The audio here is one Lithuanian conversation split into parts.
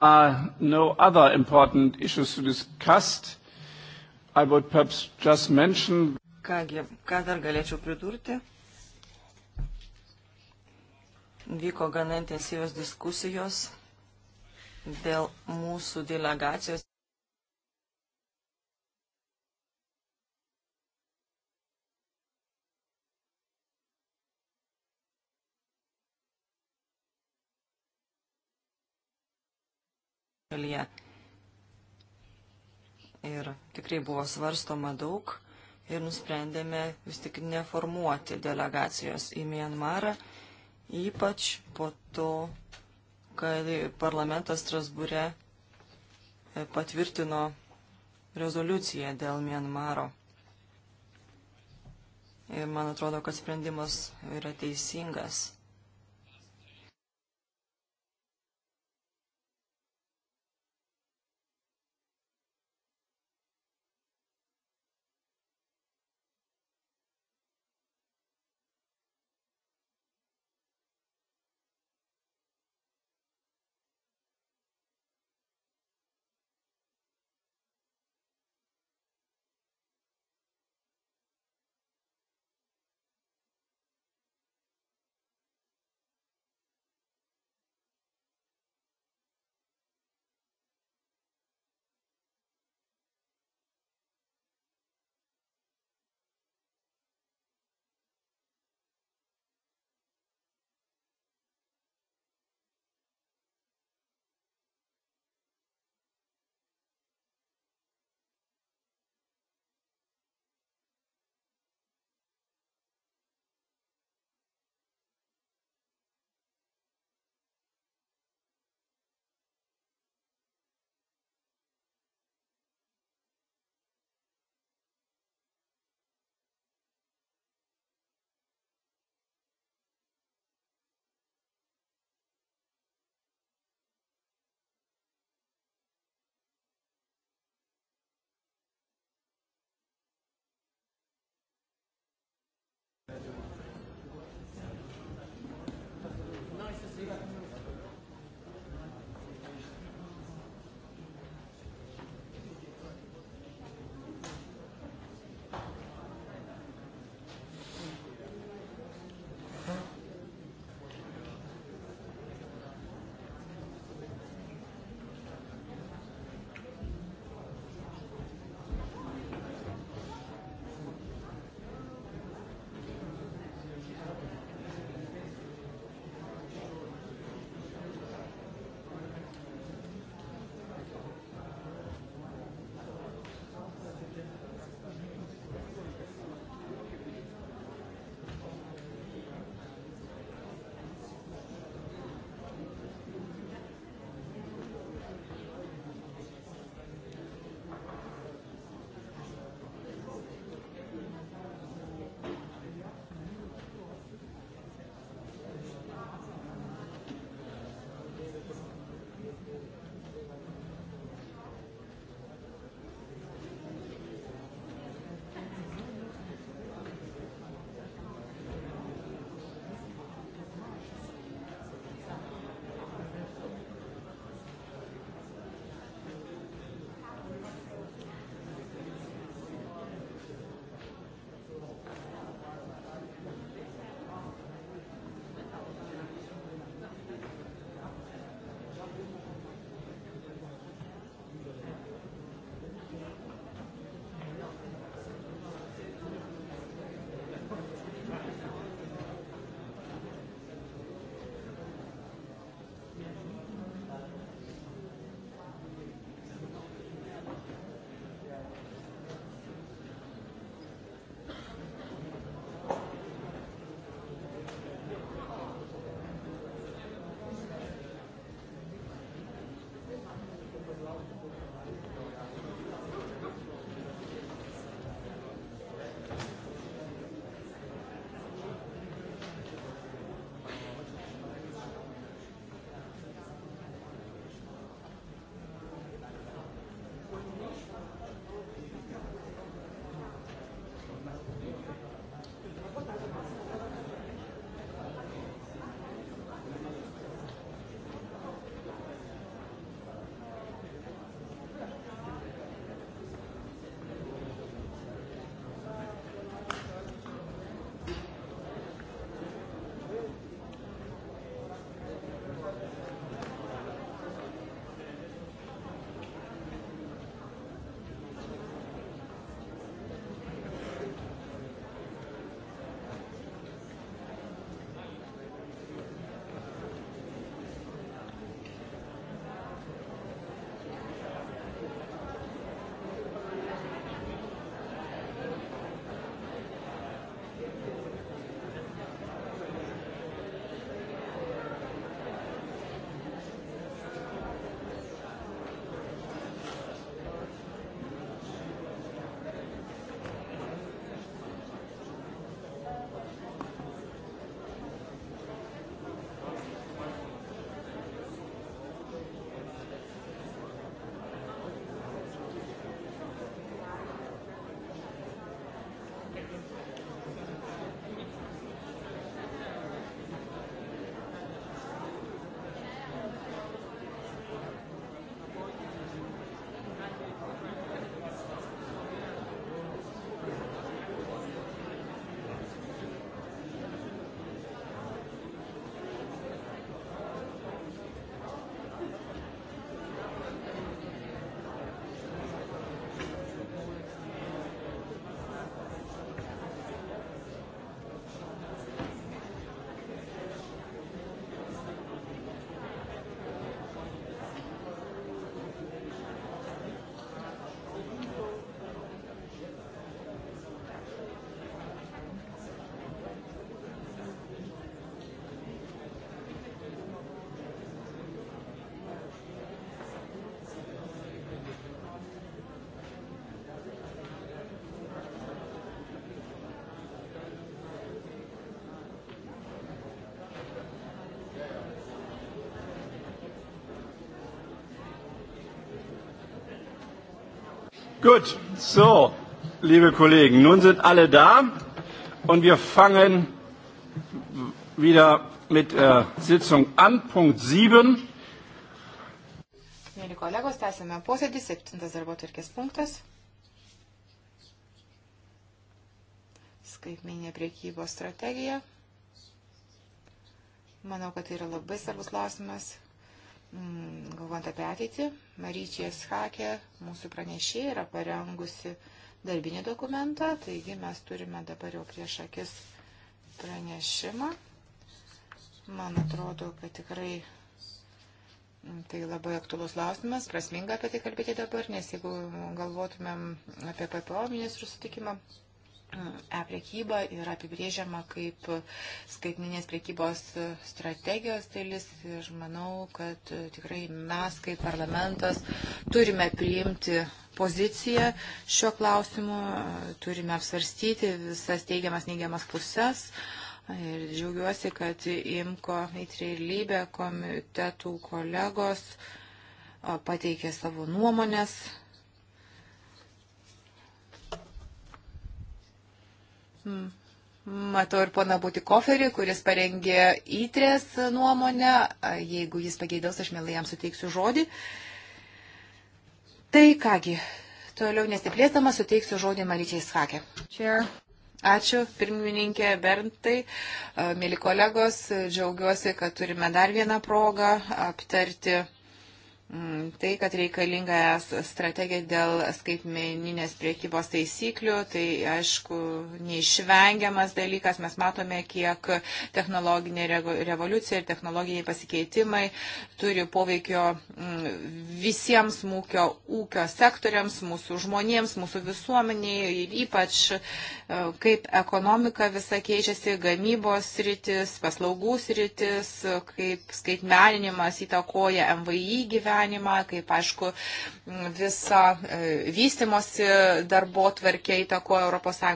are no other important issues to discuss. I would perhaps just mention. Kągi, ką dar galėčiau pridurti? Vyko gana intensyvios diskusijos dėl mūsų delegacijos šalyje. Ir tikrai buvo svarstoma daug ir nusprendėme vis tik neformuoti delegacijos į Mianmarą, ypač po to, kad parlamentas Strasbūre e, patvirtino rezoliuciją dėl Mianmaro. Ir man atrodo, kad sprendimas yra teisingas. Gut, so, liebe Kollegen, nun sind alle da und wir fangen wieder mit der äh, Sitzung an, Punkt 7. Mėly kolegos, tęsime posėdį, septintas darbo tvarkės punktas. Skaitminė priekybos strategija. Manau, kad tai yra labai svarbus klausimas, Mm, galvant apie ateitį, Maryčijas Hakė, mūsų pranešė, yra parengusi darbinį dokumentą, taigi mes turime dabar jau prieš akis pranešimą. Man atrodo, kad tikrai mm, tai labai aktuolus klausimas, prasminga apie tai kalbėti dabar, nes jeigu galvotumėm apie PPO ministrų sutikimą, E-prekyba yra apibrėžiama kaip skaitminės prekybos strategijos dalis ir manau, kad tikrai mes kaip parlamentas turime priimti poziciją šiuo klausimu, turime apsvarstyti visas teigiamas, neigiamas puses. Ir džiaugiuosi, kad IMKO įtreilybė komitetų kolegos e, pateikė savo nuomonės Mm, matau ir pona Butikoferį, kuris parengė įtrės nuomonę. Jeigu jis pageidaus, aš mielai jam suteiksiu žodį. Tai kągi, toliau nesiplėsdama suteiksiu žodį Maryčiai Skakė. Čia. Ačiū, pirmininkė Berntai, mėly kolegos, džiaugiuosi, kad turime dar vieną progą aptarti Mm, tai, kad reikalinga es strategija dėl skaitmeninės priekybos taisyklių, tai aišku, neišvengiamas dalykas. Mes matome, kiek technologinė revoliucija ir technologiniai pasikeitimai turi poveikio mm, visiems mūkio ūkio sektoriams, mūsų žmonėms, mūsų visuomeniai ir ypač e, kaip ekonomika visa keičiasi, gamybos rytis, paslaugų rytis, kaip skaitmeninimas įtakoja MVI gyvenimą gyvenimą, kaip aišku visą e, vystimosi darbo tvarkę įtakoja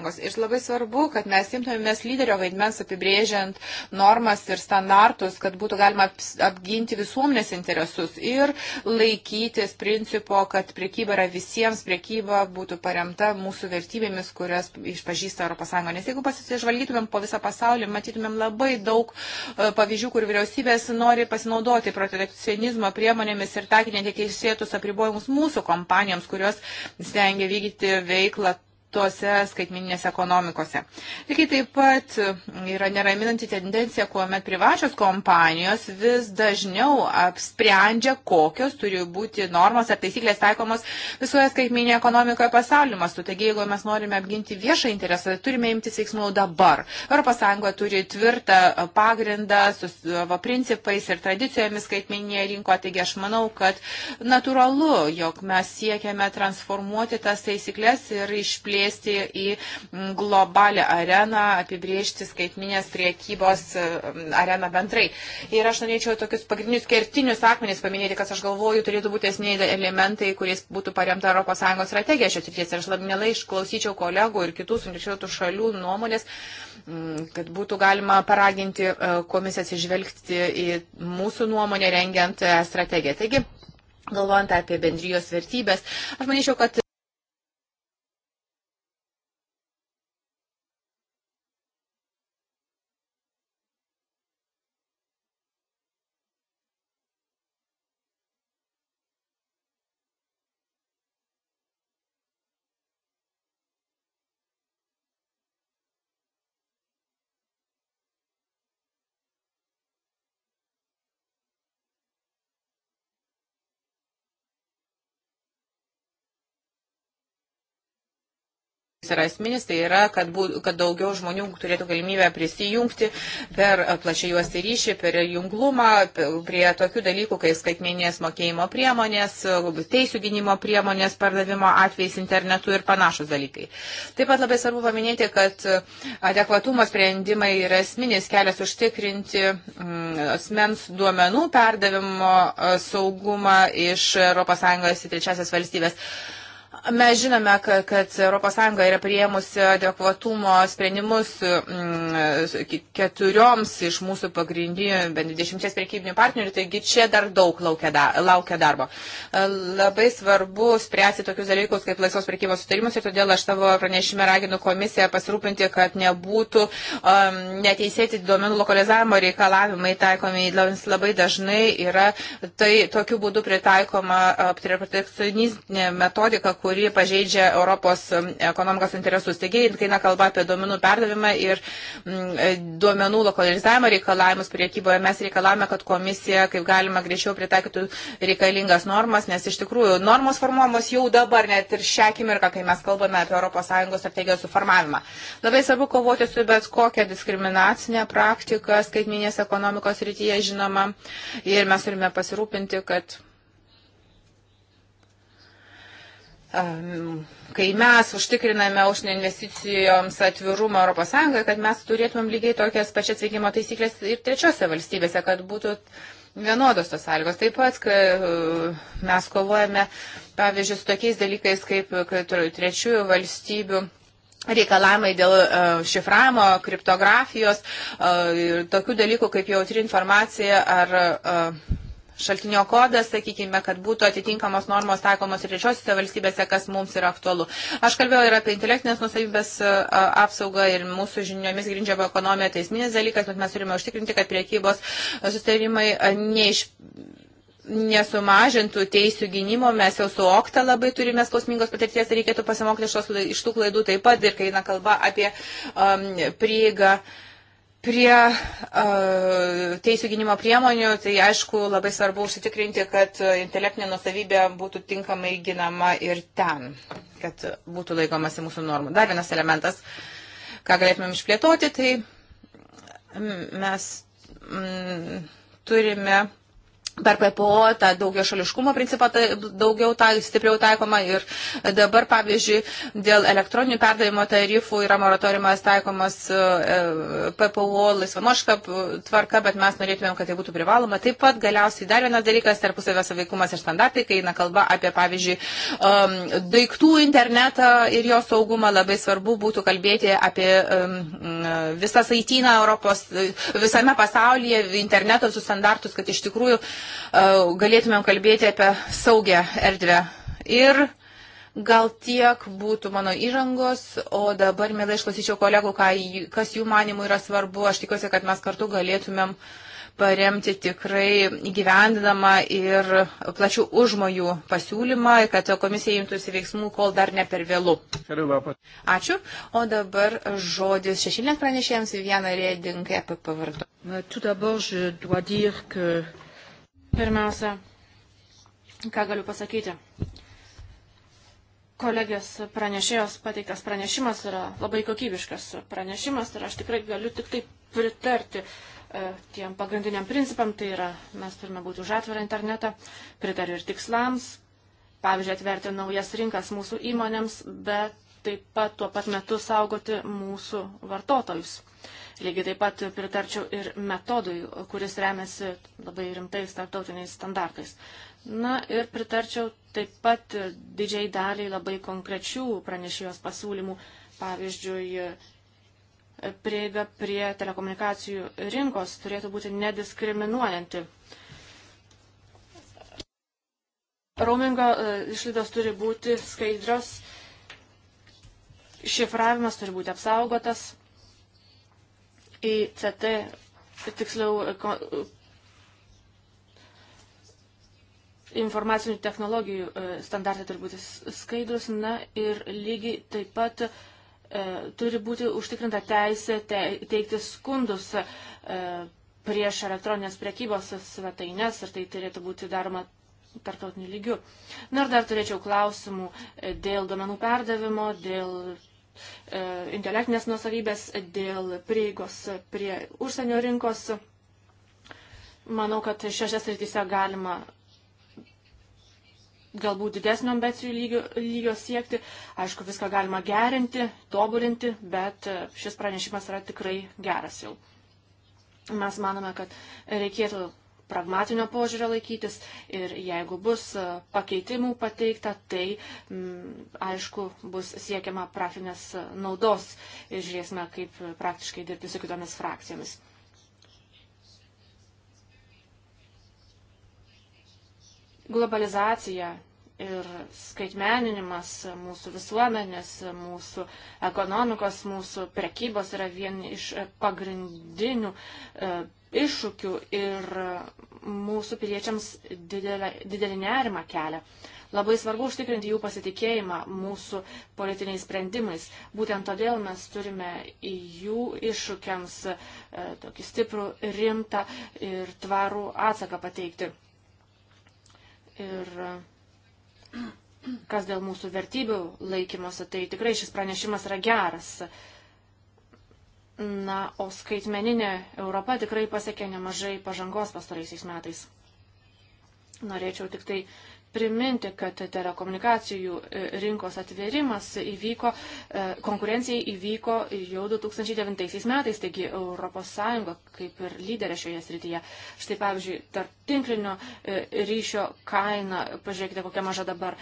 ES. Ir labai svarbu, kad mes imtumėmės lyderio vaidmens apibrėžiant normas ir standartus, kad būtų galima apginti visuomenės interesus ir laikytis principo, kad priekyba yra visiems, priekyba būtų paremta mūsų vertybėmis, kurias išpažįsta ES. Nes jeigu pasižvalgytumėm po visą pasaulį, matytumėm labai daug e, pavyzdžių, kur vyriausybės nori pasinaudoti protekcionizmo priemonėmis ir taikinė neteisėtus apribojimus mūsų kompanijoms, kurios stengia vykdyti veiklą tose skaitmininėse ekonomikose. Lygiai taip pat yra neraminanti tendencija, kuomet privačios kompanijos vis dažniau apsprendžia, kokios turi būti normos ar taisyklės taikomos visoje skaitmininėje ekonomikoje pasaulio mastu. Taigi, jeigu mes norime apginti viešą interesą, turime imtis veiksmų dabar. ES turi tvirtą pagrindą su savo principais ir tradicijomis skaitmininėje rinkoje. Taigi, aš manau, kad natūralu, jog mes siekiame transformuoti tas taisyklės ir išplėsti išsiplėsti į mm, globalę areną, apibriežti skaitminės priekybos mm, areną bendrai. Ir aš norėčiau tokius pagrindinius kertinius akmenis paminėti, kas aš galvoju turėtų būti esminiai elementai, kuriais būtų paremta ES strategija šios ryties. Ir aš labai mielai išklausyčiau kolegų ir kitų sunkričiuotų šalių nuomonės, mm, kad būtų galima paraginti e, komisiją atsižvelgti į mūsų nuomonę rengiant e, strategiją. Taigi, galvojant apie bendrijos vertybės, aš manyčiau, kad yra esminis, tai yra, kad, bū, kad daugiau žmonių turėtų galimybę prisijungti per plačiai juosti ryšį, per junglumą, prie tokių dalykų, kaip skaitmeninės mokėjimo priemonės, teisų gynimo priemonės, pardavimo atvejais internetu ir panašus dalykai. Taip pat labai svarbu paminėti, kad adekvatumo sprendimai yra esminis kelias užtikrinti mm, asmens duomenų perdavimo e, saugumą iš ES į trečiasias valstybės. Mes žinome, kad, kad ES yra prieimusi adekvatumo sprendimus mm, keturioms iš mūsų pagrindinių, bent 20 prekybinių partnerių, taigi čia dar daug laukia darbo. Labai svarbu spręsti tokius dalykus kaip laisvos prekybos sutarimus ir todėl aš savo pranešime raginu komisiją pasirūpinti, kad nebūtų um, neteisėti duomenų lokalizavimo reikalavimai taikomi labai dažnai yra tai tokiu būdu pritaikoma uh, protekcionistinė metodika, kuri kuri pažeidžia Europos ekonomikos interesus. Taigi, kai eina kalba apie duomenų perdavimą ir duomenų lokalizavimo reikalavimus priekyboje, mes reikalavome, kad komisija kaip galima greičiau pritaikytų reikalingas normas, nes iš tikrųjų normos formuomos jau dabar, net ir šią akimirką, kai mes kalbame apie ES strategijos suformavimą. Labai svarbu kovoti su bet kokia diskriminacinė praktika skaitminės ekonomikos rytyje, žinoma, ir mes turime pasirūpinti, kad kai mes užtikriname užsienio investicijoms atvirumą ES, kad mes turėtumėm lygiai tokias pačias veikimo taisyklės ir trečiose valstybėse, kad būtų vienodos tos sąlygos. Taip pat, kai e, mes kovojame, pavyzdžiui, su tokiais dalykais kaip trečiųjų valstybių reikalavimai dėl e, šifravimo, kriptografijos e, ir tokių dalykų kaip jautri informacija ar šaltinio kodas, sakykime, kad būtų atitinkamos normos taikomos ir trečiosiuose valstybėse, kas mums yra aktualu. Aš kalbėjau ir apie intelektinės nusavybės apsaugą ir mūsų žiniomis grindžiama ekonomija teisminis tai dalykas, bet mes turime užtikrinti, kad priekybos sustarimai neiš nesumažintų teisų gynimo, mes jau su OKTA labai turime skausmingos patirties, tai reikėtų pasimokti iš tų klaidų taip pat ir kai eina kalba apie um, prieigą uh, prie uh, teisų gynimo priemonių, tai aišku, labai svarbu užsitikrinti, kad intelektinė nusavybė būtų tinkamai ginama ir ten, kad būtų laikomasi mūsų normų. Dar vienas elementas, ką galėtumėm išplėtoti, tai mes mm, turime per PPO tą daugio šališkumo principą tai daugiau tai, stipriau taikoma ir dabar, pavyzdžiui, dėl elektroninių perdavimo tarifų yra moratoriumas taikomas e, PPO laisvanoška tvarka, bet mes norėtumėm, kad tai būtų privaloma. Taip pat galiausiai dar vienas dalykas, tarpusavio saveikumas ir standartai, kai eina kalba apie, pavyzdžiui, um, daiktų internetą ir jo saugumą, labai svarbu būtų kalbėti apie um, visą saityną Europos, visame pasaulyje interneto su standartus, kad iš tikrųjų E, galėtumėm kalbėti apie saugę erdvę. Ir gal tiek būtų mano įžangos, o dabar, mielai, išklausyčiau kolegų, ką, kas jų manimų yra svarbu. Aš tikiuosi, kad mes kartu galėtumėm paremti tikrai gyvendinamą ir plačių užmojų pasiūlymą, kad komisija imtųsi veiksmų, kol dar ne per vėlų. Ačiū. O dabar žodis šešinės pranešėjams Viviana Rėdinkai apie pavardą. Pirmiausia, ką galiu pasakyti. Kolegės pranešėjos pateiktas pranešimas yra labai kokybiškas pranešimas ir aš tikrai galiu tik taip pritarti e, tiem pagrindiniam principam, tai yra mes turime būti už atvirą internetą, pritariu ir tikslams, pavyzdžiui, atverti naujas rinkas mūsų įmonėms, bet taip pat tuo pat metu saugoti mūsų vartotojus. Uh, Lygiai taip pat pritarčiau ir metodui, kuris remiasi labai rimtais tarptautiniais standartais. Na ir pritarčiau taip pat didžiai daliai labai konkrečių pranešėjos pasiūlymų, pavyzdžiui, prieiga prie telekomunikacijų rinkos turėtų būti nediskriminuojanti. Roamingo e, išlaidos turi būti skaidrios, šifravimas turi būti apsaugotas, ICT, tiksliau informacinių technologijų e, standartai turi būti skaidrus, na ir lygiai taip pat e, turi būti užtikrinta teisė te, teikti skundus e, prieš elektroninės priekybos svetainės ir tai turėtų būti daroma tarptautiniu lygiu. Na ir dar turėčiau klausimų e, dėl duomenų perdavimo, dėl E, intelektinės nusavybės, dėl prieigos prie užsienio rinkos. Manau, kad šiose srityse galima galbūt didesnio ambicijų lygio, lygio siekti. Aišku, viską galima gerinti, tobulinti, bet e, šis pranešimas yra tikrai geras jau. Mes manome, kad reikėtų pragmatinio požiūrio laikytis ir jeigu bus e, pakeitimų pateikta, tai m, mm, aišku bus siekiama praktinės e, naudos ir žiūrėsime, kaip praktiškai dirbti su kitomis frakcijomis. Globalizacija ir skaitmeninimas mūsų visuomenės, mūsų ekonomikos, mūsų prekybos yra vieni iš pagrindinių e, iššūkių ir mūsų piliečiams didelę, didelį nerimą kelia. Labai svarbu užtikrinti jų pasitikėjimą mūsų politiniais sprendimais. Būtent todėl mes turime jų iššūkiams e, tokį stiprų, rimtą ir tvarų atsaką pateikti. Ir e, kas dėl mūsų vertybių laikymosi, tai tikrai šis pranešimas yra geras. E, Na, o skaitmeninė Europa tikrai pasiekė nemažai pažangos pastaraisiais metais. Norėčiau tik tai uh, priminti, kad telekomunikacijų e, rinkos atvėrimas įvyko, e, konkurencijai įvyko jau 2009 metais, taigi ES kaip ir lyderė šioje srityje. Štai pavyzdžiui, tarp tinklinio e, ryšio kaina, pažiūrėkite, kokia maža dabar,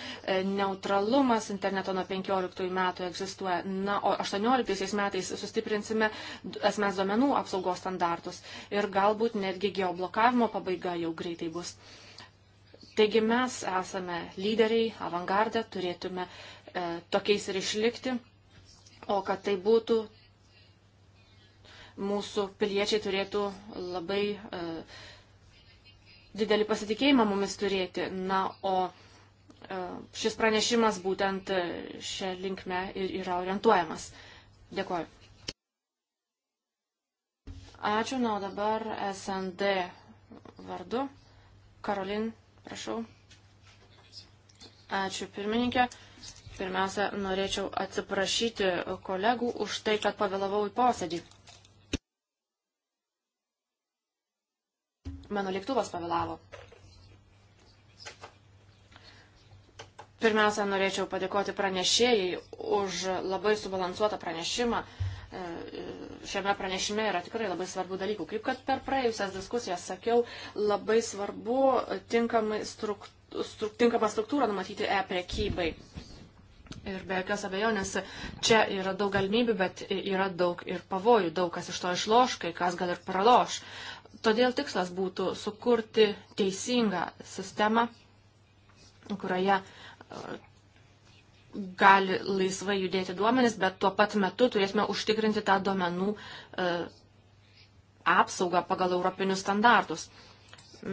neutralumas interneto nuo 15 metų egzistuoja, na, o 18 metais sustiprinsime asmens duomenų apsaugos standartus ir galbūt netgi geoblokavimo pabaiga jau greitai bus. Taigi mes esame lyderiai, avangardę, turėtume e, tokiais ir išlikti, o kad tai būtų, mūsų piliečiai turėtų labai e, didelį pasitikėjimą mumis turėti. Na, o e, šis pranešimas būtent šią linkmę ir yra orientuojamas. Dėkuoju. Ačiū, na, o dabar SND vardu Karolin Prašau. Ačiū pirmininkė. Pirmiausia, norėčiau atsiprašyti kolegų už tai, kad pavėlavau į posėdį. Mano lėktuvas pavėlavo. Pirmiausia, norėčiau padėkoti pranešėjai už labai subalansuotą pranešimą e, šiame pranešime yra tikrai labai svarbių dalykų. Kaip kad per praėjusias diskusijas sakiau, labai svarbu tinkamai struk, struk, tinkamą struktūrą numatyti e-prekybai. Ir be jokios abejonės, čia yra daug galimybių, bet yra daug ir pavojų, daug kas iš to išloš, kai kas gal ir praloš. Todėl tikslas būtų sukurti teisingą sistemą, kurioje gali laisvai judėti duomenis, bet tuo pat metu turėsime užtikrinti tą duomenų e, apsaugą pagal europinius standartus.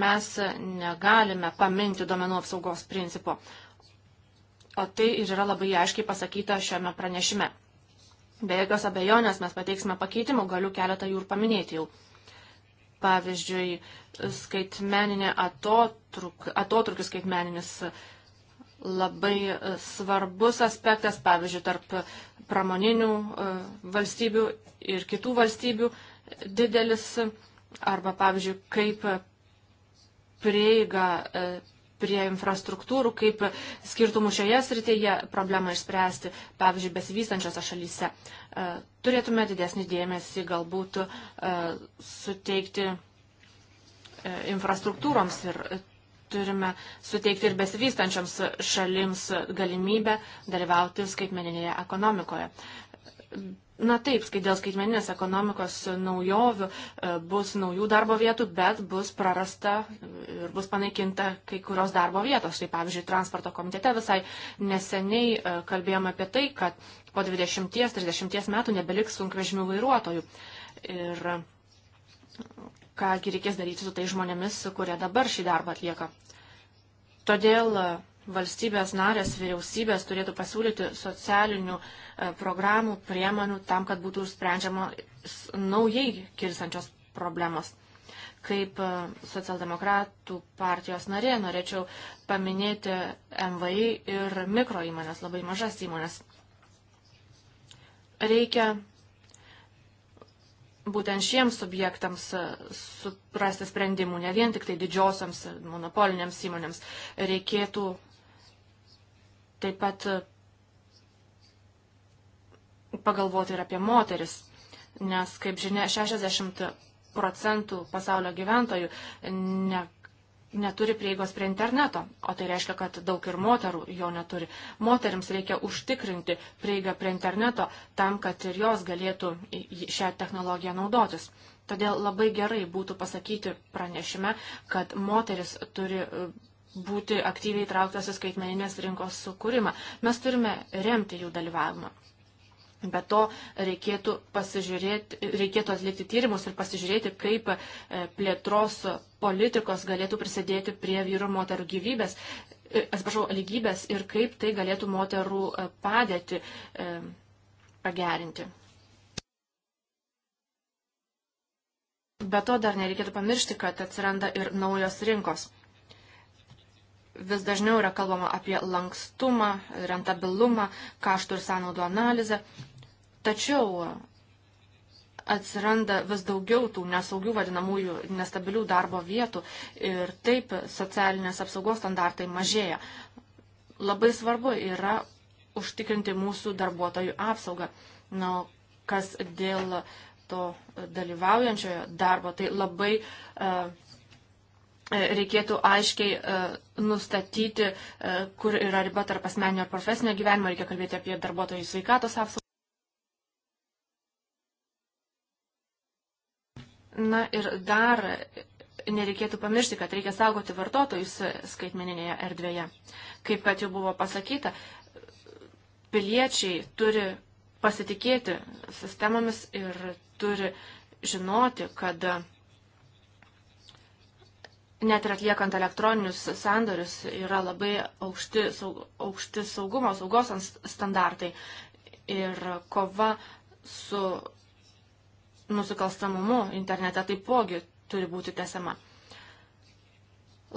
Mes negalime paminti duomenų apsaugos principo. O tai ir yra labai aiškiai pasakyta šiame pranešime. Be jokios abejonės mes pateiksime pakeitimų, galiu keletą jų ir paminėti jau. Pavyzdžiui, skaitmeninė atotruk, atotrukis skaitmeninis. E, labai e, svarbus aspektas, pavyzdžiui, tarp pramoninių e, valstybių ir kitų valstybių didelis, arba, pavyzdžiui, kaip prieiga e, prie infrastruktūrų, kaip skirtumų šioje srityje problemą išspręsti, pavyzdžiui, besivystančiose šalyse. Turėtume didesnį dėmesį galbūt suteikti infrastruktūroms ir turime suteikti ir besivystančioms šalims galimybę dalyvauti skaitmeninėje ekonomikoje. Na taip, dėl skaitmeninės ekonomikos naujovių e, bus naujų darbo vietų, bet bus prarasta ir bus panaikinta kai kurios darbo vietos. Štai pavyzdžiui, transporto komitete visai neseniai e, kalbėjome apie tai, kad po 20-30 metų nebeliks sunkvežimių vairuotojų. Ir kągi reikės daryti su tai žmonėmis, kurie dabar šį darbą atlieka. Todėl e, valstybės narės vyriausybės turėtų pasiūlyti socialinių e, programų, priemonių tam, kad būtų sprendžiama naujai kirsančios problemos. Kaip e, socialdemokratų partijos narė norėčiau paminėti MVI ir mikro įmonės, labai mažas įmonės. Reikia būtent šiems subjektams e, suprasti sprendimų, ne vien tik tai didžiosiams e, monopolinėms įmonėms. Reikėtų taip pat e, pagalvoti ir apie moteris, nes, kaip žinia, 60 procentų pasaulio gyventojų ne, neturi prieigos prie interneto, o tai reiškia, kad daug ir moterų jo neturi. Moterims reikia užtikrinti prieigą prie interneto tam, kad ir jos galėtų šią technologiją naudotis. Todėl labai gerai būtų pasakyti pranešime, kad moteris turi e, būti aktyviai įtrauktas į skaitmeninės rinkos sukūrimą. Mes turime remti jų dalyvavimą. Be to reikėtų, reikėtų atlikti tyrimus ir pasižiūrėti, kaip e, plėtros politikos galėtų prisidėti prie vyru moterų gyvybės, e, atsiprašau, lygybės ir kaip tai galėtų moterų e, padėti pagerinti. Be to dar nereikėtų pamiršti, kad atsiranda ir naujos rinkos. Vis dažniau yra kalbama apie lankstumą, rentabilumą, kaštų ir sąnaudų analizę. Tačiau atsiranda vis daugiau tų nesaugių vadinamųjų nestabilių darbo vietų ir taip socialinės apsaugos standartai mažėja. Labai svarbu yra užtikrinti mūsų darbuotojų apsaugą. Na, kas dėl to dalyvaujančiojo darbo, tai labai uh, reikėtų aiškiai uh, nustatyti, uh, kur yra riba tarp asmeninio ir profesinio gyvenimo, reikia kalbėti apie darbuotojų sveikatos apsaugą. Na ir dar nereikėtų pamiršti, kad reikia saugoti vartotojus skaitmeninėje erdvėje. Kaip kad jau buvo pasakyta, piliečiai turi pasitikėti sistemomis ir turi žinoti, kad net ir atliekant elektroninius sandorius yra labai aukšti, saug, aukšti saugumo, saugos standartai. Ir kova su nusikalstamumu internete taipogi turi būti tesama.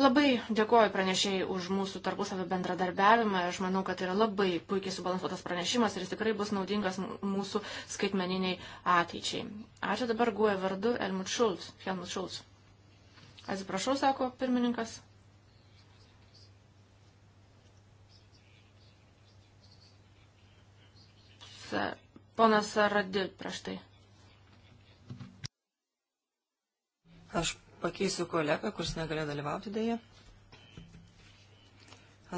Labai dėkoju pranešėjai už mūsų tarpusavio bendradarbiavimą. Aš manau, kad tai yra labai puikiai subalansuotas pranešimas ir jis tikrai bus naudingas mūsų skaitmeniniai ateičiai. Ačiū dabar guoja vardu Helmut Schulz. Helmut Schulz. Atsiprašau, sako pirmininkas. Ponas Radil prieš tai. Aš pakeisiu kolegą, kuris negalėjo dalyvauti dėje.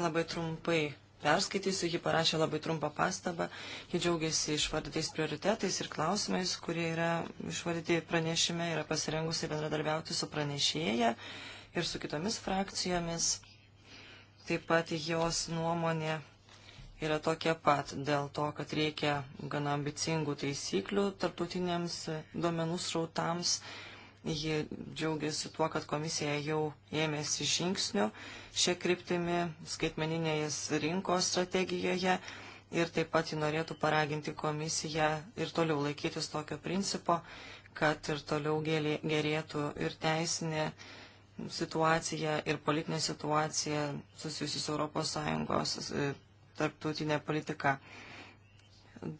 Labai trumpai perskaitysiu, ji parašė labai trumpą pastabą, ji džiaugiasi išvardytais prioritetais ir klausimais, kurie yra išvardyti pranešime, yra pasirengusi bendradarbiauti su pranešėja ir su kitomis frakcijomis. Taip pat jos nuomonė yra tokia pat dėl to, kad reikia gana ambicingų taisyklių tarptautiniams duomenų srautams Ji džiaugiasi tuo, kad komisija jau ėmėsi žingsnių šią kryptimį skaitmeninės rinkos strategijoje ir taip pat ji norėtų paraginti komisiją ir toliau laikytis tokio principo, kad ir toliau gerėtų ir teisinė situacija ir politinė situacija susijusi su ES e, tarptautinė politika.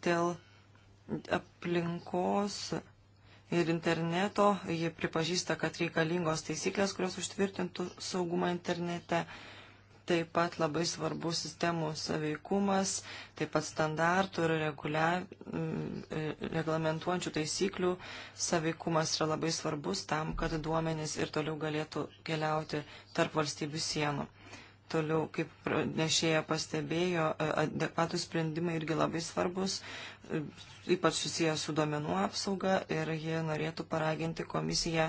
Dėl aplinkos ir interneto. Ji pripažįsta, kad reikalingos taisyklės, kurios užtvirtintų saugumą internete. Taip pat labai svarbu sistemų saveikumas, taip pat standartų ir regulia, mm, reglamentuojančių taisyklių saveikumas yra labai svarbus tam, kad duomenys ir toliau galėtų keliauti tarp valstybių sienų. Toliau, kaip nešėja pastebėjo, e, adekvatų sprendimai irgi labai svarbus, e, ypač susijęs su duomenų apsauga ir jie norėtų paraginti komisiją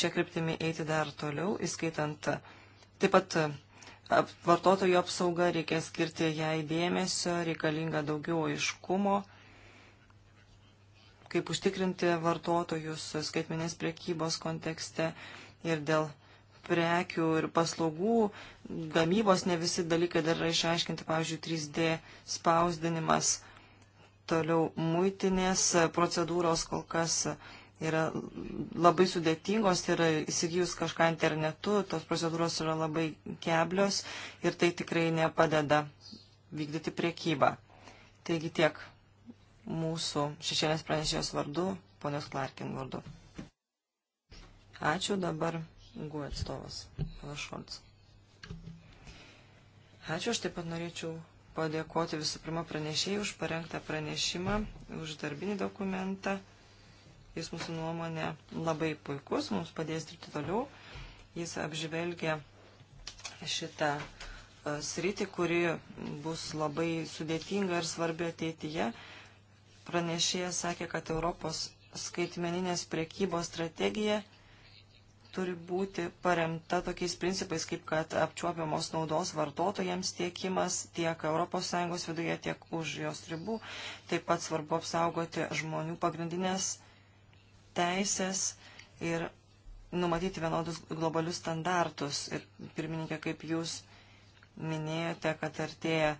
šią kryptimį eiti dar toliau, įskaitant e, taip pat vartotojų apsaugą, reikia skirti jai dėmesio, reikalinga daugiau aiškumo, kaip užtikrinti vartotojus skaitmenės priekybos kontekste ir dėl prekių ir paslaugų gamybos ne visi dalykai dar yra išaiškinti, pavyzdžiui, 3D spausdinimas, toliau muitinės procedūros kol kas yra labai sudėtingos, tai yra įsigijus kažką internetu, tos procedūros yra labai keblios ir tai tikrai nepadeda vykdyti priekybą. Taigi tiek mūsų šešėlės pranešėjos vardu, ponios Klarkin vardu. Ačiū dabar. GUE atstovas, panas Šolts. Ačiū, aš taip pat norėčiau padėkoti visų pirma pranešėjai už parengtą pranešimą, už darbinį dokumentą. Jis mūsų nuomonė labai puikus, mums padės dirbti toliau. Jis apžvelgia šitą e, sritį, kuri bus labai sudėtinga ir svarbi ateityje. Pranešėjas sakė, kad Europos skaitmeninės priekybos strategija turi būti paremta tokiais principais, kaip kad apčiuopiamos naudos vartotojams tiekimas tiek ES viduje, tiek už jos ribų. Taip pat svarbu apsaugoti žmonių pagrindinės teisės ir numatyti vienodus globalius standartus. Ir pirmininkė, kaip jūs minėjote, kad artėja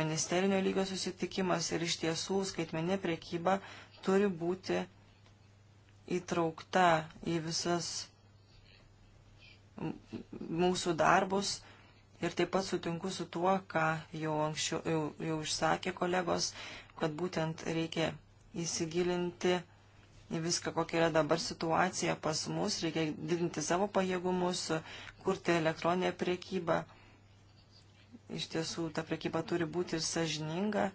ministerinio lygio susitikimas ir iš tiesų skaitmenė priekyba turi būti įtraukta į visas mūsų darbus ir taip pat sutinku su tuo, ką jau anksčiau jau, jau išsakė kolegos, kad būtent reikia įsigilinti į viską, kokia yra dabar situacija pas mus, reikia didinti savo pajėgumus, kurti elektroninę priekybą. Iš tiesų, ta priekyba turi būti sažininga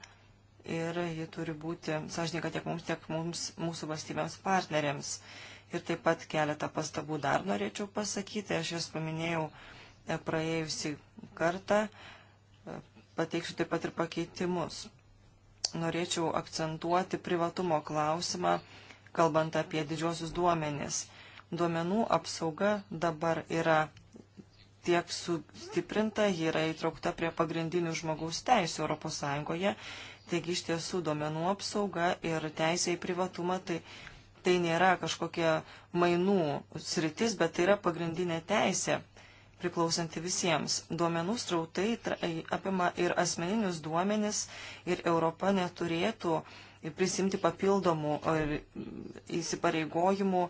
ir ji turi būti sąžininga tiek mums, tiek mums, mūsų valstybėms partneriams. Uh, ir taip pat keletą pastabų dar norėčiau pasakyti. Aš jas paminėjau e, praėjusį kartą, e, pateiksiu taip pat ir pakeitimus. Norėčiau akcentuoti privatumo klausimą, kalbant apie didžiosius duomenis. Duomenų apsauga dabar yra tiek sustiprinta, ji yra įtraukta prie pagrindinių žmogaus teisų ES. Taigi iš tiesų duomenų apsauga ir teisė į privatumą tai tai nėra kažkokia mainų sritis, bet tai yra pagrindinė teisė priklausanti visiems. Duomenų strautai e, apima ir asmeninius duomenis ir Europa neturėtų prisimti papildomų įsipareigojimų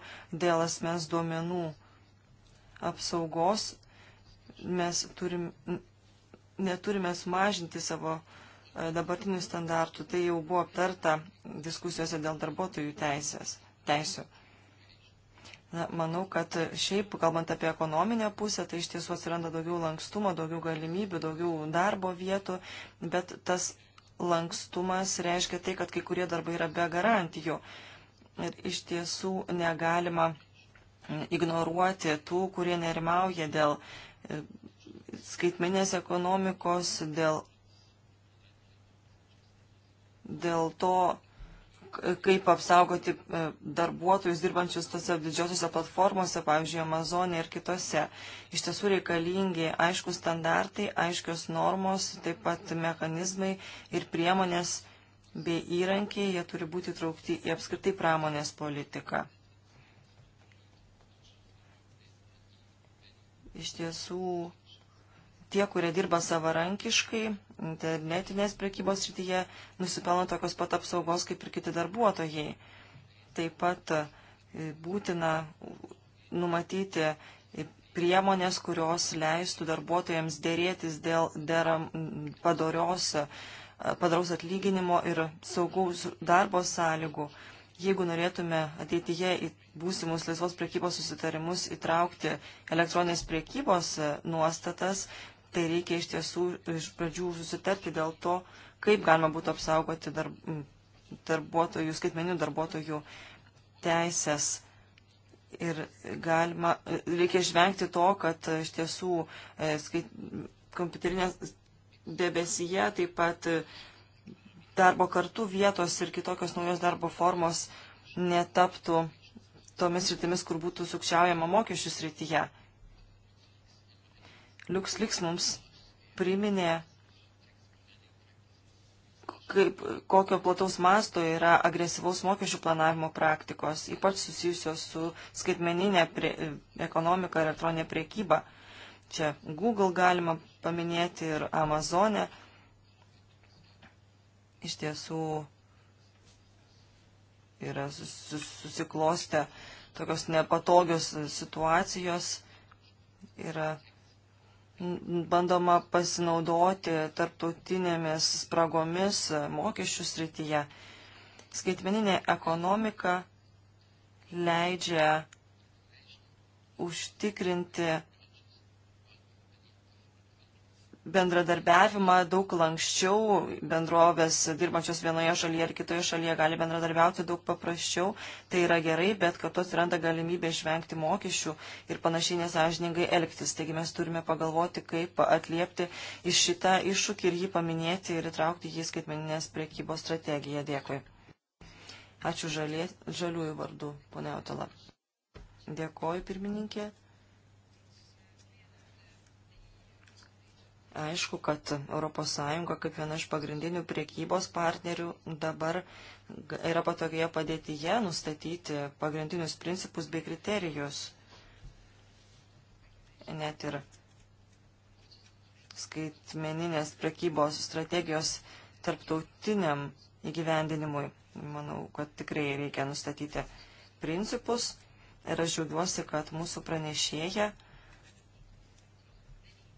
dėl asmens duomenų apsaugos. Mes turim, neturime sumažinti savo e, dabartinių standartų. Tai jau buvo aptarta diskusijose dėl darbuotojų teisės teisų. Na, manau, kad šiaip, kalbant apie ekonominę pusę, tai iš tiesų atsiranda daugiau lankstumo, daugiau galimybių, daugiau darbo vietų, bet tas lankstumas reiškia tai, kad kai kurie darbai yra be garantijų. Ir iš tiesų negalima ignoruoti tų, kurie nerimauja dėl e, skaitmenės ekonomikos, dėl, dėl to, kaip apsaugoti e, darbuotojus dirbančius tose didžiosiuose platformose, pavyzdžiui, Amazonė ir kitose. Iš tiesų reikalingi aiškus standartai, aiškios normos, taip pat mechanizmai ir priemonės bei įrankiai, jie turi būti traukti į apskritai pramonės politiką. Iš tiesų tie, kurie dirba savarankiškai, internetinės prekybos srityje, nusipelno tokios pat apsaugos kaip ir kiti darbuotojai. Taip pat e, būtina numatyti priemonės, kurios leistų darbuotojams dėrėtis dėl deram, padorios, e, padaraus atlyginimo ir saugaus darbo sąlygų. Jeigu norėtume ateityje į būsimus laisvos priekybos susitarimus įtraukti elektroninės priekybos e, nuostatas, tai reikia iš tiesų iš pradžių susitarti dėl to, kaip galima būtų apsaugoti darb, darbuotojų, skaitmeninių darbuotojų teisės. Ir galima, reikia žvengti to, kad iš tiesų e, skait, kompiuterinės debesyje taip pat e, darbo kartu vietos ir kitokios naujos darbo formos netaptų tomis rytimis, kur būtų sukčiaujama mokesčių srityje liuks liks mums priminė, kaip, kokio plataus masto yra agresyvaus mokesčių planavimo praktikos, ypač susijusios su skaitmeninė prie, ekonomika ir elektroninė priekyba. Čia Google galima paminėti ir Amazonę. Iš tiesų yra sus, susiklostę tokios nepatogios situacijos, yra bandoma pasinaudoti tarptautinėmis spragomis mokesčių srityje. Skaitmeninė ekonomika leidžia užtikrinti bendradarbiavimą daug lankščiau, bendrovės dirbančios vienoje šalyje ar kitoje šalyje gali bendradarbiauti daug paprasčiau, tai yra gerai, bet kartu atsiranda galimybė išvengti mokesčių ir panašiai nesažiningai elgtis. Taigi mes turime pagalvoti, kaip atliepti iš šitą iššūkį ir jį paminėti ir įtraukti jį skaitmeninės priekybos strategiją. Dėkui. Ačiū žalie, žaliųjų vardu, ponia Autola. Dėkoju, pirmininkė. Aišku, kad ES kaip viena iš pagrindinių priekybos partnerių dabar yra patogioje padėtyje nustatyti pagrindinius principus bei kriterijus. Net ir skaitmeninės priekybos strategijos tarptautiniam įgyvendinimui. Manau, kad tikrai reikia nustatyti principus ir aš žiūriuosi, kad mūsų pranešėja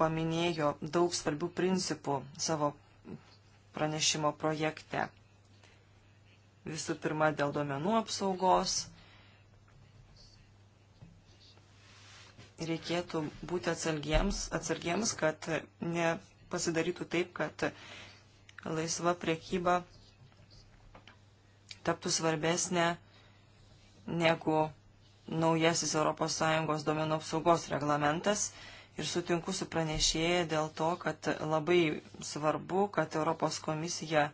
paminėjo daug svarbių principų savo pranešimo projekte. Visų pirma, dėl duomenų apsaugos reikėtų būti atsargiems, atsargiems kad nepasidarytų taip, kad laisva priekyba taptų svarbesnė negu naujasis ES duomenų apsaugos reglamentas ir sutinku su pranešėja dėl to, kad labai svarbu, kad Europos komisija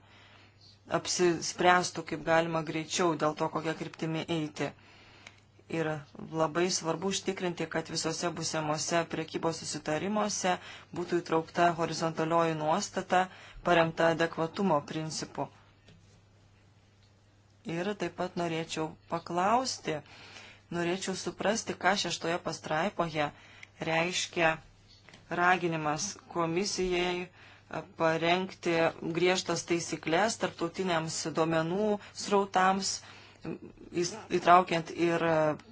apsispręstų kaip galima greičiau dėl to, kokią kryptimį eiti. Ir labai svarbu užtikrinti, kad visose busiamose priekybos susitarimuose būtų įtraukta horizontalioji nuostata paremta adekvatumo principu. Ir taip pat norėčiau paklausti, norėčiau suprasti, ką šeštoje pastraipoje reiškia raginimas komisijai parengti griežtas taisyklės tarptautiniams duomenų srautams, įtraukiant ir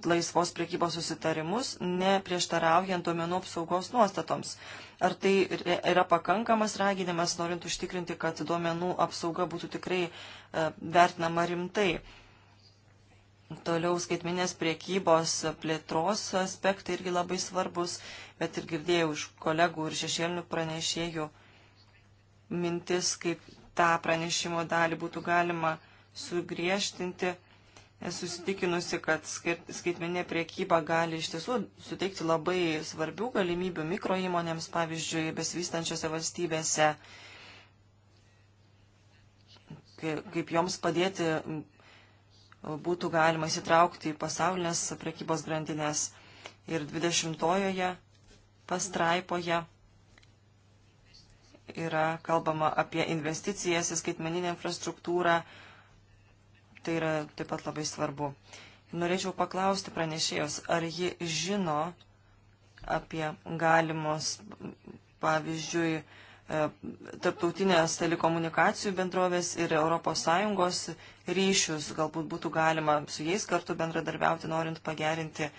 laisvos priekybos susitarimus, neprieštaraujant duomenų apsaugos nuostatoms. Ar tai yra pakankamas raginimas, norint užtikrinti, kad duomenų apsauga būtų tikrai e, vertinama rimtai? Toliau skaitminės priekybos plėtros aspektai irgi labai svarbus, bet ir girdėjau iš kolegų ir šešėlinių pranešėjų mintis, kaip tą pranešimo dalį būtų galima sugriežtinti. Esu įsitikinusi, kad skaitminė priekyba gali iš tiesų suteikti labai svarbių galimybių mikro įmonėms, pavyzdžiui, besivystančiose valstybėse, kaip joms padėti būtų galima įsitraukti į pasaulinės prekybos grandinės. Ir 20-ojoje pastraipoje yra kalbama apie investicijas į skaitmeninę infrastruktūrą. Tai yra taip pat labai svarbu. Norėčiau paklausti pranešėjos, ar ji žino apie galimus, pavyzdžiui, tarptautinės telekomunikacijų bendrovės ir ES ryšius. Galbūt būtų galima su jais kartu bendradarbiauti, norint pagerinti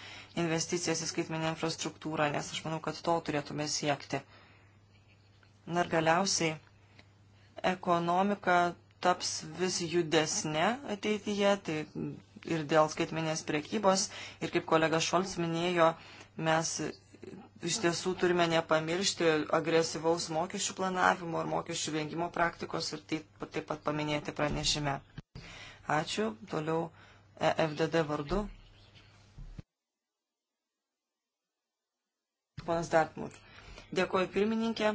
investicijas į skaitmenę infrastruktūrą, nes aš manau, kad to turėtume siekti. Na ir galiausiai ekonomika taps vis judesnė ateityje, tai ir dėl skaitmenės priekybos, ir kaip kolega Šolts minėjo, mes iš tiesų turime nepamiršti agresyvaus mokesčių planavimo ir mokesčių vengimo praktikos ir tai taip pat paminėti pranešime. Ačiū. Toliau EFDD vardu. Ponas Dartmut. Dėkuoju pirmininkė.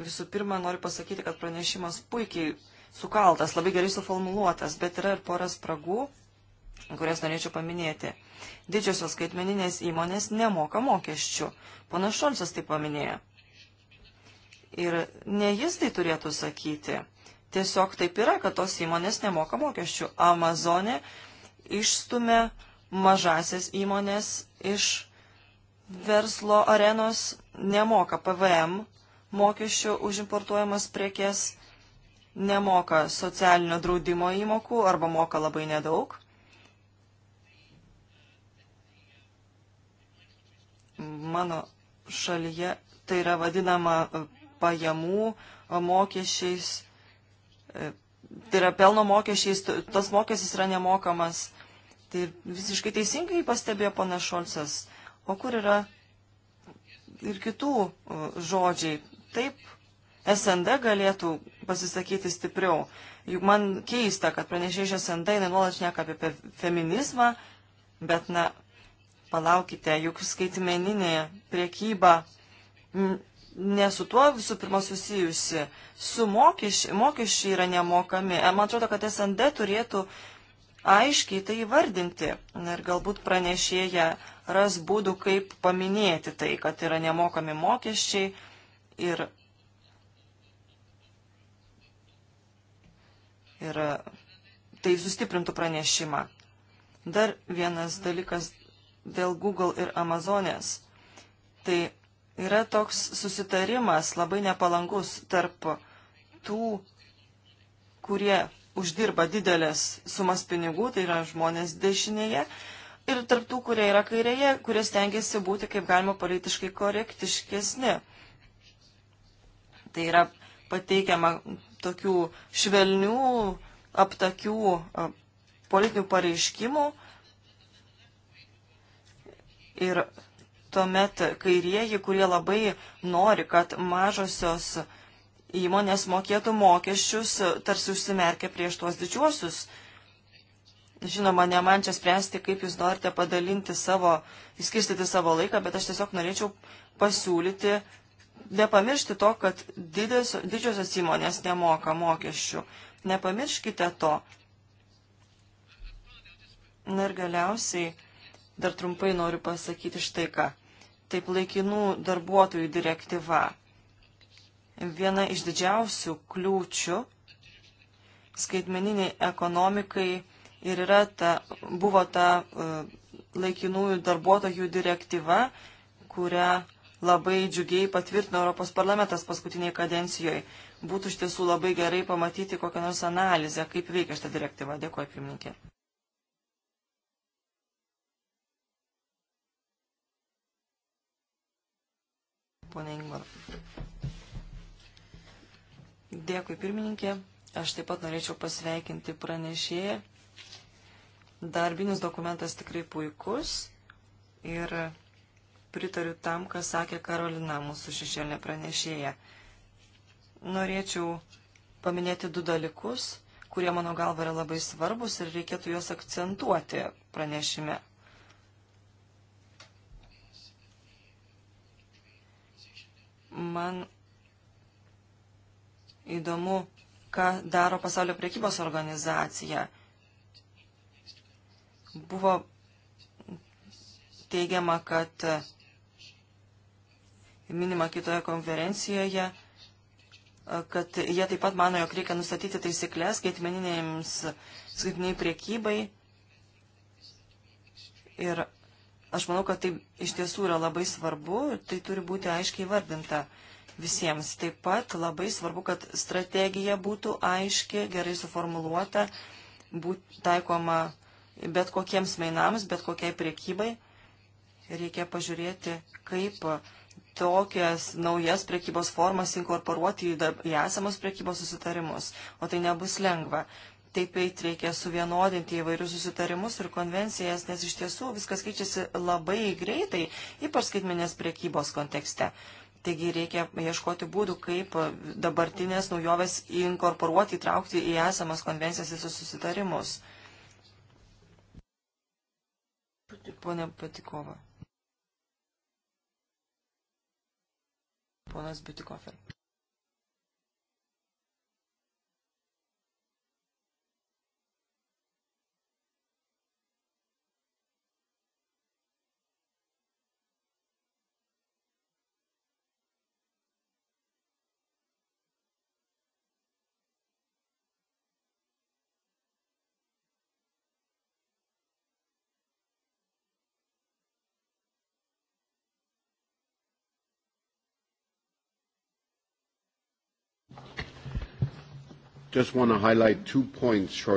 Visų pirma, noriu pasakyti, kad pranešimas puikiai sukaltas, labai gerai suformuluotas, bet yra ir poras spragų, kurias norėčiau paminėti. Didžiosios skaitmeninės įmonės nemoka mokesčių. Pana Šolcas tai paminėjo. Ir ne jis tai turėtų sakyti. Tiesiog taip yra, kad tos įmonės nemoka mokesčių. Amazonė išstumia mažasias įmonės iš verslo arenos, nemoka PVM mokesčių už importuojamas prekes, nemoka socialinio draudimo įmokų arba moka labai nedaug. mano šalyje tai yra vadinama e, pajamų e, mokesčiais, e, tai yra pelno mokesčiais, tas mokestis yra nemokamas. Tai visiškai teisingai pastebėjo pana Šolcas. O kur yra ir kitų žodžiai? Taip, SND galėtų pasisakyti stipriau. Juk man keista, kad pranešė iš SND, jinai nuolat šneka apie feminizmą, bet, na, palaukite, juk skaitmeninė priekyba ne su tuo visų pirma susijusi, su mokesčiai, mokesčiai yra nemokami. E, man atrodo, kad SND turėtų aiškiai tai įvardinti ir galbūt pranešėja ras būdų, kaip paminėti tai, kad yra nemokami mokesčiai ir, ir e, tai sustiprintų pranešimą. Dar vienas dalykas dėl Google ir Amazonės. Tai yra toks susitarimas labai nepalangus tarp tų, kurie uždirba didelės sumas pinigų, tai yra žmonės dešinėje, ir tarp tų, kurie yra kairėje, kurie stengiasi būti kaip galima politiškai korektiškesni. Tai yra pateikiama tokių švelnių, aptakių politinių pareiškimų, Ir tuomet kairieji, kurie labai nori, kad mažosios įmonės mokėtų mokesčius, tarsi užsimerkia prieš tuos didžiuosius. Žinoma, ne man čia spręsti, kaip jūs norite padalinti savo, įskirstyti savo laiką, bet aš tiesiog norėčiau pasiūlyti nepamiršti to, kad didės, didžiosios įmonės nemoka mokesčių. Nepamirškite to. Na ir galiausiai dar trumpai noriu pasakyti štai ką. Taip laikinų darbuotojų direktyva. Viena iš didžiausių kliūčių skaitmeniniai ekonomikai ir yra ta, buvo ta e, laikinųjų darbuotojų direktyva, kurią labai džiugiai patvirtino Europos parlamentas paskutiniai kadencijoje. Būtų iš tiesų labai gerai pamatyti kokią nors analizę, kaip veikia šitą direktyvą. Dėkuoju, pirmininkė. ponia Ingman. Dėkui, pirmininkė. Aš taip pat norėčiau pasveikinti pranešėją. Darbinis dokumentas tikrai puikus ir pritariu tam, ką sakė Karolina, mūsų šešėlė pranešėja. Norėčiau paminėti du dalykus, kurie mano galva yra labai svarbus ir reikėtų juos akcentuoti pranešime. man įdomu, ką daro pasaulio priekybos organizacija. Buvo teigiama, kad minima kitoje konferencijoje, kad jie taip pat mano, jog reikia nustatyti taisyklės skaitmeniniai priekybai ir Aš manau, kad tai iš tiesų yra labai svarbu ir tai turi būti aiškiai vardinta visiems. Taip pat labai svarbu, kad strategija būtų aiški, gerai suformuluota, būtų taikoma bet kokiems mainams, bet kokiai priekybai. Reikia pažiūrėti, kaip tokias naujas priekybos formas inkorporuoti į, į esamus priekybos susitarimus, o tai nebus lengva taip eit reikia suvienodinti įvairius susitarimus ir konvencijas, nes iš tiesų viskas keičiasi labai greitai, ypač skaitmenės priekybos kontekste. Taigi reikia ieškoti būdų, kaip dabartinės naujoves inkorporuoti, įtraukti į esamas konvencijas ir susitarimus. Pone Patikova. Ponas Bitikofer. Aš norėjau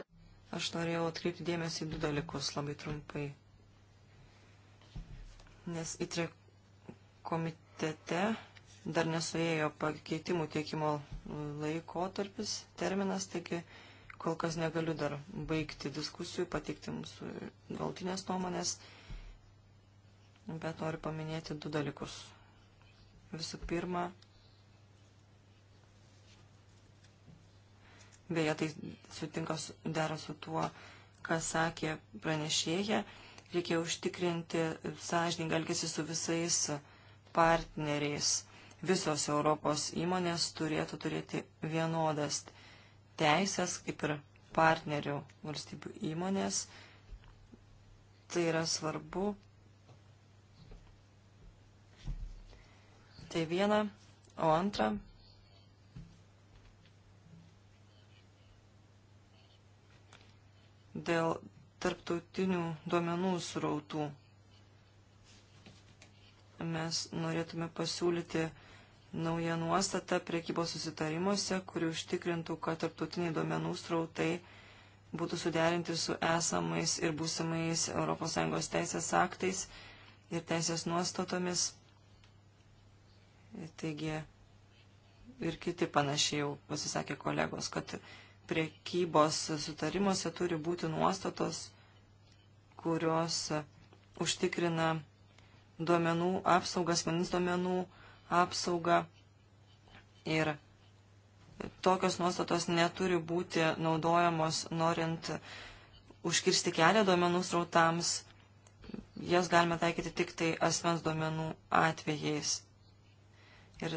atkreipti dėmesį į du dalykus labai trumpai. Nes įtrė komitete dar nesuėjo pakeitimų tiekimo laikotarpis, terminas, taigi kol kas negaliu dar baigti diskusijų, pateikti mūsų galtinės nuomonės, bet noriu paminėti du dalykus. Visų pirma, Beje, tai sutinka dera su tuo, kas sakė pranešėja. Reikia užtikrinti sąžiningą elgesį su visais partneriais. Visos Europos įmonės turėtų turėti vienodas teisės, kaip ir partnerių valstybių įmonės. Tai yra svarbu. Tai viena. O antra, dėl tarptautinių duomenų srautų. Mes norėtume pasiūlyti naują nuostatą priekybos susitarimuose, kuri užtikrintų, kad tarptautiniai duomenų srautai būtų suderinti su esamais ir būsimais ES teisės aktais ir teisės nuostatomis. Taigi ir kiti panašiai jau pasisakė kolegos, kad priekybos sutarimuose turi būti nuostatos, kurios užtikrina duomenų apsaugą, asmenys duomenų apsaugą ir tokios nuostatos neturi būti naudojamos norint užkirsti kelią duomenų srautams, jas galime taikyti tik tai asmens duomenų atvejais. Ir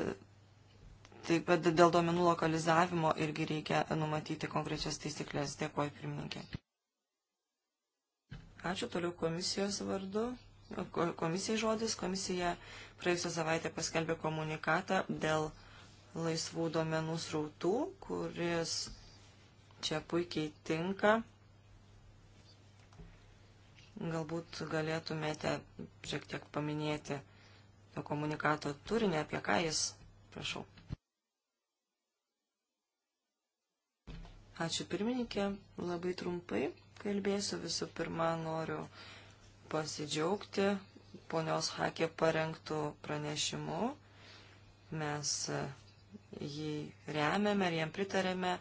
Taip pat dėl duomenų lokalizavimo irgi reikia numatyti konkrečias taisyklės. Dėkuoju, pirmininkė. Ačiū toliau komisijos vardu. Komisijai žodis. Komisija praėjusią savaitę paskelbė komunikatą dėl laisvų duomenų srautų, kuris čia puikiai tinka. Galbūt galėtumėte šiek tiek paminėti komunikato turinį, apie ką jis, prašau. Ačiū pirmininkė, labai trumpai kalbėsiu. Visų pirma, noriu pasidžiaugti ponios Hakė parengtų pranešimu. Mes e, jį remiame ir jam pritarėme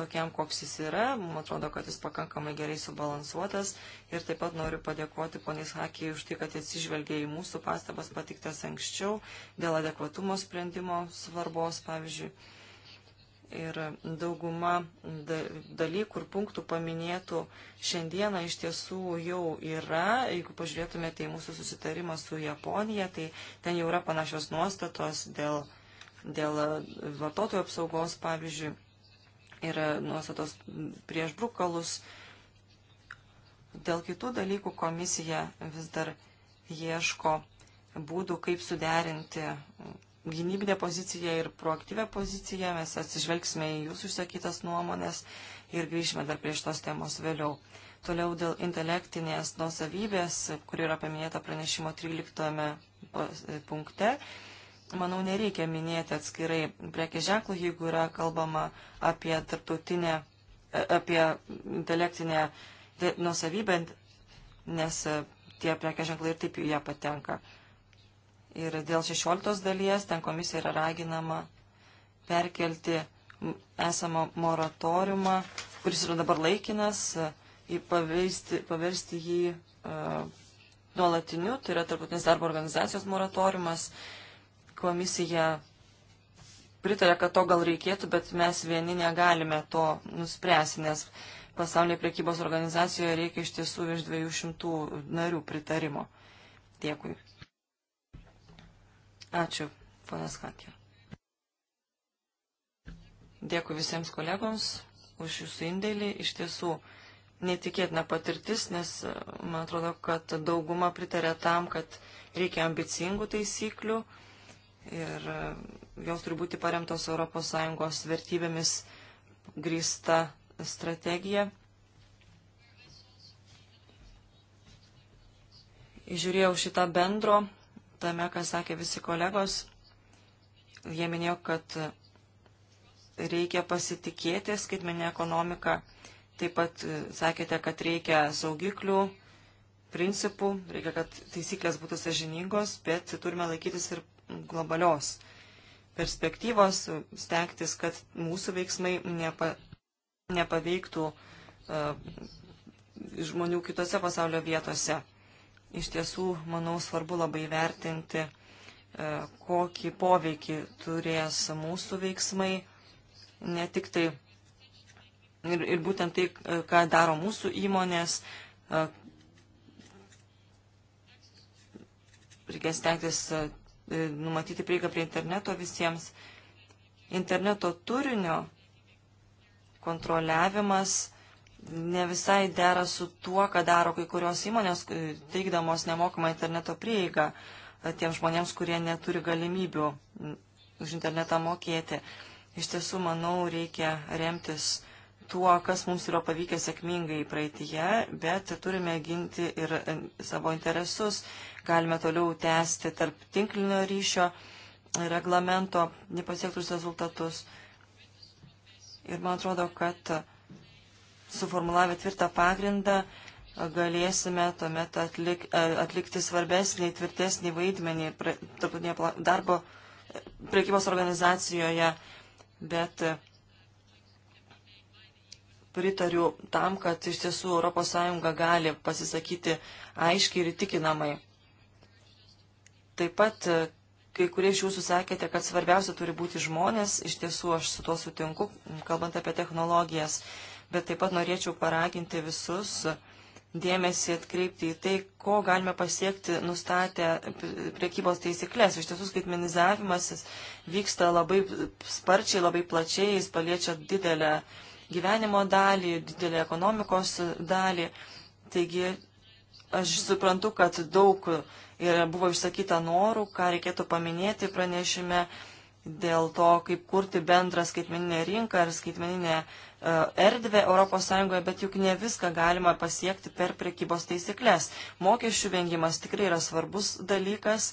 tokiam, koks jis yra. Man atrodo, kad jis pakankamai gerai subalansuotas. Ir taip pat noriu padėkoti ponys Hakijai už tai, kad atsižvelgė į mūsų pastabas patiktas anksčiau dėl adekvatumo sprendimo svarbos, pavyzdžiui. Ir dauguma dalykų ir punktų paminėtų šiandieną iš tiesų jau yra. Jeigu pažiūrėtumėte į mūsų susitarimą su Japonija, tai ten jau yra panašios nuostatos dėl, dėl vartotojų apsaugos, pavyzdžiui, yra nuostatos prieš brukalus. Dėl kitų dalykų komisija vis dar ieško būdų, kaip suderinti gynybinę poziciją ir proaktyvę poziciją. Mes atsižvelgsime į jūsų išsakytas nuomonės ir grįžime dar prie šitos temos vėliau. Toliau dėl intelektinės nusavybės, kuri yra paminėta pranešimo 13 punkte. Manau, nereikia minėti atskirai prekės ženklų, jeigu yra kalbama apie tarptautinę, apie intelektinę nusavybę, nes tie prekės ženklai ir taip į ją patenka. Ir dėl 16 dalies ten komisija yra raginama perkelti esamą moratoriumą, kuris yra dabar laikinas, paversti, paversti jį uh, nuolatiniu, tai yra tarptautinis darbo organizacijos moratoriumas. Komisija pritarė, kad to gal reikėtų, bet mes vieni negalime to nuspręsti, nes pasaulyje priekybos organizacijoje reikia iš tiesų virš 200 narių pritarimo. Dėkui. Ačiū, ponas Hakė. Dėkui visiems kolegoms už jūsų indėlį. Iš tiesų, neįtikėtina patirtis, nes uh, man atrodo, kad dauguma pritarė tam, kad reikia ambicingų taisyklių ir uh, jos turi būti paremtos ES vertybėmis grįsta strategija. Žiūrėjau šitą bendro tame, ką sakė visi kolegos. Jie minėjo, kad reikia pasitikėti skaitmenę ekonomiką. Taip pat e, sakėte, kad reikia saugiklių, principų, reikia, kad taisyklės būtų sažiningos, bet turime laikytis ir globalios perspektyvos, stengtis, kad mūsų veiksmai nepa, nepaveiktų uh, žmonių kitose pasaulio vietose. Iš tiesų, manau, svarbu labai vertinti, e, kokį poveikį turės mūsų veiksmai, ne tik tai ir, ir būtent tai, e, ką daro mūsų įmonės. E, reikia stengtis numatyti prieigą prie interneto visiems. Interneto turinio kontroliavimas ne visai dera su tuo, ką daro kai kurios įmonės, teikdamos nemokamą interneto prieigą e, tiems žmonėms, kurie neturi galimybių už internetą mokėti. Iš tiesų, manau, reikia remtis tuo, kas mums yra pavykę sėkmingai praeitie, bet turime ginti ir e, savo interesus. Galime toliau tęsti tarp tinklinio ryšio reglamento nepasiektus rezultatus. Ir man atrodo, kad suformulavę tvirtą pagrindą, galėsime tuomet atlik, e, atlikti svarbesnį, tvirtesnį vaidmenį darbo priekybos organizacijoje, bet e, pritariu tam, kad iš tiesų ES gali pasisakyti aiškiai ir tikinamai. Taip pat e, kai kurie iš jūsų sakėte, kad svarbiausia turi būti žmonės, iš tiesų aš su tuo sutinku, kalbant apie technologijas bet taip pat norėčiau paraginti visus dėmesį atkreipti į tai, ko galime pasiekti nustatę priekybos taisyklės. Iš tiesų skaitmenizavimas vyksta labai sparčiai, labai plačiai, jis paliečia didelę gyvenimo dalį, didelę ekonomikos dalį. Taigi aš suprantu, kad daug ir buvo išsakyta norų, ką reikėtų paminėti pranešime dėl to, kaip kurti bendrą skaitmeninę rinką ar skaitmeninę erdvę ES, bet juk ne viską galima pasiekti per prekybos taisyklės. Mokesčių vengimas tikrai yra svarbus dalykas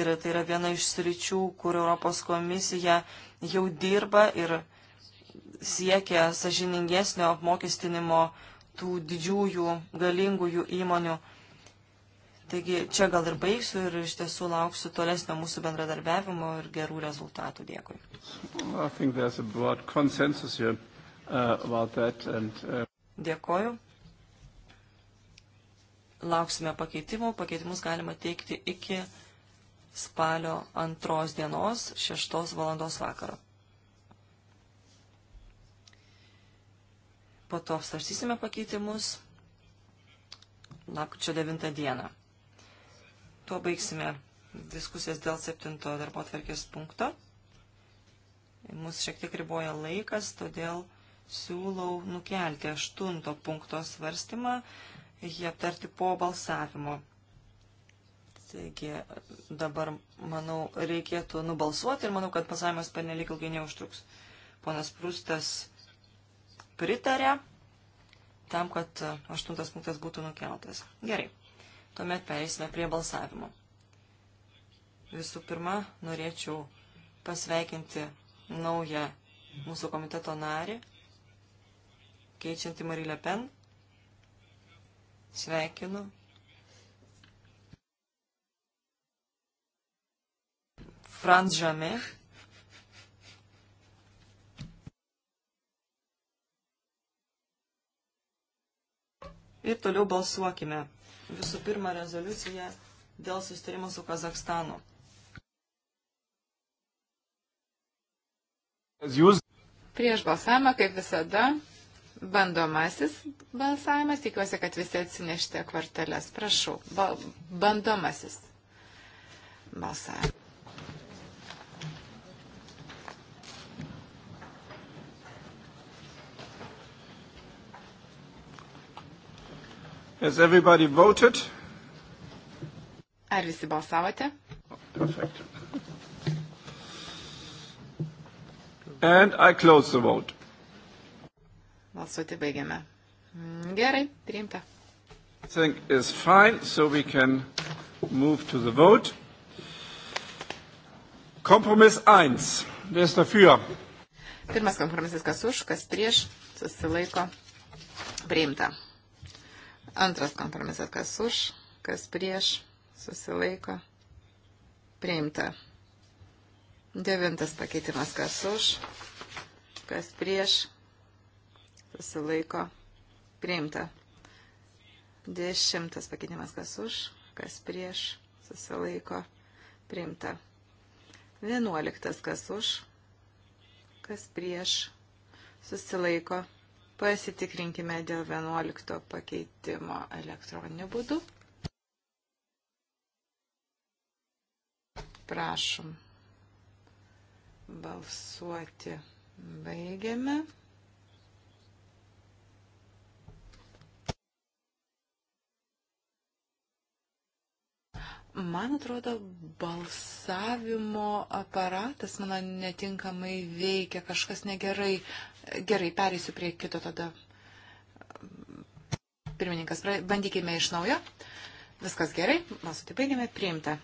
ir tai yra viena iš sričių, kur Europos komisija jau dirba ir siekia sažiningesnio apmokestinimo tų didžiųjų, galingųjų įmonių. Taigi čia gal ir baigsiu ir iš tiesų lauksiu tolesnio mūsų bendradarbiavimo ir gerų rezultatų. Dėkui. Uh, about that. And, uh... Dėkoju. Lauksime pakeitimų. Pakeitimus galima teikti iki spalio antros dienos, šeštos valandos vakaro. Po to svarstysime pakeitimus lapkričio 9 dieną. Tuo baigsime diskusijas dėl 7 darbo tvarkės punkto. Mūsų šiek tiek riboja laikas, todėl siūlau nukelti aštunto punkto svarstymą, jį aptarti po balsavimo. Taigi dabar, manau, reikėtų nubalsuoti ir manau, kad balsavimas pernelik ilgai neužtruks. Ponas Prustas pritarė tam, kad aštuntas punktas būtų nukeltas. Gerai, tuomet pereisime prie balsavimo. Visų pirma, norėčiau pasveikinti naują mūsų komiteto narį, keičianti Marie Le Pen. Sveikinu. Franz Jamais. Ir toliau balsuokime. Visų pirma, rezoliucija dėl sustarimo su Kazakstanu. Prieš balsavimą, kaip visada, bandomasis balsavimas. Tikiuosi, kad visi atsinešite kvarteles. Prašau, ba bandomasis balsavimas. Has everybody voted? Ar visi balsavote? Perfect. And I close the vote. Balsuoti baigiame. Mm, gerai, priimta. Think is fine, so we can move to the vote. Kompromiss 1. Wer ist dafür? Pirmas kompromisas, kas už, kas prieš, susilaiko, priimta. Antras kompromisas, kas už, kas prieš, susilaiko, priimta. Devintas pakeitimas, kas už, kas prieš, susilaiko priimta. Dešimtas pakeitimas kas už, kas prieš, susilaiko priimta. Vienuoliktas kas už, kas prieš, susilaiko. Pasitikrinkime dėl vienuolikto pakeitimo elektroniniu būdu. Prašom balsuoti. Baigiame. Man atrodo, balsavimo aparatas mano netinkamai veikia, kažkas negerai. Gerai, perėsiu prie kito tada. Pirmininkas, bandykime iš naujo. Viskas gerai, mes sutipaigėme priimta.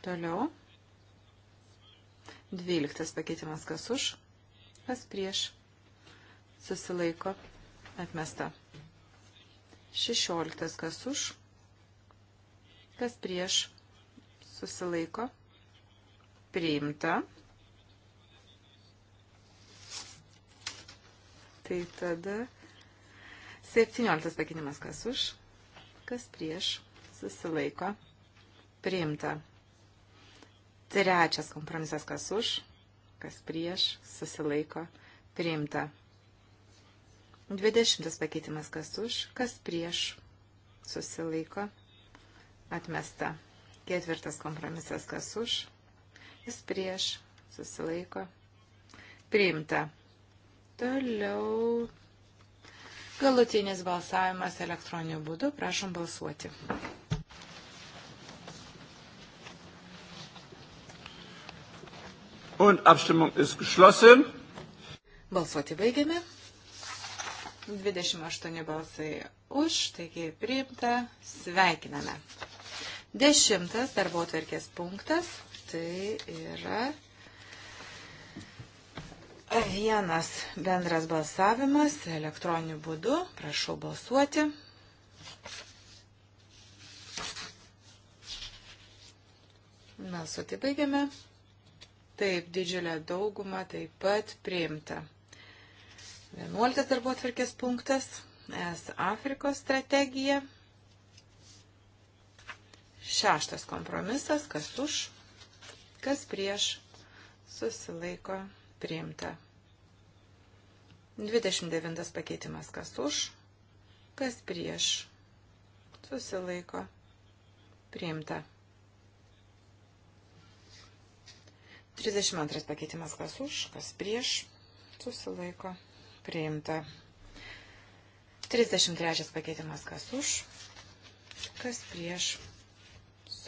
Toliau. Dvyliktas pakeitimas, kas už, kas prieš. Susilaiko, atmesta. Šešioliktas, kas už kas prieš susilaiko priimta. Tai tada 17 pakinimas kas už, kas prieš susilaiko priimta. Trečias kompromisas kas už, kas prieš susilaiko priimta. 20 pakeitimas kas už, kas prieš susilaiko priimta atmesta. Ketvirtas kompromisas, kas už, jis prieš, susilaiko, priimta. Toliau galutinis balsavimas elektroniniu būdu, prašom balsuoti. Und Abstimmung ist geschlossen. Balsuoti baigiame. 28 balsai už, taigi priimta, sveikiname. Dešimtas darbo atverkės punktas tai yra vienas bendras balsavimas elektroniniu būdu. Prašau balsuoti. Balsuoti baigiame. Taip, didžiulė dauguma taip pat priimta. 11 darbo atvarkės punktas. Es Afrikos strategija. Šeštas kompromisas, kas už, kas prieš, susilaiko priimta. 29 pakeitimas, kas už, kas prieš, susilaiko priimta. 32 pakeitimas, kas už, kas prieš, susilaiko priimta. 33 pakeitimas, kas už, kas prieš,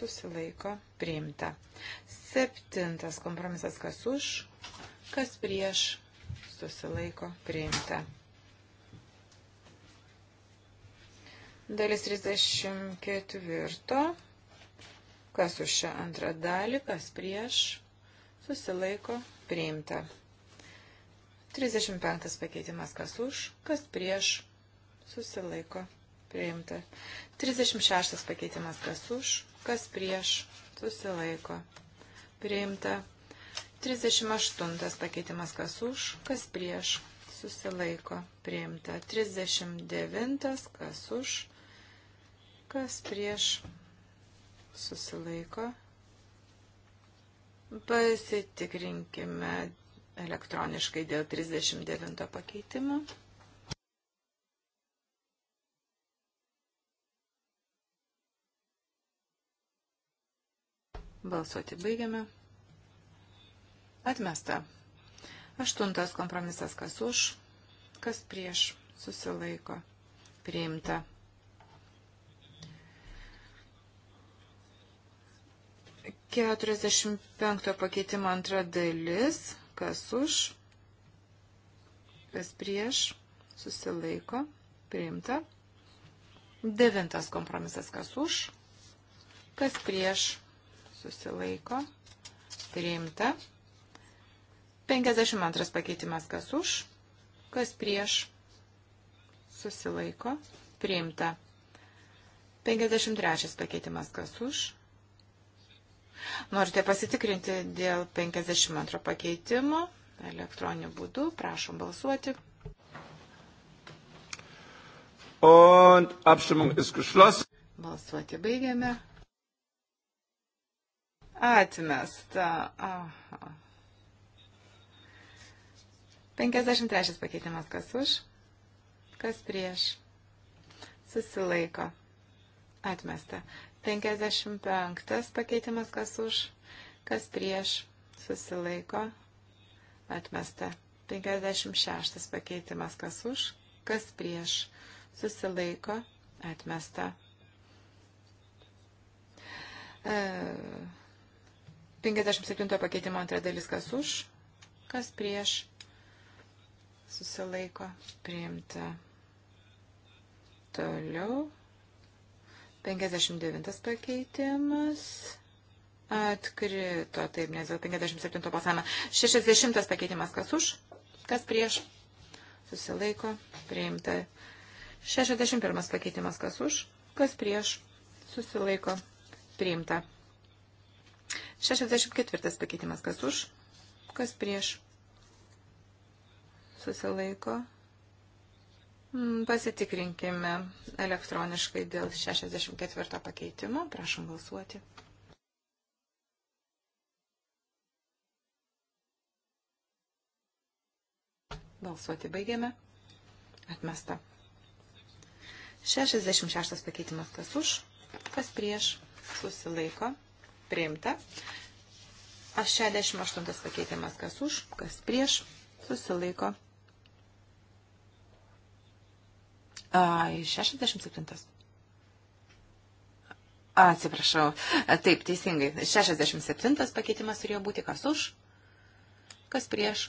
susilaiko priimta. Septintas kompromisas kas už, kas prieš susilaiko priimta. Dalis 34. Kas už šią antrą dalį, kas prieš susilaiko priimta. 35 pakeitimas kas už, kas prieš susilaiko priimta. 36 pakeitimas kas už, kas prieš, susilaiko, priimta. 38 pakeitimas kas už, kas prieš, susilaiko, priimta. 39 kas už, kas prieš, susilaiko. Pasitikrinkime elektroniškai dėl 39 pakeitimo. Balsuoti baigiame. Atmesta. Aštuntas kompromisas, kas už, kas prieš, susilaiko, priimta. Keturiasdešimt penkto pakeitimo antra dalis, kas už, kas prieš, susilaiko, priimta. Devintas kompromisas, kas už, kas prieš, susilaiko, priimta. 52 pakeitimas kas už, kas prieš, susilaiko, priimta. 53 pakeitimas kas už. Norite pasitikrinti dėl 52 pakeitimo elektroniniu būdu, prašom balsuoti. Und Abstimmung ist geschlossen. Balsuoti baigiame. Atmesta. Aha. 53 pakeitimas kas už, kas prieš. Susilaiko. Atmesta. 55 pakeitimas kas už, kas prieš. Susilaiko. Atmesta. 56 pakeitimas kas už, kas prieš. Susilaiko. Atmesta. Uh. E 57 pakeitimo antra dalis, kas už, kas prieš, susilaiko, priimta. Toliau. 59 pakeitimas. Atkrito, taip, nes dėl 57 pasame. 60 pakeitimas, kas už, kas prieš, susilaiko, priimta. 61 pakeitimas, kas už, kas prieš, susilaiko, priimta. 64 pakeitimas. Kas už, kas prieš. Susilaiko. Mm, pasitikrinkime elektroniškai dėl 64 pakeitimo. Prašom balsuoti. Balsuoti baigiame. Atmesta. 66 pakeitimas kas už, kas prieš, susilaiko, priimta. 68 pakeitimas kas už, kas prieš, susilaiko. Ai, 67. Atsiprašau, taip, teisingai. 67 pakeitimas turėjo būti kas už, kas prieš,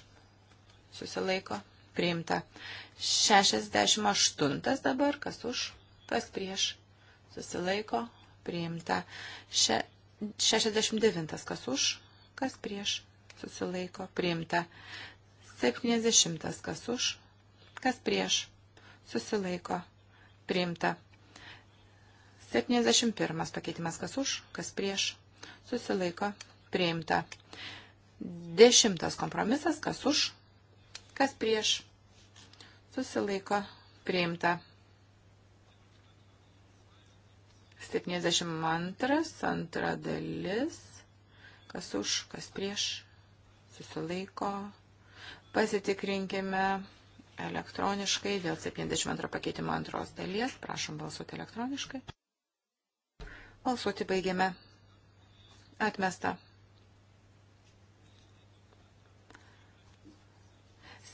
susilaiko, priimta. 68 dabar, kas už, kas prieš, susilaiko, priimta. Še... 69. Kas už, kas prieš, susilaiko, priimta. 70. Kas už, kas prieš, susilaiko, priimta. 71. Pakeitimas kas už, kas prieš, susilaiko, priimta. 10. Kompromisas kas už, kas prieš, susilaiko, priimta. 72, antra dalis, kas už, kas prieš, susilaiko. Pasitikrinkime elektroniškai dėl 72 pakeitimo antros dalies. Prašom balsuoti elektroniškai. Balsuoti baigiame. Atmesta.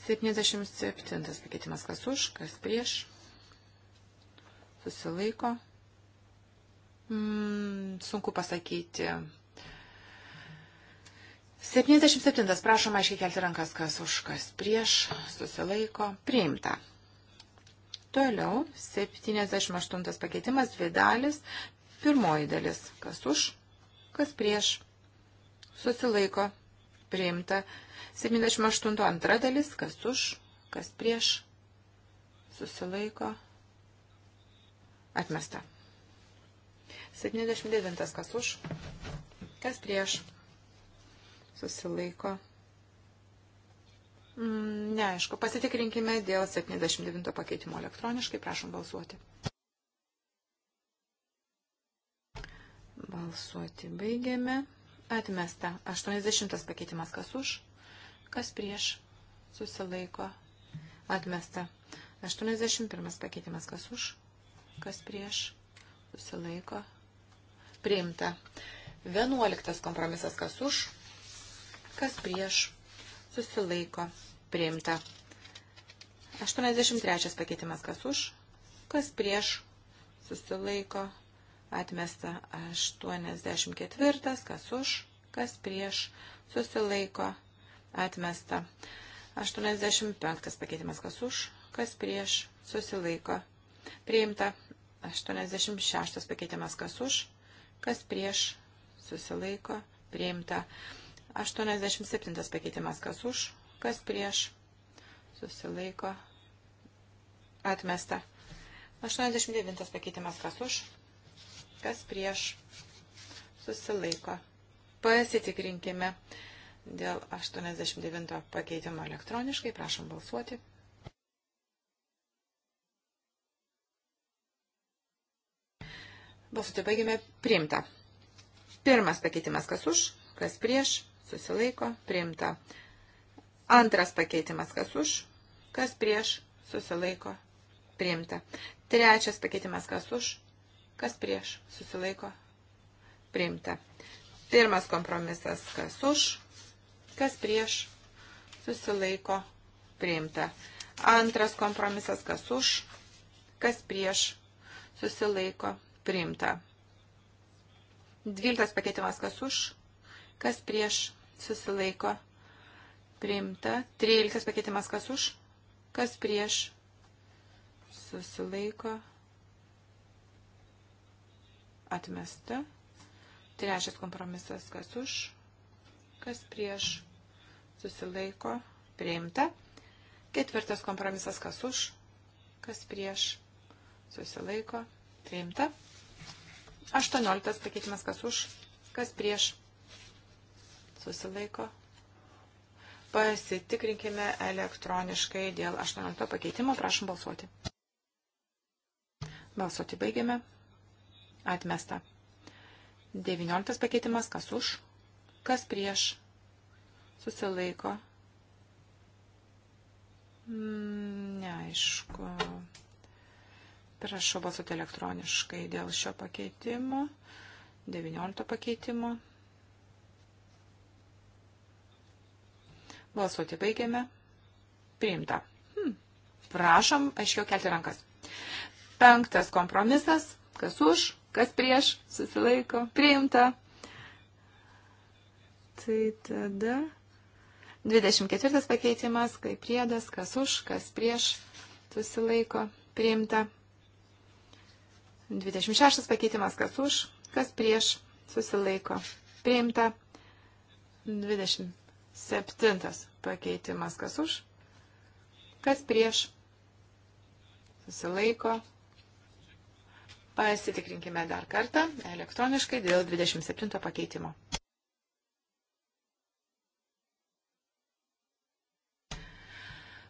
77 pakeitimas kas už, kas prieš. Susilaiko. Mm, sunku pasakyti. 77. Prašom aiškiai kelti rankas, kas už kas prieš, susilaiko, priimta. Toliau, 78 pakeitimas, dvi dalis, pirmoji dalis, kas už, kas prieš, susilaiko, priimta. 78 antra dalis, kas už, kas prieš, susilaiko, atmesta. 79 kas už, kas prieš, susilaiko. Mm, neaišku, pasitikrinkime dėl 79 pakeitimo elektroniškai, prašom balsuoti. Balsuoti baigiame. Atmesta. 80 pakeitimas kas už, kas prieš, susilaiko. Atmesta. 81 pakeitimas kas už, kas prieš, susilaiko priimta. Vienuoliktas kompromisas, kas už, kas prieš, susilaiko, priimta. 83 pakeitimas, kas už, kas prieš, susilaiko, atmesta. 84, kas už, kas prieš, susilaiko, atmesta. 85 pakeitimas, kas už, kas prieš, susilaiko, priimta. 86 pakeitimas, kas už, kas prieš susilaiko priimta. 87 pakeitimas, kas už, kas prieš susilaiko atmesta. 89 pakeitimas, kas už, kas prieš susilaiko. Pasitikrinkime dėl 89 pakeitimo elektroniškai, prašom balsuoti. Balsuoti baigėme priimta. Pirmas pakeitimas, kas už, kas prieš, susilaiko, priimta. Antras pakeitimas, kas už, kas prieš, susilaiko, priimta. Trečias pakeitimas, kas už, kas prieš, susilaiko, priimta. Pirmas kompromisas, kas už, kas prieš, susilaiko, priimta. Antras kompromisas, kas už, kas prieš, susilaiko, priimta priimta. Dviltas pakeitimas kas už, kas prieš susilaiko priimta. Tryliktas pakeitimas kas už, kas prieš susilaiko atmesta. Trečias kompromisas kas už, kas prieš susilaiko priimta. Ketvirtas kompromisas kas už, kas prieš susilaiko priimta. 18 pakeitimas kas už, kas prieš. Susilaiko. Pasitikrinkime elektroniškai dėl 18 pakeitimo. Prašom balsuoti. Balsuoti baigiame. Atmesta. 19 pakeitimas kas už, kas prieš. Susilaiko. Mm, neaišku. Prašau balsuoti elektroniškai dėl šio pakeitimo, 19 pakeitimo. Balsuoti baigiame. Priimta. Hmm. Prašom aiškiau kelti rankas. Penktas kompromisas. Kas už, kas prieš, susilaiko. Priimta. Tai tada 24 pakeitimas, kai priedas, kas už, kas prieš, susilaiko. Priimta. 26 pakeitimas, kas už, kas prieš, susilaiko. Priimta. 27 pakeitimas, kas už, kas prieš, susilaiko. Pasitikrinkime dar kartą elektroniškai dėl 27 pakeitimo.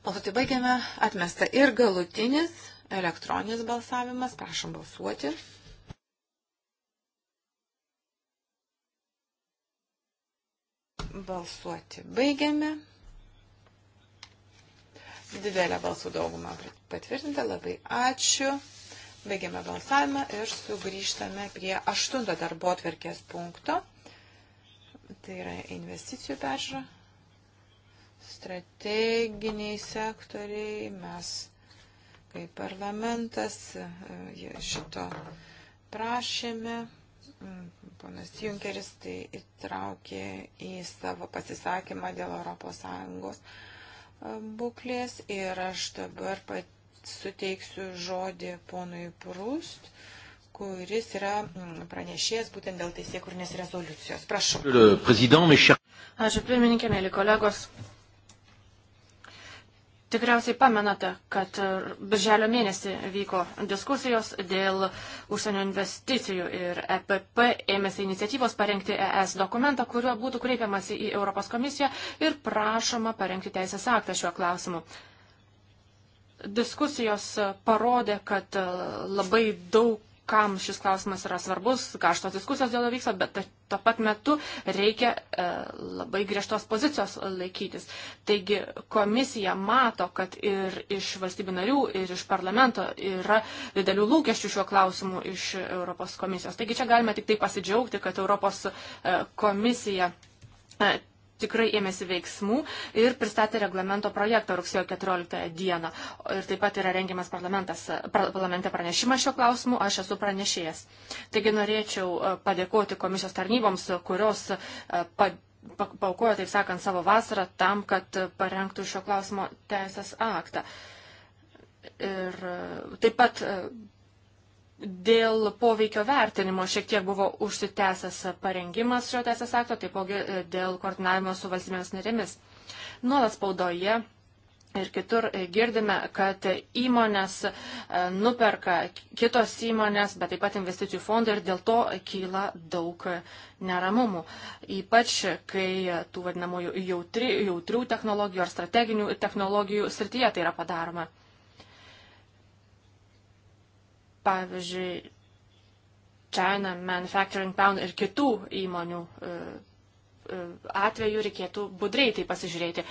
Balsuoti baigiame, atmesta ir galutinis elektroninis balsavimas, prašom balsuoti. Balsuoti baigiame. Didelė balsų dauguma patvirtinta, labai ačiū. Baigiame balsavimą ir sugrįžtame prie aštunto darbo atverkės punkto. Tai yra investicijų peržiūra strateginiai sektoriai, mes kai parlamentas e, šito prašėme, mm, ponas Junkeris tai įtraukė į savo pasisakymą dėl ES e, būklės ir aš dabar suteiksiu žodį ponui Prust, kuris yra mm, pranešėjęs būtent dėl teisėkurnės rezoliucijos. Prašau. Ačiū, pirmininkė, mėly kolegos. Tikriausiai pamenate, kad birželio mėnesį vyko diskusijos dėl užsienio investicijų ir EPP ėmėsi iniciatyvos parengti ES dokumentą, kuriuo būtų kreipiamasi į Europos komisiją ir prašoma parengti teisės aktą šiuo klausimu. Diskusijos parodė, kad labai daug kam šis klausimas yra svarbus, karštos diskusijos dėl jo vyksta, bet tuo pat metu reikia e, labai griežtos pozicijos laikytis. Taigi komisija mato, kad ir iš valstybių narių, ir iš parlamento yra didelių lūkesčių šiuo klausimu iš Europos komisijos. Taigi čia galime tik tai pasidžiaugti, kad Europos e, komisija. E, tikrai ėmėsi veiksmų ir pristatė reglamento projektą rugsėjo 14 dieną. Ir taip pat yra rengiamas parlamente pranešimas šio klausimu, aš esu pranešėjas. Taigi norėčiau e, padėkoti komisijos tarnyboms, kurios e, paukojo, taip sakant, savo vasarą tam, kad parengtų šio klausimo teisės aktą. Ir e, taip pat Dėl poveikio vertinimo šiek tiek buvo užsitęsęs parengimas šio teisės akto, taipogi e, dėl koordinavimo su valstybėmis narėmis. Nuolat spaudoje ir kitur e, girdime, kad įmonės e, nuperka kitos įmonės, bet taip pat investicijų fondai ir dėl to kyla daug neramumų. Ypač, kai tų vadinamųjų jautri, jautrių technologijų ar strateginių technologijų srityje tai yra padaroma pavyzdžiui, China Manufacturing Pound ir kitų įmonių e, e, atveju reikėtų budriai tai pasižiūrėti.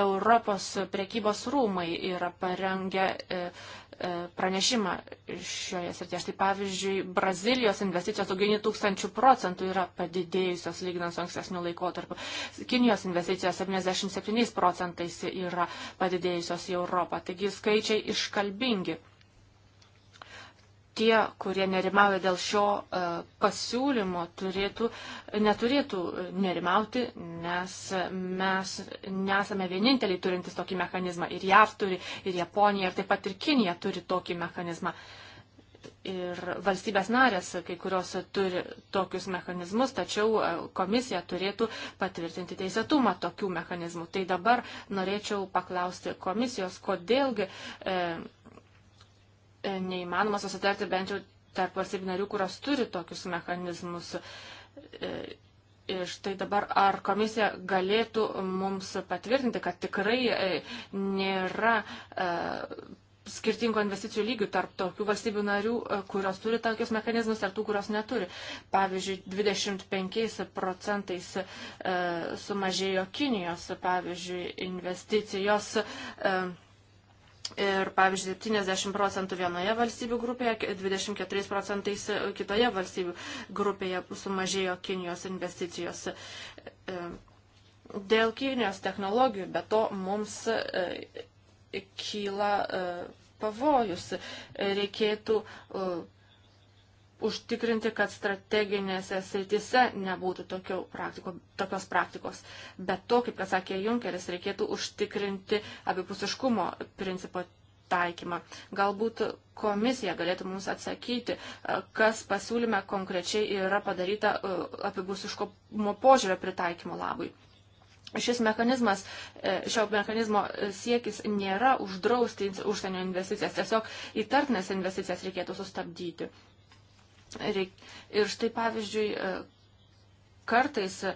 Europos prekybos rūmai yra parengę e, pranešimą šioje srityje. Štai pavyzdžiui, Brazilijos investicijos daugiau nei tūkstančių procentų yra padidėjusios lyginant su ankstesniu laikotarpiu. Kinijos investicijos 77 procentais yra padidėjusios į Europą. Taigi skaičiai iškalbingi tie, kurie nerimauja dėl šio e, pasiūlymo, turėtų, neturėtų e, nerimauti, nes mes nesame vieninteliai turintys tokį mechanizmą. Ir JAV turi, ir Japonija, ir taip pat ir Kinija turi tokį mechanizmą. Ir valstybės narės, kai kurios turi tokius mechanizmus, tačiau e, komisija turėtų patvirtinti teisėtumą tokių mechanizmų. Tai dabar norėčiau paklausti komisijos, kodėlgi. E, E, neįmanoma susitarti bent jau tarp valstybių narių, kurios turi tokius mechanizmus. E, ir štai dabar, ar komisija galėtų mums patvirtinti, kad tikrai e, nėra skirtingo investicijų lygių tarp tokių valstybių narių, kurios turi tokius mechanizmus ir tų, kurios neturi. Pavyzdžiui, 25 procentais e, sumažėjo Kinijos, pavyzdžiui, investicijos. E, Ir, pavyzdžiui, 70 procentų vienoje valstybių grupėje, 24 procentais e, kitoje valstybių grupėje sumažėjo Kinijos investicijos. E, dėl Kinijos technologijų, bet to mums e, kyla pavojus. Reikėtų užtikrinti, kad strateginėse sritise nebūtų tokio praktiko, tokios praktikos. Bet to, kaip kad sakė Junkeris, reikėtų užtikrinti abipusiškumo principo taikymą. Galbūt komisija galėtų mums atsakyti, kas pasiūlyme konkrečiai yra padaryta e, abipusiškumo požiūrio pritaikymo labui. Šis mechanizmas, e, šio mechanizmo siekis nėra uždrausti užsienio investicijas, tiesiog įtartinės investicijas reikėtų sustabdyti. Reik... Ir štai pavyzdžiui, e, kartais e,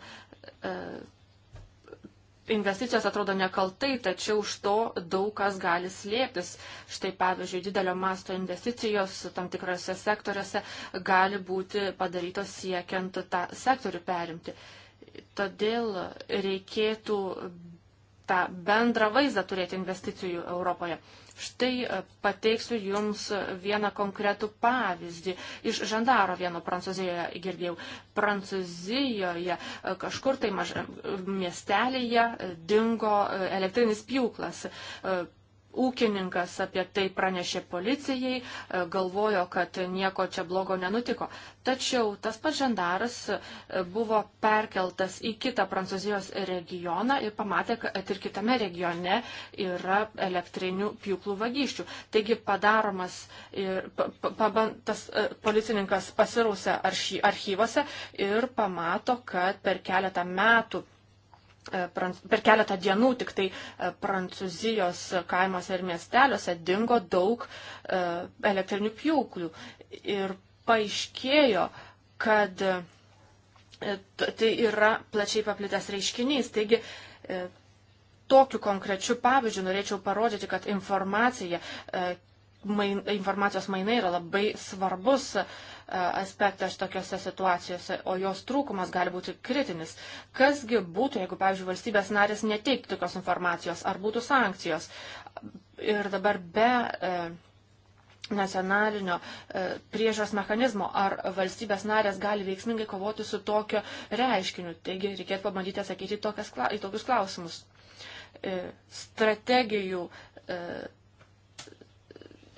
investicijos atrodo nekaltai, tačiau už to daug kas gali slėpis. Štai pavyzdžiui, didelio masto investicijos tam tikrose sektoriuose gali būti padarytos siekiant tą sektorių perimti. Todėl reikėtų tą bendrą vaizdą turėti investicijų Europoje. Štai e, pateiksiu Jums vieną konkretų pavyzdį. Iš žandaro vieno Prancūzijoje girdėjau. Prancūzijoje e, kažkur tai mažame miestelėje e, dingo elektrinis pjūklas. Ūkininkas apie tai pranešė policijai, e, galvojo, kad nieko čia blogo nenutiko. Tačiau tas pats žandaras e, buvo perkeltas į kitą Prancūzijos regioną ir pamatė, kad ir kitame regione yra elektrinių pjūklų vagysčių. Taigi padaromas ir pabantas e, policininkas pasirausia archyvose ir pamato, kad per keletą metų E, per keletą dienų tik tai e, Prancūzijos kaimuose ir miesteliuose dingo daug e, elektrinių pjūklių. Ir paaiškėjo, kad tai yra plačiai paplitęs reiškinys. Taigi, tokiu konkrečiu pavyzdžiu norėčiau parodyti, kad informacija main, informacijos mainai yra labai svarbus e, aspektas tokiuose situacijose, o jos trūkumas gali būti kritinis. Kasgi būtų, jeigu, pavyzdžiui, valstybės narės neteiktų tokios informacijos, ar būtų sankcijos? Ir dabar be e, nacionalinio e, priežos mechanizmo, ar valstybės narės gali veiksmingai kovoti su tokio reiškiniu. Taigi reikėtų pabandyti atsakyti į tokius klausimus. Strategijų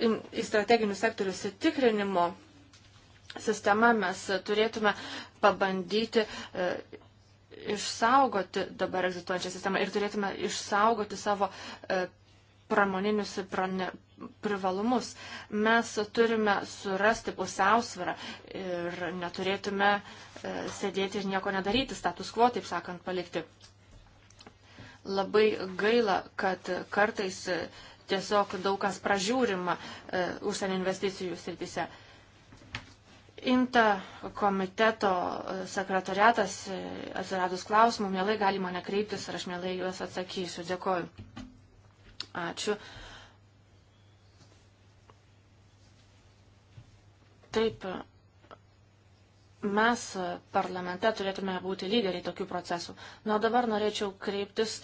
į strateginių sektorių sitikrinimo sistemą mes turėtume pabandyti e, išsaugoti dabar egzistuojančią sistemą ir turėtume išsaugoti savo e, pramoninius prane, privalumus. Mes turime surasti pusiausvyrą ir neturėtume e, sėdėti ir nieko nedaryti, status quo, taip sakant, palikti. Labai gaila, kad kartais tiesiog daug kas pražiūrima e, užsienio investicijų srityse. Inta komiteto e, sekretariatas e, atsiradus klausimų, mielai gali mane kreiptis ir aš mielai juos atsakysiu. Dėkoju. Ačiū. Taip, mes parlamente turėtume būti lyderiai tokių procesų. Na, dabar norėčiau kreiptis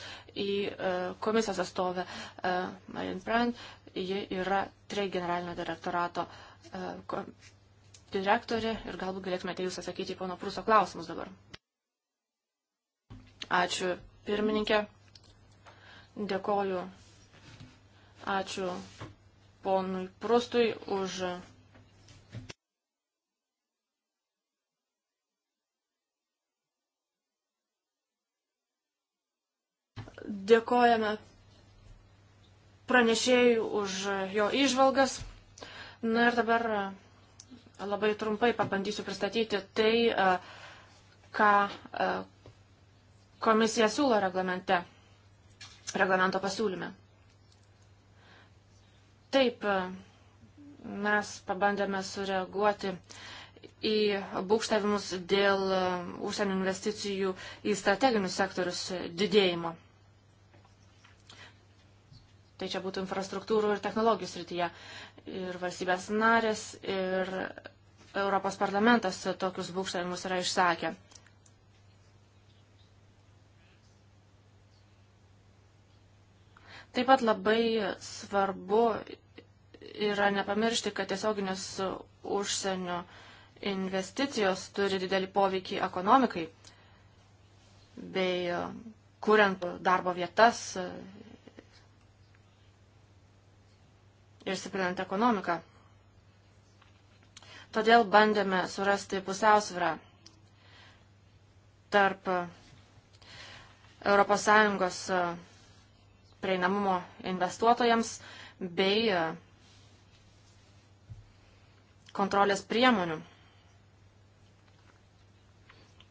į e, komisijos atstovę e, Marin Brand. Ji yra trei generalinio direktorato e, direktorė ir galbūt galėtumėte jūs atsakyti į pono Pruso klausimus dabar. Ačiū pirmininkė. Dėkoju. Ačiū ponui Prustui už Dėkojame pranešėjui už jo išvalgas. Na ir dabar e, labai trumpai pabandysiu pristatyti tai, e, ką e, komisija siūlo reglamente, reglamento pasiūlyme. Taip, mes pabandėme sureaguoti į būkštavimus dėl užsienio investicijų į strateginius sektorius didėjimo. Tai čia būtų infrastruktūrų ir technologijų srityje. Ir valstybės narės, ir Europos parlamentas tokius būkštavimus yra išsakę. Taip pat labai svarbu yra nepamiršti, kad tiesioginės užsienio investicijos turi didelį poveikį ekonomikai bei uh, kuriant darbo vietas ir stiprinant ekonomiką. Todėl bandėme surasti pusiausvyrą tarp ES e, prieinamumo investuotojams bei e, kontrolės priemonių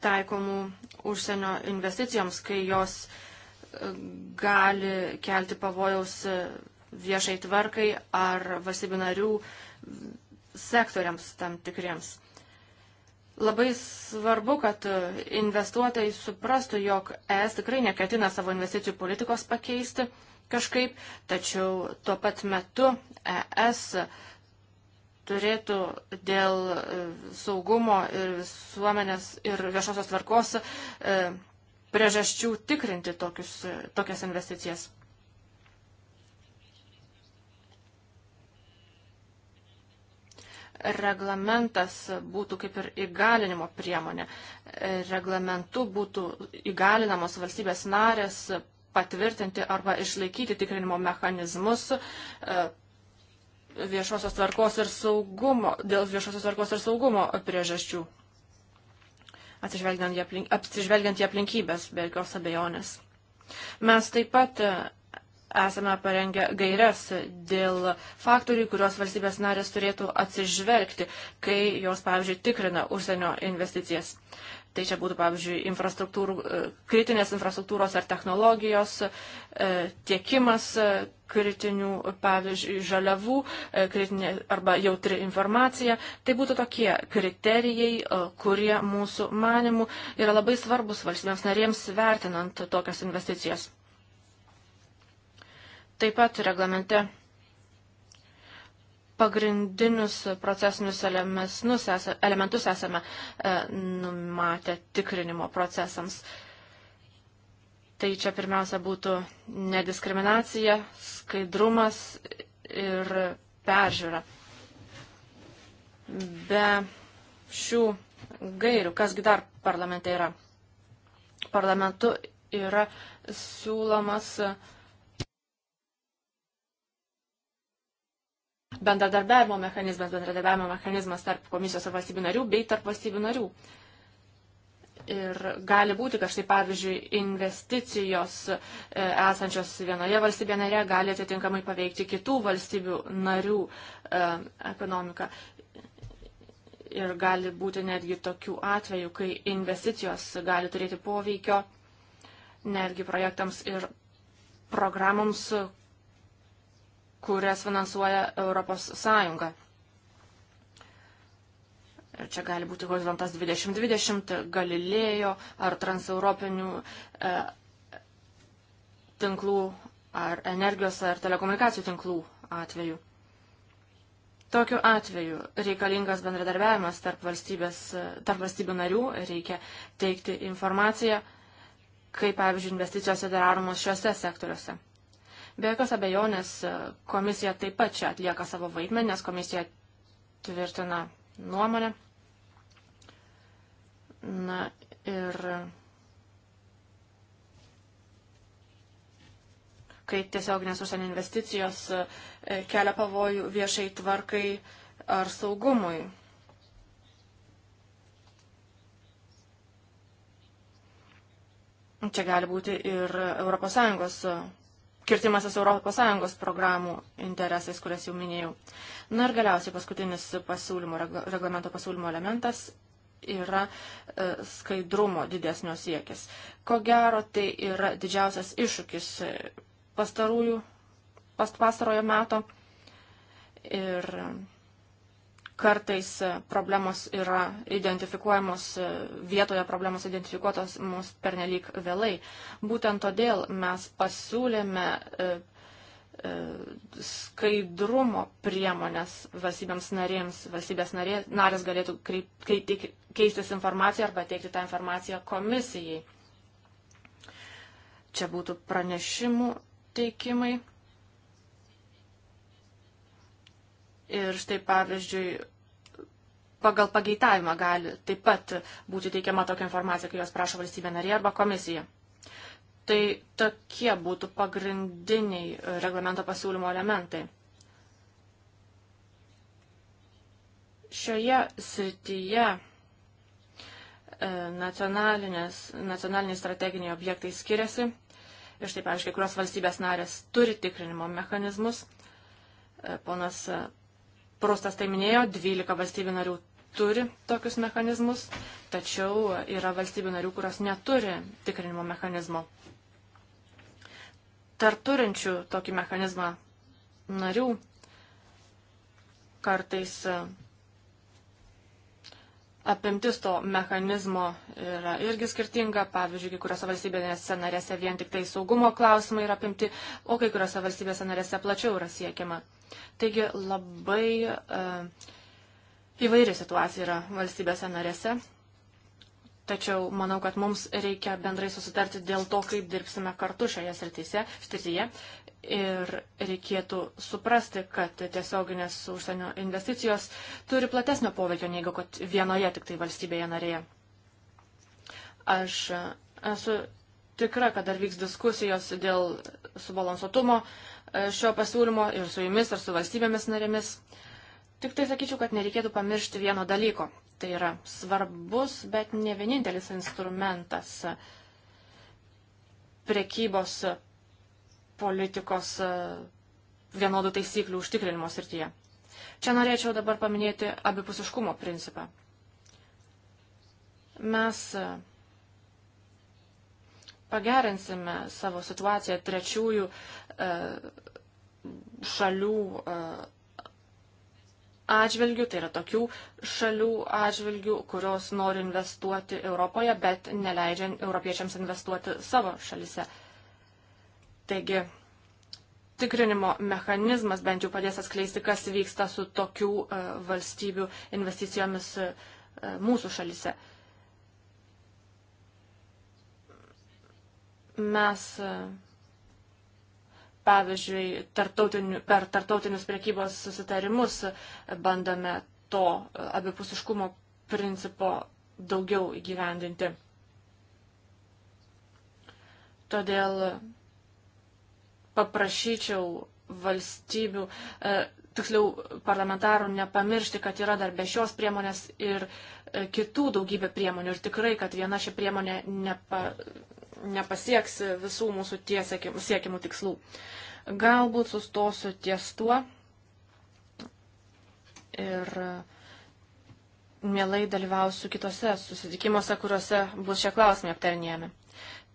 taikomų užsienio investicijoms, kai jos e, gali kelti pavojaus viešai tvarkai ar valstybinarių sektoriams tam tikriems. Labai svarbu, kad investuotojai suprastų, jog ES tikrai neketina savo investicijų politikos pakeisti kažkaip, tačiau tuo pat metu ES turėtų dėl saugumo ir visuomenės ir viešosios tvarkos e, priežasčių tikrinti tokius, tokias investicijas. reglamentas būtų kaip ir įgalinimo priemonė. Reglamentu būtų įgalinamos valstybės narės patvirtinti arba išlaikyti tikrinimo mechanizmus e, viešosios tvarkos ir saugumo, dėl viešosios tvarkos ir saugumo priežasčių, atsižvelgiant į, aplink, atsižvelgiant į aplinkybės, be jokios abejonės. Mes taip pat esame parengę gairias dėl faktorių, kuriuos valstybės narės turėtų atsižvelgti, kai jos, pavyzdžiui, tikrina užsienio investicijas. Tai čia būtų, pavyzdžiui, infrastruktūrų, e, kritinės infrastruktūros ar technologijos, e, tiekimas e, kritinių, pavyzdžiui, žaliavų, kritinė arba jautri informacija. Tai būtų tokie kriterijai, kurie mūsų manimų yra labai svarbus valstybėms narėms vertinant tokias investicijas. Taip pat reglamente pagrindinius procesinius elementus esame e, numatę tikrinimo procesams. Tai čia pirmiausia būtų nediskriminacija, skaidrumas ir peržiūra. Be šių gairių, kasgi dar parlamente yra? Parlamentu yra siūlomas uh, bendradarbiavimo mechanizmas, bendradarbiavimo mechanizmas tarp komisijos ir valstybių narių bei tarp valstybių narių. Ir gali būti, kad štai pavyzdžiui investicijos e, esančios vienoje valstybėje narėje gali atitinkamai paveikti kitų valstybių narių e, ekonomiką. Ir gali būti netgi tokių atvejų, kai investicijos gali turėti poveikio netgi projektams ir programoms, kurias finansuoja Europos Sąjunga. Ir čia gali būti horizontas 2020, Galilėjo ar transeuropinių e, tinklų ar energijos ar telekomunikacijų tinklų atveju. Tokiu atveju reikalingas bendradarbiavimas tarp, e, tarp valstybių narių, reikia teikti informaciją, kaip pavyzdžiui investicijos daromos šiuose sektoriuose. Be jokios abejonės e, komisija taip pat čia atlieka savo vaidmenį, nes komisija tvirtina nuomonę. Na ir kai tiesioginės užsienio investicijos e, kelia pavojų viešai tvarkai ar saugumui. Čia gali būti ir ES kirtimasis ES programų interesais, kurias jau minėjau. Na ir galiausiai paskutinis pasiūlymo, reglamento pasiūlymo elementas yra e, skaidrumo didesnio siekis. Ko gero, tai yra didžiausias iššūkis e, pastarųjų, past, pastarojo meto. Ir Kartais problemos yra identifikuojamos, vietoje problemos identifikuotos mums pernelyg vėlai. Būtent todėl mes pasiūlėme e, e, skaidrumo priemonės valstybėms narėms, valstybės narė, narės galėtų kreip, kreip, keistis informaciją arba teikti tą informaciją komisijai. Čia būtų pranešimų teikimai Ir štai pavyzdžiui, pagal pageitavimą gali taip pat būti teikiama tokia informacija, kai jos prašo valstybė narė arba komisija. Tai tokie būtų pagrindiniai reglamento pasiūlymo elementai. Šioje srityje e, nacionaliniai strateginiai objektai skiriasi. Ir štai, pavyzdžiui, kurios valstybės narės turi tikrinimo mechanizmus. E, ponas Prustas tai minėjo, 12 valstybių narių turi tokius mechanizmus, tačiau yra valstybių narių, kurios neturi tikrinimo mechanizmo. Tarp turinčių tokį mechanizmą narių kartais e, apimtis to mechanizmo yra irgi skirtinga. Pavyzdžiui, kai kuriuose valstybėse narėse vien tik tai saugumo klausimai yra apimti, o kai kuriuose valstybėse narėse plačiau yra siekiama. Taigi labai e, įvairi situacija yra valstybėse narėse. Tačiau manau, kad mums reikia bendrai susitarti dėl to, kaip dirbsime kartu šioje srityje. Ir reikėtų suprasti, kad tiesioginės užsienio investicijos turi platesnio poveikio negu kad vienoje tik tai valstybėje narėje. Aš esu tikra, kad dar vyks diskusijos dėl subalansuotumo, E, šio pasiūlymo ir su jumis, ir su valstybėmis narėmis. Tik tai sakyčiau, kad nereikėtų pamiršti vieno dalyko. Tai yra svarbus, bet ne vienintelis instrumentas prekybos politikos e, vienodų taisyklių užtikrinimo srityje. Čia norėčiau dabar paminėti abipusiškumo principą. Mes pagerinsime savo situaciją trečiųjų e, šalių e, atžvilgių, tai yra tokių šalių atžvilgių, kurios nori investuoti Europoje, bet neleidžia europiečiams investuoti savo šalise. Taigi, tikrinimo mechanizmas bent jau padės atskleisti, kas vyksta su tokių e, valstybių investicijomis e, mūsų šalise. E, Mes, pavyzdžiui, tartautiniu, per tartautinius prekybos susitarimus bandome to abipusiškumo principo daugiau įgyvendinti. Todėl paprašyčiau valstybių, e, tiksliau parlamentarų nepamiršti, kad yra dar be šios priemonės ir e, kitų daugybė priemonių. Ir tikrai, kad viena ši priemonė nepa, nepasieks visų mūsų tie siekiamų tikslų. Galbūt sustosiu ties tuo ir mielai dalyvausiu kitose susitikimuose, kuriuose bus šie klausimai aptarnėjami.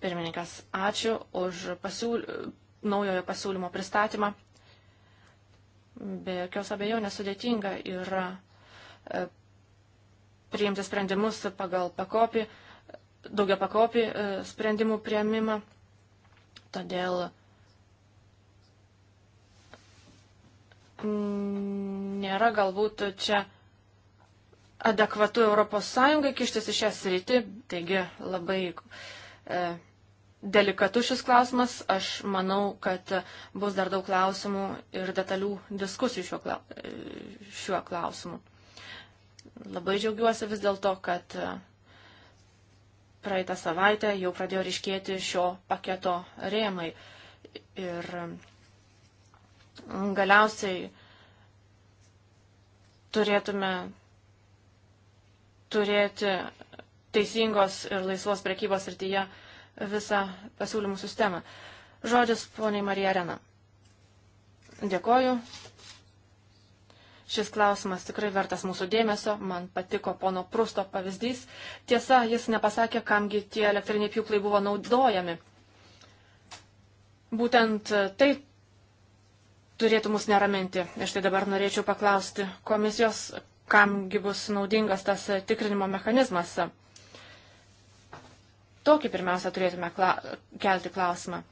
Pirmininkas, ačiū už pasiūl... naujojo pasiūlymo pristatymą. Be jokios abejonės sudėtinga yra e, priimti sprendimus pagal pakopį daugia pakopį e, sprendimų prieimimą. Todėl mm, nėra galbūt čia adekvatu ES kištis į šią sritį, taigi labai e, delikatu šis klausimas. Aš manau, kad bus dar daug klausimų ir detalių diskusijų šiuo, kla, e, šiuo klausimu. Labai džiaugiuosi vis dėlto, kad praeitą savaitę jau pradėjo ryškėti šio paketo rėmai. Ir mm, galiausiai turėtume turėti teisingos ir laisvos prekybos srityje visą pasiūlymų sistemą. Žodis poniai Marija Arena. Dėkoju, Šis klausimas tikrai vertas mūsų dėmesio. Man patiko pono Prusto pavyzdys. Tiesa, jis nepasakė, kamgi tie elektriniai pjūklai buvo naudojami. Būtent tai turėtų mus neraminti. Ir štai dabar norėčiau paklausti komisijos, kamgi bus naudingas tas tikrinimo mechanizmas. Tokį pirmiausia turėtume kla kelti klausimą.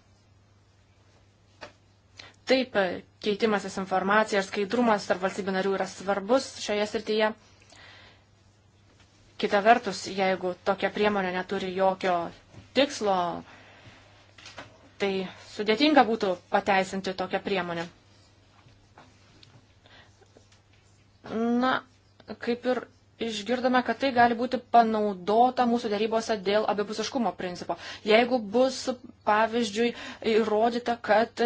Taip, e, keitimasis informacija ir skaidrumas tarp valstybių narių yra svarbus šioje srityje. Kita vertus, jeigu tokia priemonė neturi jokio tikslo, tai sudėtinga būtų pateisinti tokią priemonę. Na, kaip ir išgirdome, kad tai gali būti panaudota mūsų darybose dėl abipusiškumo principo. Jeigu bus, pavyzdžiui, įrodyta, kad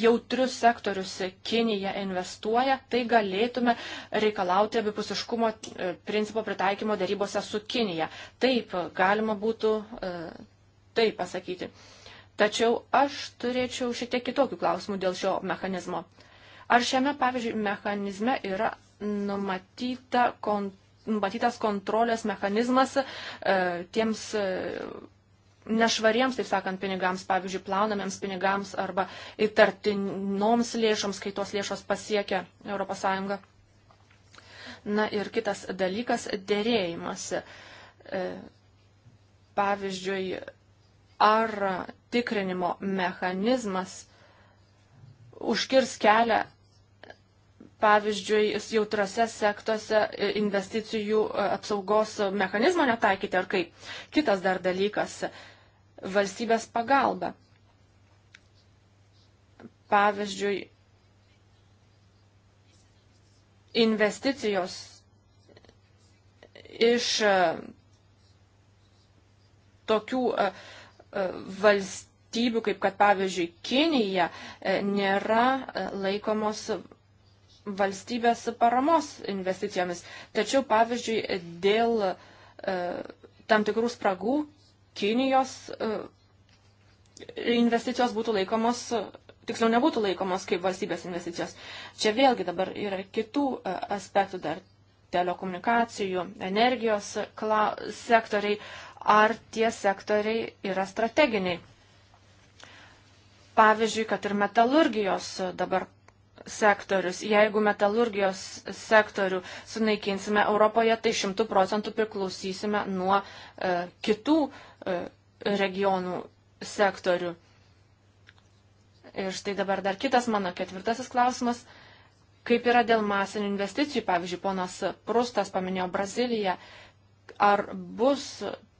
jautrius sektorius Kinija investuoja, tai galėtume reikalauti abipusiškumo e, principo pritaikymo darybose su Kinija. Taip, galima būtų e, taip pasakyti. Tačiau aš turėčiau šiek tiek kitokių klausimų dėl šio mechanizmo. Ar šiame, pavyzdžiui, mechanizme yra numatyta kontrolė? numatytas kontrolės mechanizmas e, tiems e, nešvariems, taip sakant, pinigams, pavyzdžiui, plaunamiems pinigams arba įtartinoms lėšoms, kai tos lėšos pasiekia ES. Na ir kitas dalykas - dėrėjimas. E, pavyzdžiui, ar tikrinimo mechanizmas užkirs kelią pavyzdžiui, jautrose sektuose e, investicijų e, apsaugos mechanizmo netaikyti ar kaip. Kitas dar dalykas - valstybės pagalba. Pavyzdžiui, investicijos iš e, tokių valstybių, kaip kad pavyzdžiui Kinija, nėra laikomos valstybės paramos investicijomis. Tačiau, pavyzdžiui, dėl e, tam tikrų spragų Kinijos e, investicijos būtų laikomos, tiksliau nebūtų laikomos kaip valstybės investicijos. Čia vėlgi dabar yra kitų e, aspektų dar telekomunikacijų, energijos sektoriai, ar tie sektoriai yra strateginiai. Pavyzdžiui, kad ir metalurgijos dabar sektorius. Jeigu metalurgijos sektorių sunaikinsime Europoje, tai šimtų procentų priklausysime nuo e, kitų e, regionų sektorių. Ir štai dabar dar kitas mano ketvirtasis klausimas. Kaip yra dėl masinių investicijų? Pavyzdžiui, ponas Prustas paminėjo Braziliją. Ar bus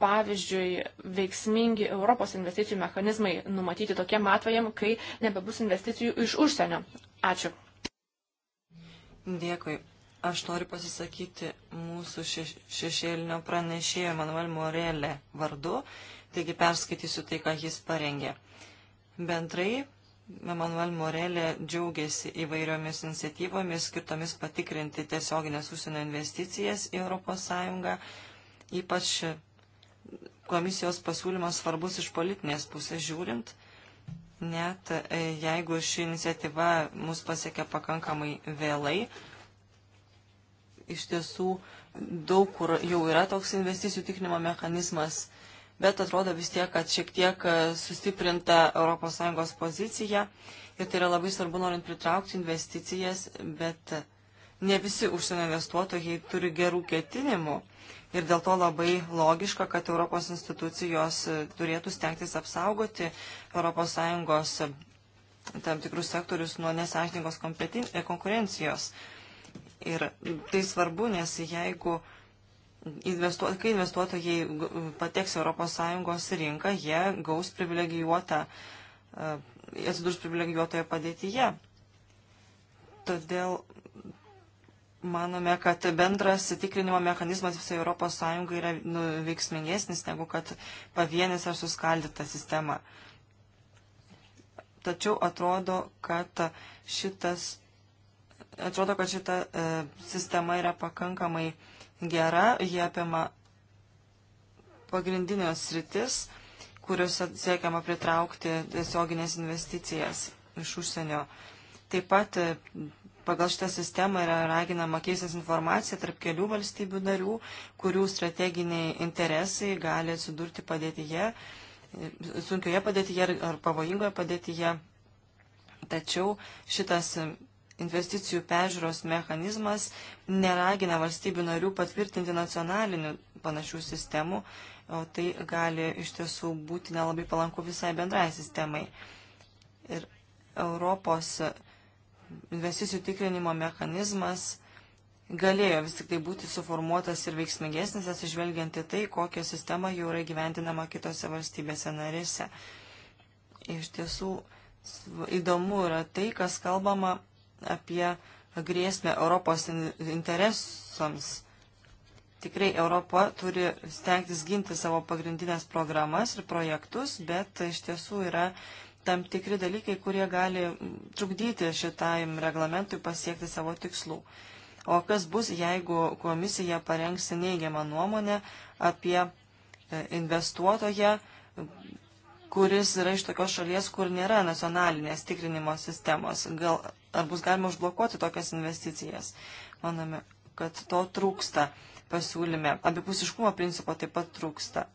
pavyzdžiui, veiksmingi Europos investicijų mechanizmai numatyti tokiem atvejam, kai nebebus investicijų iš užsienio. Ačiū. Dėkui. Aš noriu pasisakyti mūsų šešėlinio pranešėjo Manuel Morelė vardu, taigi perskaitysiu tai, ką jis parengė. Bendrai, Manuel Morelė džiaugiasi įvairiomis iniciatyvomis skirtomis patikrinti tiesioginės užsienio investicijas į ES, ypač komisijos pasiūlymas svarbus iš politinės pusės žiūrint, net e, jeigu ši iniciatyva mus pasiekia pakankamai vėlai. Iš tiesų, daug kur jau yra toks investicijų tikrinimo mechanizmas, bet atrodo vis tiek, kad šiek tiek sustiprinta ES pozicija ir tai yra labai svarbu norint pritraukti investicijas, bet ne visi užsienio investuotojai turi gerų ketinimų ir dėl to labai logiška, kad Europos institucijos e, turėtų stengtis apsaugoti ES e, tam tikrus sektorius nuo nesažningos e, konkurencijos. Ir tai svarbu, nes jeigu investuo, kai investuotojai pateks ES rinką, jie gaus privilegijuotą, atsidurs privilegijuotoje padėtyje. Todėl Manome, kad bendras tikrinimo mechanizmas visai ES yra nu, veiksmingesnis negu kad pavienis ar suskaldyta sistema. Tačiau atrodo, kad šitas, atrodo, kad šita e, sistema yra pakankamai gera, jie apima pagrindinės sritis, kuriuose siekiama pritraukti tiesioginės investicijas iš užsienio. Taip pat e, Pagal šitą sistemą yra raginama keistis informacija tarp kelių valstybių narių, kurių strateginiai interesai gali atsidurti padėtyje, sunkioje padėtyje ar pavojingoje padėtyje. Tačiau šitas investicijų pežiūros mechanizmas neragina valstybių narių patvirtinti nacionalinių panašių sistemų, o tai gali iš tiesų būti nelabai palanku visai bendrai sistemai. Ir Europos investicijų tikrinimo mechanizmas galėjo vis tik tai būti suformuotas ir veiksmingesnis, atsižvelgiant į tai, kokią sistemą jau yra gyventinama kitose valstybėse narėse. Iš tiesų įdomu yra tai, kas kalbama apie grėsmę Europos interesams. Tikrai Europa turi stengtis ginti savo pagrindinės programas ir projektus, bet iš tiesų yra uh, tam tikri dalykai, kurie gali trukdyti šitam reglamentui pasiekti savo tikslų. O kas bus, jeigu komisija parengs neigiamą nuomonę apie e, investuotoją, kuris yra iš tokios šalies, kur nėra nacionalinės tikrinimo sistemos. Gal, ar bus galima užblokuoti tokias investicijas? Manome, kad to trūksta pasiūlyme. Abipusiškumo principo taip pat trūksta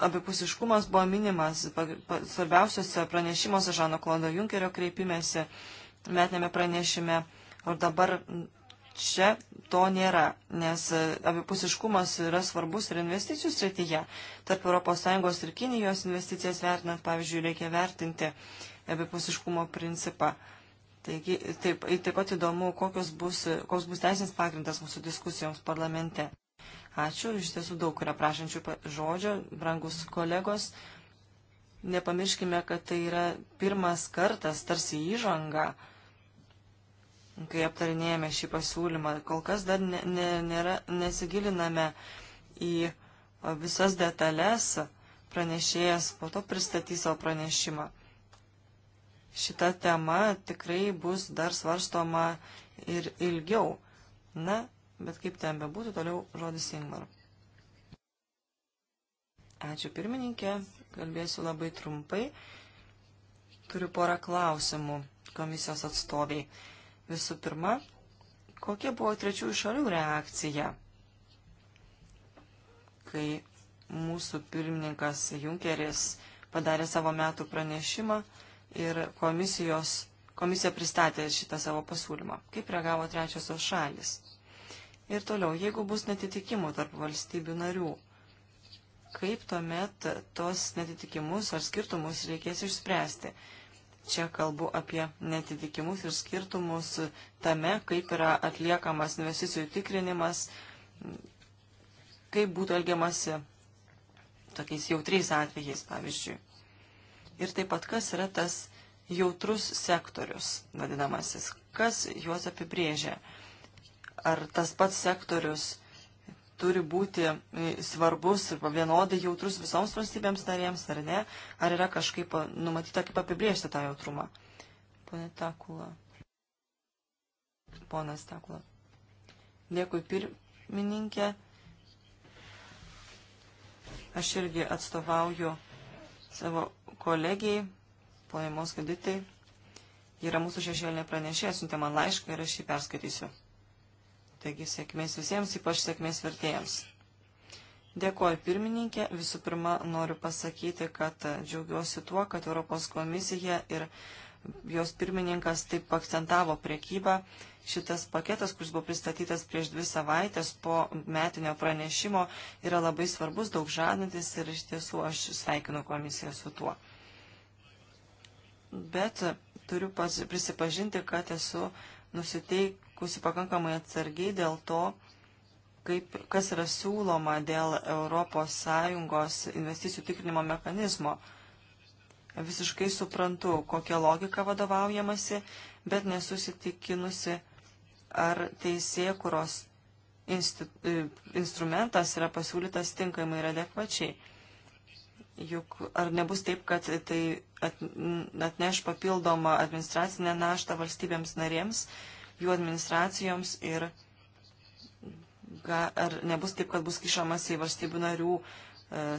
abipusiškumas buvo minimas svarbiausiose pranešimuose Žano Klodo Junkerio kreipimėsi metinėme pranešime, o dabar čia to nėra, nes abipusiškumas yra svarbus ir investicijų srityje. Tarp ES ir Kinijos investicijas vertinant, pavyzdžiui, reikia vertinti abipusiškumo principą. Taigi, taip, taip pat įdomu, kokios bus, koks bus teisinis pagrindas mūsų diskusijoms parlamente. Ačiū, iš tiesų daug yra prašančių žodžio, brangus kolegos. Nepamirškime, kad tai yra pirmas kartas, tarsi įžanga, kai aptarinėjame šį pasiūlymą. Kol kas dar ne, ne, nėra, nesigiliname į visas detalės, pranešėjas po to pristatys savo pranešimą. Šita tema tikrai bus dar svarstoma ir ilgiau. Na, bet kaip ten bebūtų, toliau žodis Singmar. Ačiū pirmininkė, kalbėsiu labai trumpai. Turiu porą klausimų komisijos atstoviai. Visų pirma, kokia buvo trečiųjų šalių reakcija, kai mūsų pirmininkas Junkeris padarė savo metų pranešimą ir komisijos, komisija pristatė šitą savo pasiūlymą. Kaip reagavo trečiosios šalis? Ir toliau, jeigu bus netitikimų tarp valstybių narių, kaip tuomet tos netitikimus ar skirtumus reikės išspręsti? Čia kalbu apie netitikimus ir skirtumus tame, kaip yra atliekamas investicijų tikrinimas, kaip būtų elgiamasi tokiais jautriais atvejais, pavyzdžiui. Ir taip pat, kas yra tas jautrus sektorius, vadinamasis, kas juos apibrėžia ar tas pats sektorius turi būti svarbus ir vienodai jautrus visoms valstybėms narėms, ar ne? Ar yra kažkaip numatyta, kaip apibriežti tą jautrumą? Pone Takula. Ponas Takula. Dėkui pirmininkė. Aš irgi atstovauju savo kolegijai, ponai Moskaditai. Yra mūsų šešėlinė pranešėja, siuntė man laišką ir aš jį perskaitysiu. Taigi sėkmės visiems, ypač sėkmės vertėjams. Dėkuoju pirmininkė. Visų pirma, noriu pasakyti, kad džiaugiuosi tuo, kad Europos komisija ir jos pirmininkas taip akcentavo priekybą. Šitas paketas, kuris buvo pristatytas prieš dvi savaitės po metinio pranešimo, yra labai svarbus, daug žadantis ir iš tiesų aš sveikinu komisiją su tuo. Bet turiu prisipažinti, kad esu nusiteikusi pakankamai atsargiai dėl to, kaip, kas yra siūloma dėl ES investicijų tikrinimo mechanizmo. Visiškai suprantu, kokia logika vadovaujamasi, bet nesusitikinusi, ar teisėkuros e, instrumentas yra pasiūlytas tinkamai ir adekvačiai. Juk ar nebus taip, kad tai atneš papildomą administracinę naštą valstybėms narėms, jų administracijoms ir ar nebus taip, kad bus kišamas į valstybių narių e,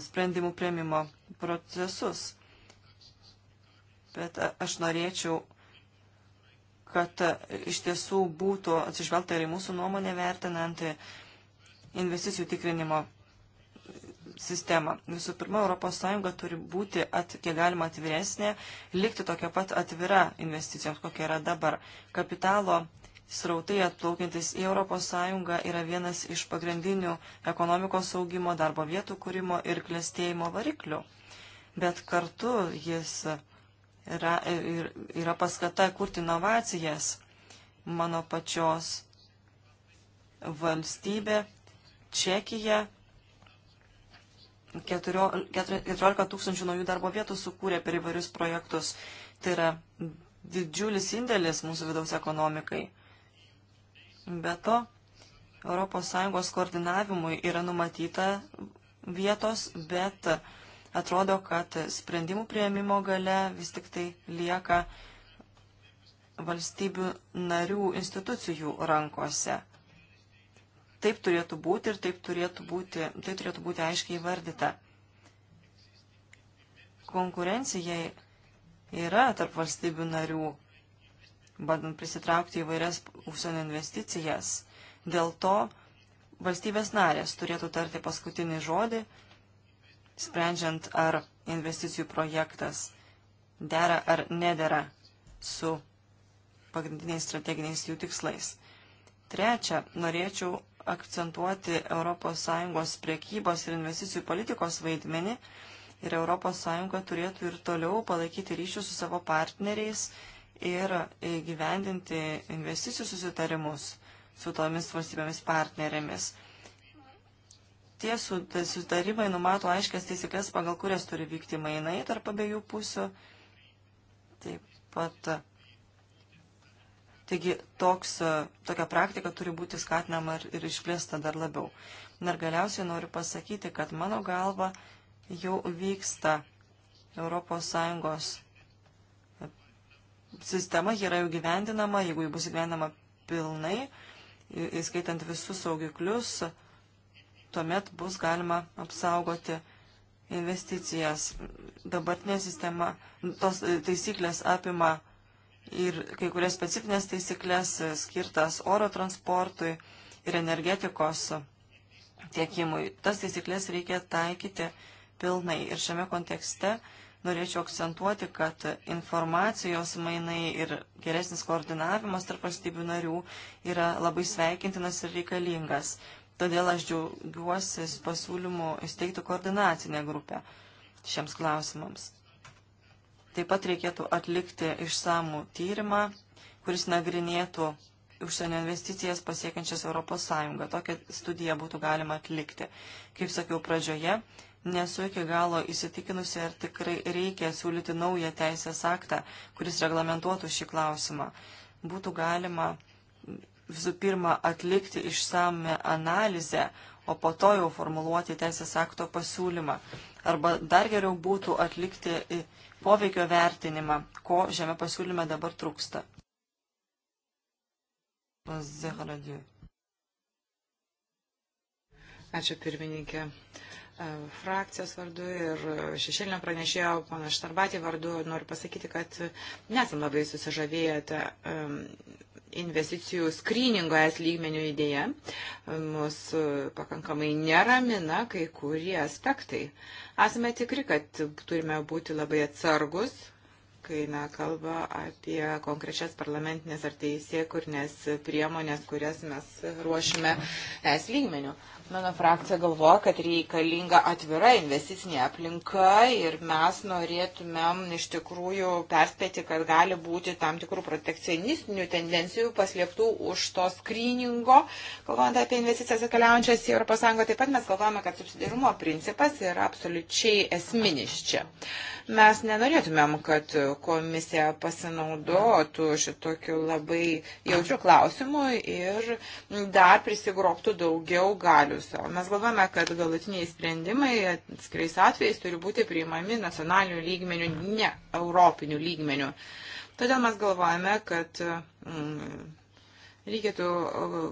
sprendimų prieimimo procesus. Bet aš norėčiau, kad e, iš tiesų būtų atsižvelgta ir į mūsų nuomonę vertinant investicijų tikrinimo sistemą. Visų pirma, ES turi būti at, kiek galima atviresnė, likti tokia pat atvira investicijoms, kokia yra dabar. Kapitalo srautai atplaukiantis į ES yra vienas iš pagrindinių ekonomikos saugimo, darbo vietų kūrimo ir klėstėjimo variklių. Bet kartu jis yra, yra paskata kurti inovacijas mano pačios valstybė Čekija 14 tūkstančių naujų darbo vietų sukūrė per įvairius projektus. Tai yra didžiulis indėlis mūsų vidaus ekonomikai. Be to, ES koordinavimui yra numatyta vietos, bet atrodo, kad sprendimų prieimimo gale vis tik tai lieka valstybių narių institucijų rankose. Taip turėtų būti ir taip turėtų būti, tai turėtų būti aiškiai įvardyta. Konkurencijai yra tarp valstybių narių, bandant prisitraukti įvairias užsienio investicijas. Dėl to valstybės narės turėtų tarti paskutinį žodį, sprendžiant, ar investicijų projektas dera ar nedera su pagrindiniais strateginiais jų tikslais. Trečia, norėčiau akcentuoti ES priekybos ir investicijų politikos vaidmenį ir ES turėtų ir toliau palaikyti ryšius su savo partneriais ir gyvendinti investicijų susitarimus su tomis valstybėmis partnerėmis. Tie tai susitarimai numato aiškias teisiklės, pagal kurias turi vykti mainai tarp abiejų pusių. Taip pat Taigi toks, e, tokia praktika turi būti skatinama ir, ir išplėsta dar labiau. Ir galiausiai noriu pasakyti, kad mano galva jau vyksta ES e, sistema, ji yra jau gyvendinama, jeigu ji bus gyvendinama pilnai, įskaitant visus saugiklius, tuomet bus galima apsaugoti investicijas. Dabartinė sistema, tos e, taisyklės apima ir kai kurias specifines taisyklės skirtas oro transportui ir energetikos tiekimui. Tas taisyklės reikia taikyti pilnai. Ir šiame kontekste norėčiau akcentuoti, kad informacijos mainai ir geresnis koordinavimas tarp valstybių narių yra labai sveikintinas ir reikalingas. Todėl aš džiaugiuosi pasiūlymu įsteigti koordinacinę grupę šiems klausimams. Taip pat reikėtų atlikti išsamų tyrimą, kuris nagrinėtų užsienio investicijas pasiekiančias ES. Tokią studiją būtų galima atlikti. Kaip sakiau pradžioje, nesu iki galo įsitikinusi, ar tikrai reikia siūlyti naują teisės aktą, kuris reglamentuotų šį klausimą. Būtų galima visų pirma atlikti išsame analizę, o po to jau formuluoti teisės akto pasiūlymą. Arba dar geriau būtų atlikti poveikio vertinimą, ko šiame pasiūlyme dabar trūksta. Ačiū pirmininkė e, frakcijos vardu ir šešėlinio pranešėjo pana Štarbatį vardu noriu pasakyti, kad nesam labai susižavėję tą investicijų skryningo es lygmenių idėja mus pakankamai neramina kai kurie aspektai. Esame tikri, kad turime būti labai atsargus, kai na, kalba apie konkrečias parlamentinės ar teisėkurnės priemonės, kurias mes ruošime es lygmenių. Mano frakcija galvoja, kad reikalinga atvira investicinė aplinka ir mes norėtumėm iš tikrųjų perspėti, kad gali būti tam tikrų protekcionistinių tendencijų paslėptų už to skryningo, kalbant apie investicijas keliaujančias į ES. Taip pat mes galvojame, kad subsidirumo principas yra absoliučiai esminis čia. Mes nenorėtumėm, kad komisija pasinaudotų šitokiu labai jautriu klausimu ir dar prisigrobtų daugiau galių viruso. Mes galvojame, kad galutiniai sprendimai atskirais atvejais turi būti priimami nacionaliniu lygmeniu, ne europiniu lygmeniu. Todėl mes galvojame, kad mm, reikėtų e,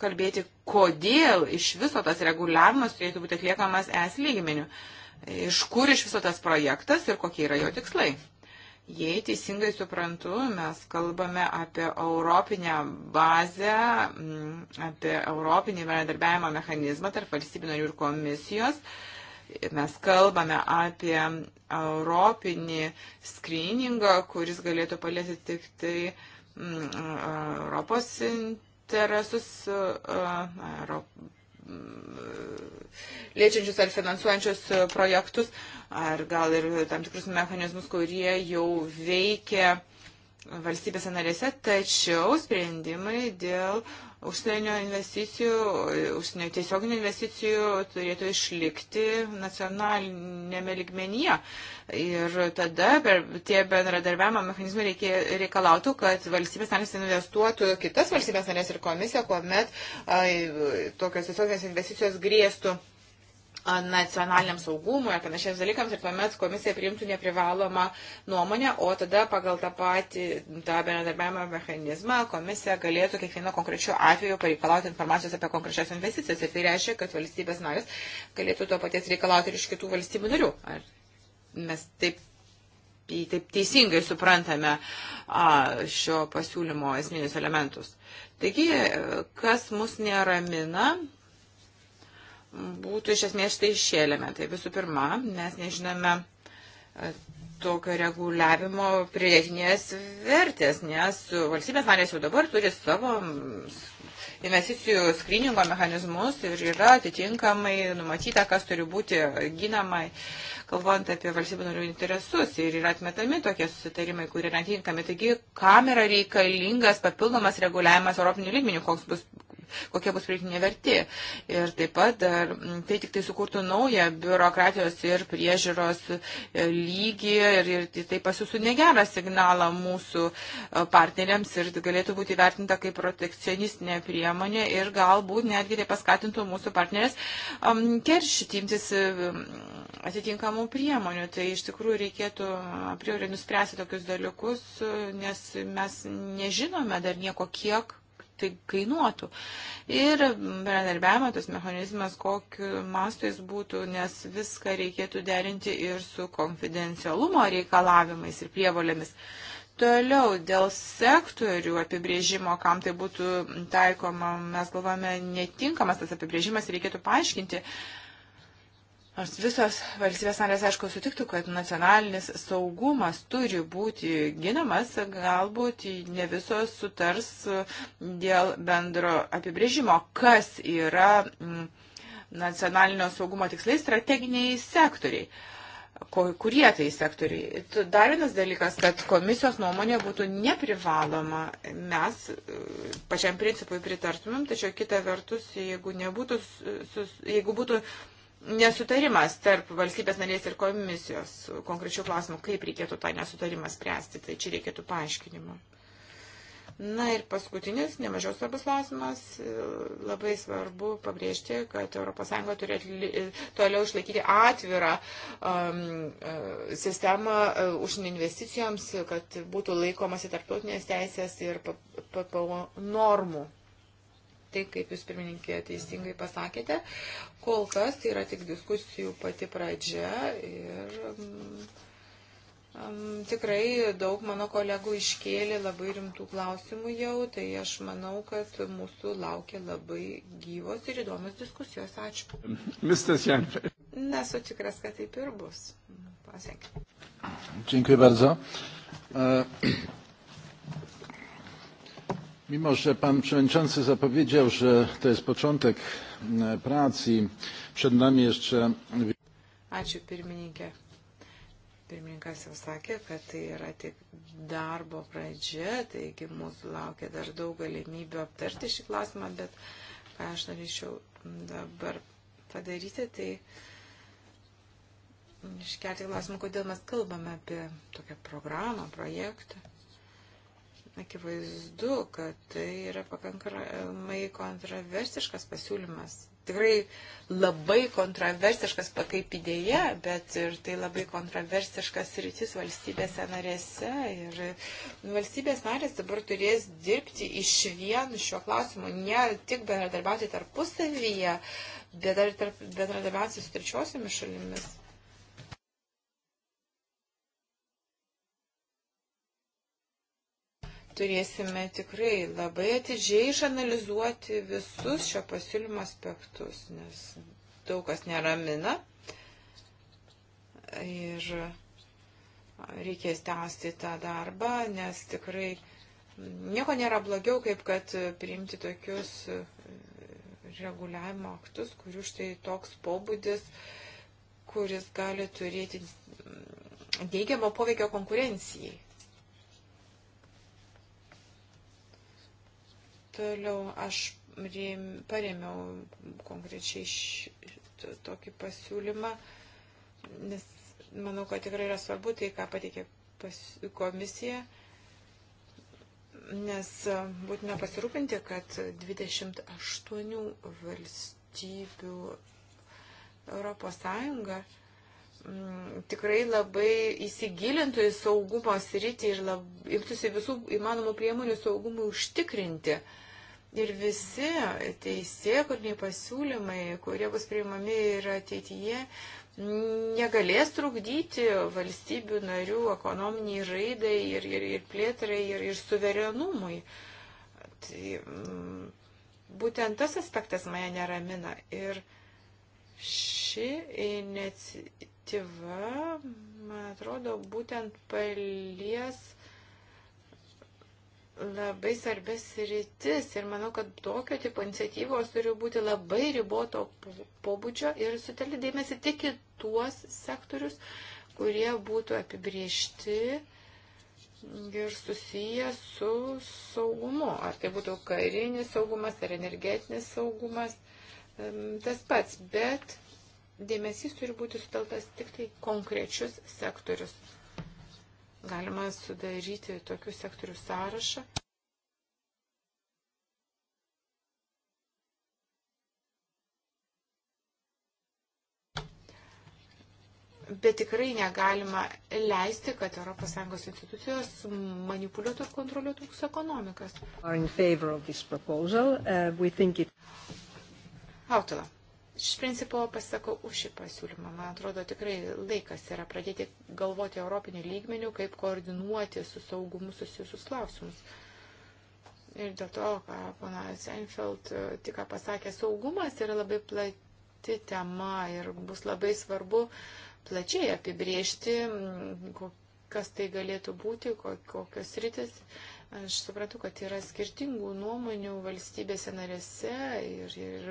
kalbėti, kodėl iš viso tas reguliavimas turėtų būti atliekamas es lygmeniu. Iš kur iš viso tas projektas ir kokie yra jo tikslai. Jei teisingai suprantu, mes kalbame apie europinę bazę, mm, apie europinį bendradarbiavimo mechanizmą tarp valstybių narių ir komisijos. Mes kalbame apie europinį skryningą, kuris galėtų paliesti tik tai mm, Europos interesus, Europos liečiančius ar finansuojančius projektus, ar gal ir tam tikrus mechanizmus, kurie jau veikia valstybėse narėse, tačiau sprendimai dėl užsienio investicijų, užsienio tiesioginių investicijų turėtų išlikti nacionalinėme ligmenyje. Ir tada per tie bendradarbiavimo mechanizmai reikia, reikalautų, kad valstybės narės investuotų kitas valstybės narės ir komisija, kuomet ai, tokios tiesioginės investicijos grėstų nacionaliniam saugumui ar panašiems dalykams ir tuomet komisija priimtų neprivalomą nuomonę, o tada pagal tą patį tą bendradarbiavimo mechanizmą komisija galėtų kiekvieno konkrečio atveju pareikalauti informacijos apie konkrečias investicijas. Ir tai reiškia, kad valstybės narės galėtų to paties reikalauti ir iš kitų valstybių narių. Ar mes taip, taip teisingai suprantame a, šio pasiūlymo esminius elementus. Taigi, kas mus neramina, būtų iš esmės štai šie elementai. Visų pirma, mes nežinome e, tokio reguliavimo pridėtinės vertės, nes valstybės narės jau dabar turi savo investicijų skriningo mechanizmus ir yra atitinkamai numatyta, kas turi būti ginama, kalbant apie valstybių narių interesus. Ir yra atmetami tokie susitarimai, kurie yra atitinkami. Taigi, kam yra reikalingas papildomas reguliavimas Europinių lygmenių, koks bus kokia bus pridėtinė vertė. Ir taip pat dar tai tik tai sukurtų naują biurokratijos ir priežiūros e, lygį ir, ir tai pasiūsų negerą signalą mūsų e, partneriams ir galėtų būti vertinta kaip protekcionistinė priemonė ir galbūt netgi tai paskatintų mūsų partnerės um, keršyti imtis e, atitinkamų priemonių. Tai iš tikrųjų reikėtų a priori nuspręsti tokius dalykus, nes mes nežinome dar nieko, kiek tai kainuotų. Ir bendarbiavimo tas mechanizmas, kokiu mastu jis būtų, nes viską reikėtų derinti ir su konfidencialumo reikalavimais ir prievolėmis. Toliau, dėl sektorių apibrėžimo, kam tai būtų taikoma, mes galvojame, netinkamas tas apibrėžimas, reikėtų paaiškinti, uh, Nors visos valstybės narės, aišku, sutiktų, kad nacionalinis saugumas turi būti ginamas, galbūt ne visos sutars dėl bendro apibrėžimo, kas yra mm, nacionalinio saugumo tikslai strateginiai sektoriai. Kurie tai sektoriai? Dar vienas dalykas, kad komisijos nuomonė būtų neprivaloma. Mes e, pačiam principui pritartumėm, tačiau kita vertus, jeigu, nebūtų, jeigu būtų nesutarimas tarp valstybės narės ir komisijos konkrečių klausimų, kaip reikėtų tą nesutarimą spręsti, tai čia reikėtų paaiškinimo. Na ir paskutinis, nemažiau svarbus klausimas, labai svarbu pabrėžti, kad ES turi atli, toliau išlaikyti atvirą um, uh, sistemą uh, užsienio investicijoms, kad būtų laikomasi tarptautinės teisės ir PPO normų tai, kaip jūs pirmininkė teisingai pasakėte, kol kas tai yra tik diskusijų pati pradžia ir um, tikrai daug mano kolegų iškėlė labai rimtų klausimų jau, tai aš manau, kad mūsų laukia labai gyvos ir įdomios diskusijos. Ačiū. Mr. Janfeld. Nesu tikras, kad taip ir bus. Pasiekia. Dziękuję bardzo. Uh... Mimo, że pan przewodniczący zapowiedział, że to jest początek mm, prac i przed nami jeszcze. Ačiū pirmininkė. Pirmininkas jau sakė, kad tai yra tik darbo pradžia, taigi mūsų laukia dar daug galimybių aptarti šį klausimą, bet ką aš norėčiau dabar padaryti, tai iškelti klausimą, kodėl mes kalbame apie tokią programą, projektą. Akivaizdu, kad tai yra pakankamai kontroversiškas pasiūlymas. Tikrai labai kontroversiškas kaip idėja, bet ir tai labai kontroversiškas rytis valstybėse narėse. Ir valstybės narės dabar turės dirbti iš vien šiuo klausimu, ne tik bendradarbiauti tarpusavyje, bet dar tarp, bendradarbiauti su trečiosiomis šalimis. turėsime tikrai labai atidžiai išanalizuoti visus šio pasiūlymo aspektus, nes daug kas neramina ir reikės tęsti tą darbą, nes tikrai nieko nėra blogiau, kaip kad priimti tokius reguliavimo aktus, kurių štai toks pobūdis, kuris gali turėti dėgiamo poveikio konkurencijai. Toliau aš paremiau konkrečiai tokį pasiūlymą, nes manau, kad tikrai yra svarbu tai, ką pateikė komisija, nes e, būtina pasirūpinti, kad 28 valstybių Europos Sąjunga mm, tikrai labai įsigilintų į saugumo sritį ir imtųsi visų įmanomų priemonių saugumui užtikrinti. Uh, Ir visi teisėkurniai pasiūlymai, kurie bus priimami ir ateityje, negalės trukdyti valstybių narių ekonominiai raidai ir, ir, ir plėtrai ir, ir suverenumui. Tai mm, būtent tas aspektas mane neramina. Ir ši iniciatyva, man atrodo, būtent palies labai svarbės rytis ir manau, kad tokio tipo iniciatyvos turi būti labai riboto pobūdžio ir sutelkti dėmesį tik į tuos sektorius, kurie būtų apibriežti ir susiję su saugumu. Ar tai būtų karinis saugumas ar energetinis saugumas, tas pats, bet dėmesys turi būti suteltas tik tai konkrečius sektorius. Galima sudaryti tokių sektorių sąrašą. Bet tikrai negalima leisti, kad ES institucijos manipuliuotų ir kontroliuotų mūsų ekonomikas. Uh, Autela. Iš principo pasisakau už šį pasiūlymą. Man atrodo, tikrai laikas yra pradėti galvoti europinių lygmenių, kaip koordinuoti su saugumu susijusius klausimus. Ir dėl to, ką pana Seinfeld e, tik pasakė, saugumas yra labai plati tema ir bus labai svarbu plačiai apibriežti, kas tai galėtų būti, kokios rytis. Ko Aš supratau, kad yra skirtingų nuomonių valstybėse narėse ir, ir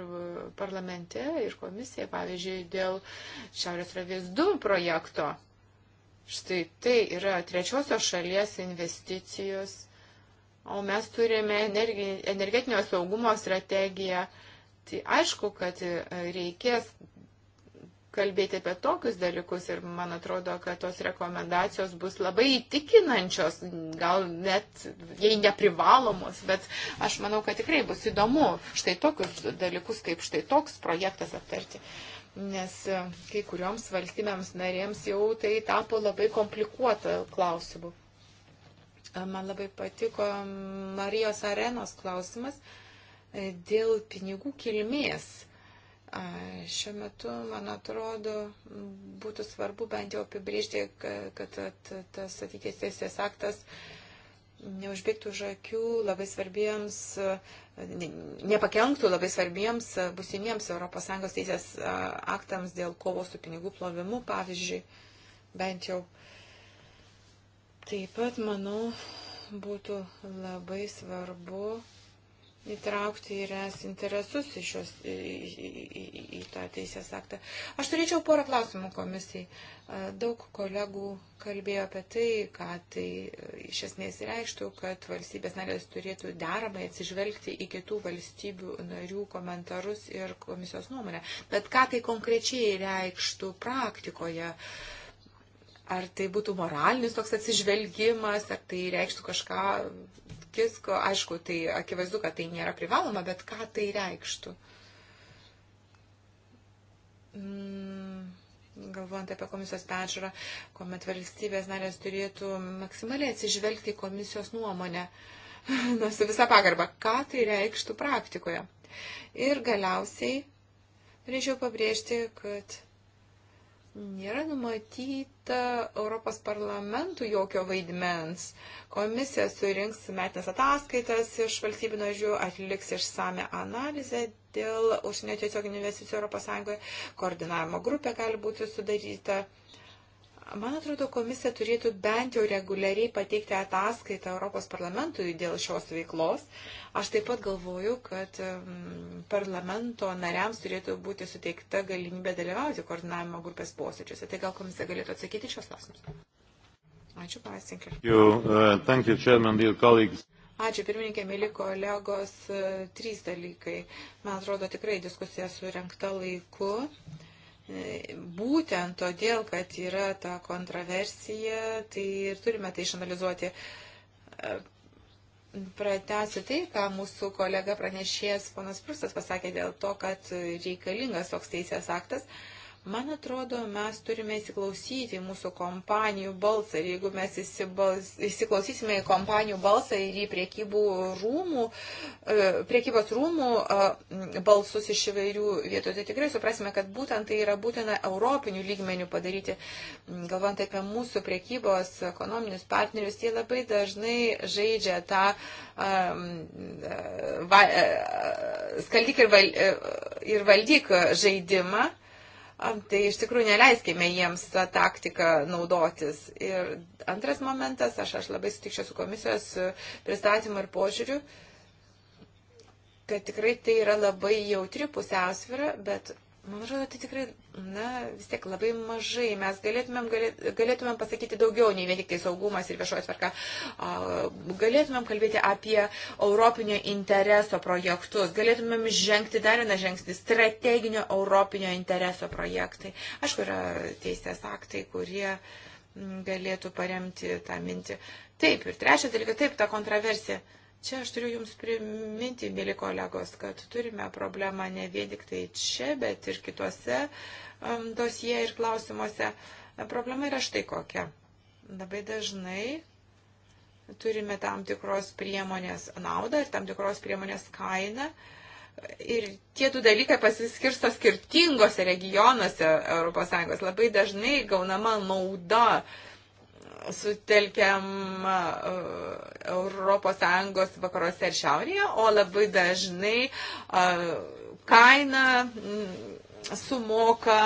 parlamente, ir komisija, pavyzdžiui, dėl Šiaurės Ravės 2 projekto. Štai tai yra trečiosios šalies investicijos, o mes turime energi, energetinio saugumo strategiją. Tai aišku, kad reikės kalbėti apie tokius dalykus ir man atrodo, kad tos rekomendacijos bus labai įtikinančios, gal net jei neprivalomos, bet aš manau, kad tikrai bus įdomu štai tokius dalykus kaip štai toks projektas aptarti. Nes e, kai kurioms valstybėms narėms jau tai tapo labai komplikuota klausimu. E, man labai patiko Marijos arenos klausimas e, dėl pinigų kilmės Šiuo metu, man atrodo, būtų svarbu bent jau apibriežti, kad tas ateities teisės aktas neužbėgtų už akių labai svarbiems, nepakenktų labai svarbiems busimiems ES teisės aktams dėl kovos su pinigų plovimu, pavyzdžiui, bent jau. Taip pat, manau, būtų labai svarbu įtraukti ir es interesus į, šios, į, į, į, į tą teisės aktą. Aš turėčiau porą klausimų komisijai. Daug kolegų kalbėjo apie tai, ką tai e, iš esmės reikštų, kad valstybės narės turėtų deramai atsižvelgti į kitų valstybių narių komentarus ir komisijos nuomonę. Bet ką tai konkrečiai reikštų praktikoje? Ar tai būtų moralinis toks atsižvelgimas, ar tai reikštų kažką poveikis, aišku, tai akivaizdu, kad tai nėra privaloma, bet ką tai reikštų? Mm, galvojant apie komisijos peržiūrą, kuomet valstybės narės turėtų maksimaliai atsižvelgti į komisijos nuomonę, na, su visa pagarba, ką tai reikštų praktikoje. Ir galiausiai norėčiau pabrėžti, kad nėra numatyta Europos parlamentų jokio vaidmens. Komisija surinks metinės ataskaitas iš valstybių nažių, atliks išsame analizę dėl užsienio tiesioginių investicijų Europos Sąjungoje, koordinavimo grupė gali būti sudaryta. Uh, Man atrodo, komisija turėtų bent jau reguliariai pateikti ataskaitą Europos parlamentui dėl šios veiklos. Aš taip pat galvoju, kad mm, parlamento nariams turėtų būti suteikta galimybė dalyvauti koordinavimo grupės posėdžiuose. Tai gal komisija galėtų atsakyti šios klausimus. Ačiū, pasinkė. Uh, Ačiū, pirmininkė, mėly kolegos. Uh, trys dalykai. Man atrodo, tikrai diskusija surinkta laiku. Uh, būtent todėl, kad yra ta kontraversija, tai ir turime tai išanalizuoti. Pratęsiu tai, ką mūsų kolega pranešėjas ponas Prustas pasakė dėl to, kad reikalingas toks teisės aktas. Uh, Man atrodo, mes turime įsiklausyti mūsų kompanijų balsą. Ir jeigu mes įsibals, įsiklausysime į kompanijų balsą ir į priekybų rūmų, e, priekybos rūmų e, balsus iš įvairių vietų, tai tikrai suprasime, kad būtent tai yra būtina europinių lygmenių padaryti. Mm, Galvant apie mūsų priekybos ekonominius partnerius, jie labai dažnai žaidžia tą um, va, skaldyk ir, val, ir valdyk žaidimą tai iš tikrųjų neleiskime jiems tą taktiką naudotis. Ir antras momentas, aš, aš labai sutikščiau su komisijos e, pristatymu ir požiūriu, kad tikrai tai yra labai jautri pusiausvyra, bet Man atrodo, tai tikrai, na, vis tiek labai mažai. Mes galėtumėm, galėtumėm pasakyti daugiau nei vien tik tai saugumas ir viešoji tvarka. Galėtumėm kalbėti apie europinio intereso projektus. Galėtumėm žengti dar vieną žingsnį - strateginio europinio intereso projektai. Aišku, yra teisės aktai, kurie galėtų paremti tą mintį. Taip, ir trečias dalykas, taip, ta kontroversija. Čia aš turiu Jums priminti, mėly kolegos, kad turime problemą ne vien tik tai čia, bet ir kitose um, dosie ir klausimuose. Problema yra štai kokia. Labai dažnai turime tam tikros priemonės naudą ir tam tikros priemonės kainą. Ir tie du dalykai pasiskirsto skirtingose regionuose ES. Labai dažnai gaunama nauda uh, sutelkiam ES vakaruose ir šiaurėje, o labai dažnai kainą sumoka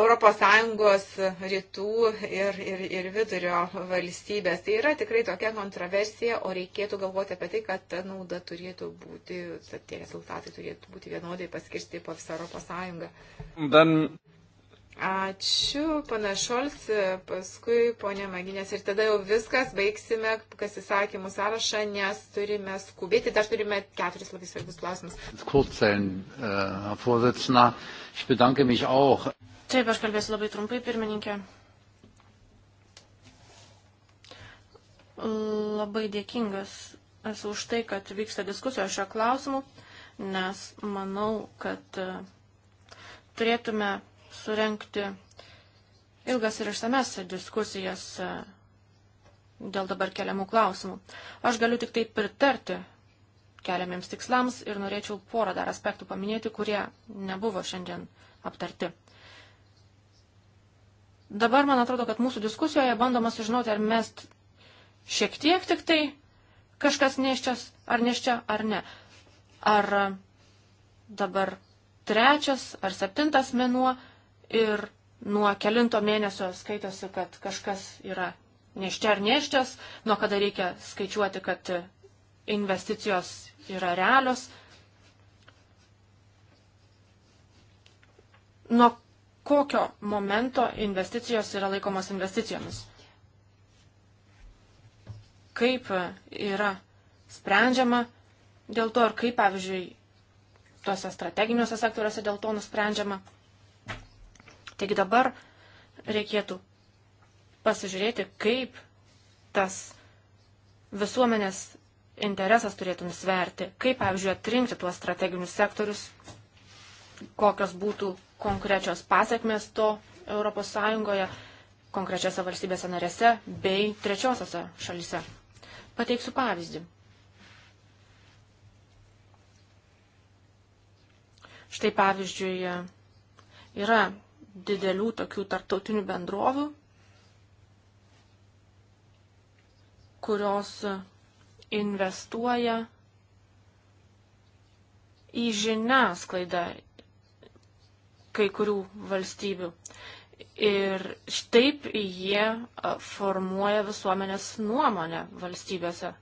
ES rytų ir, ir, ir vidurio valstybės. Tai yra tikrai tokia kontroversija, o reikėtų galvoti apie tai, kad ta nauda turėtų būti, tie rezultatai turėtų būti vienodai paskirsti po visą ES. Dan... Ačiū, panašols, paskui ponė Maginės ir tada jau viskas, baigsime, kas įsakymų sąrašą, nes turime skubėti, dar turime keturis labai svarbius klausimus. Äh, Taip, aš kalbėsiu labai trumpai, pirmininkė. Labai dėkingas esu už tai, kad vyksta diskusijos šio klausimu, nes manau, kad e, turėtume surenkti ilgas ir išsames diskusijas e, dėl dabar keliamų klausimų. Aš galiu tik tai pritarti keliamiems tikslams ir norėčiau porą dar aspektų paminėti, kurie nebuvo šiandien aptarti. Dabar man atrodo, kad mūsų diskusijoje bandoma sužinoti, ar mes šiek tiek tik tai kažkas neščias, ar neščia, ar ne. Ar dabar trečias ar septintas menuo ir nuo kelinto mėnesio skaitosi, kad kažkas yra neščia ar neščias, nuo kada reikia skaičiuoti, kad investicijos yra realios. Nuo kokio momento investicijos yra laikomos investicijomis? Kaip yra sprendžiama dėl to ir kaip, pavyzdžiui, tuose strateginiuose sektoriuose dėl to nusprendžiama? Taigi dabar reikėtų pasižiūrėti, kaip tas visuomenės interesas turėtų nusverti, kaip, pavyzdžiui, atrinkti tuos strateginius sektorius, kokios būtų konkrečios pasiekmes to ES, konkrečiose valstybėse narėse bei trečiosiose šalise. Pateiksiu pavyzdį. Štai pavyzdžiui, yra didelių tokių tarptautinių bendrovių, kurios investuoja į žiniasklaidą kai kurių valstybių. Ir štaip jie formuoja visuomenės nuomonę valstybėse.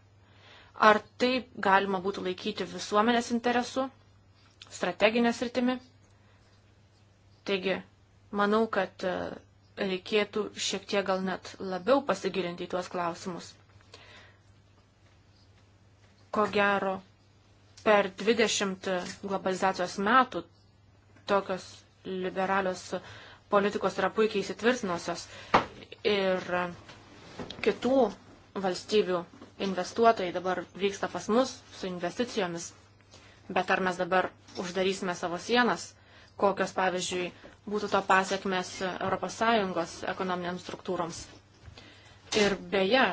Ar tai galima būtų laikyti visuomenės interesu, strateginės rytimi? Taigi, Manau, kad e, reikėtų šiek tiek gal net labiau pasigilinti į tuos klausimus. Ko gero, per 20 globalizacijos metų tokios liberalios politikos yra puikiai įsitvirtinusios ir kitų valstybių investuotojai dabar vyksta pas mus su investicijomis. Bet ar mes dabar uždarysime savo sienas, kokios, pavyzdžiui, būtų to pasiekmes ES ekonominiams struktūroms. Ir beje,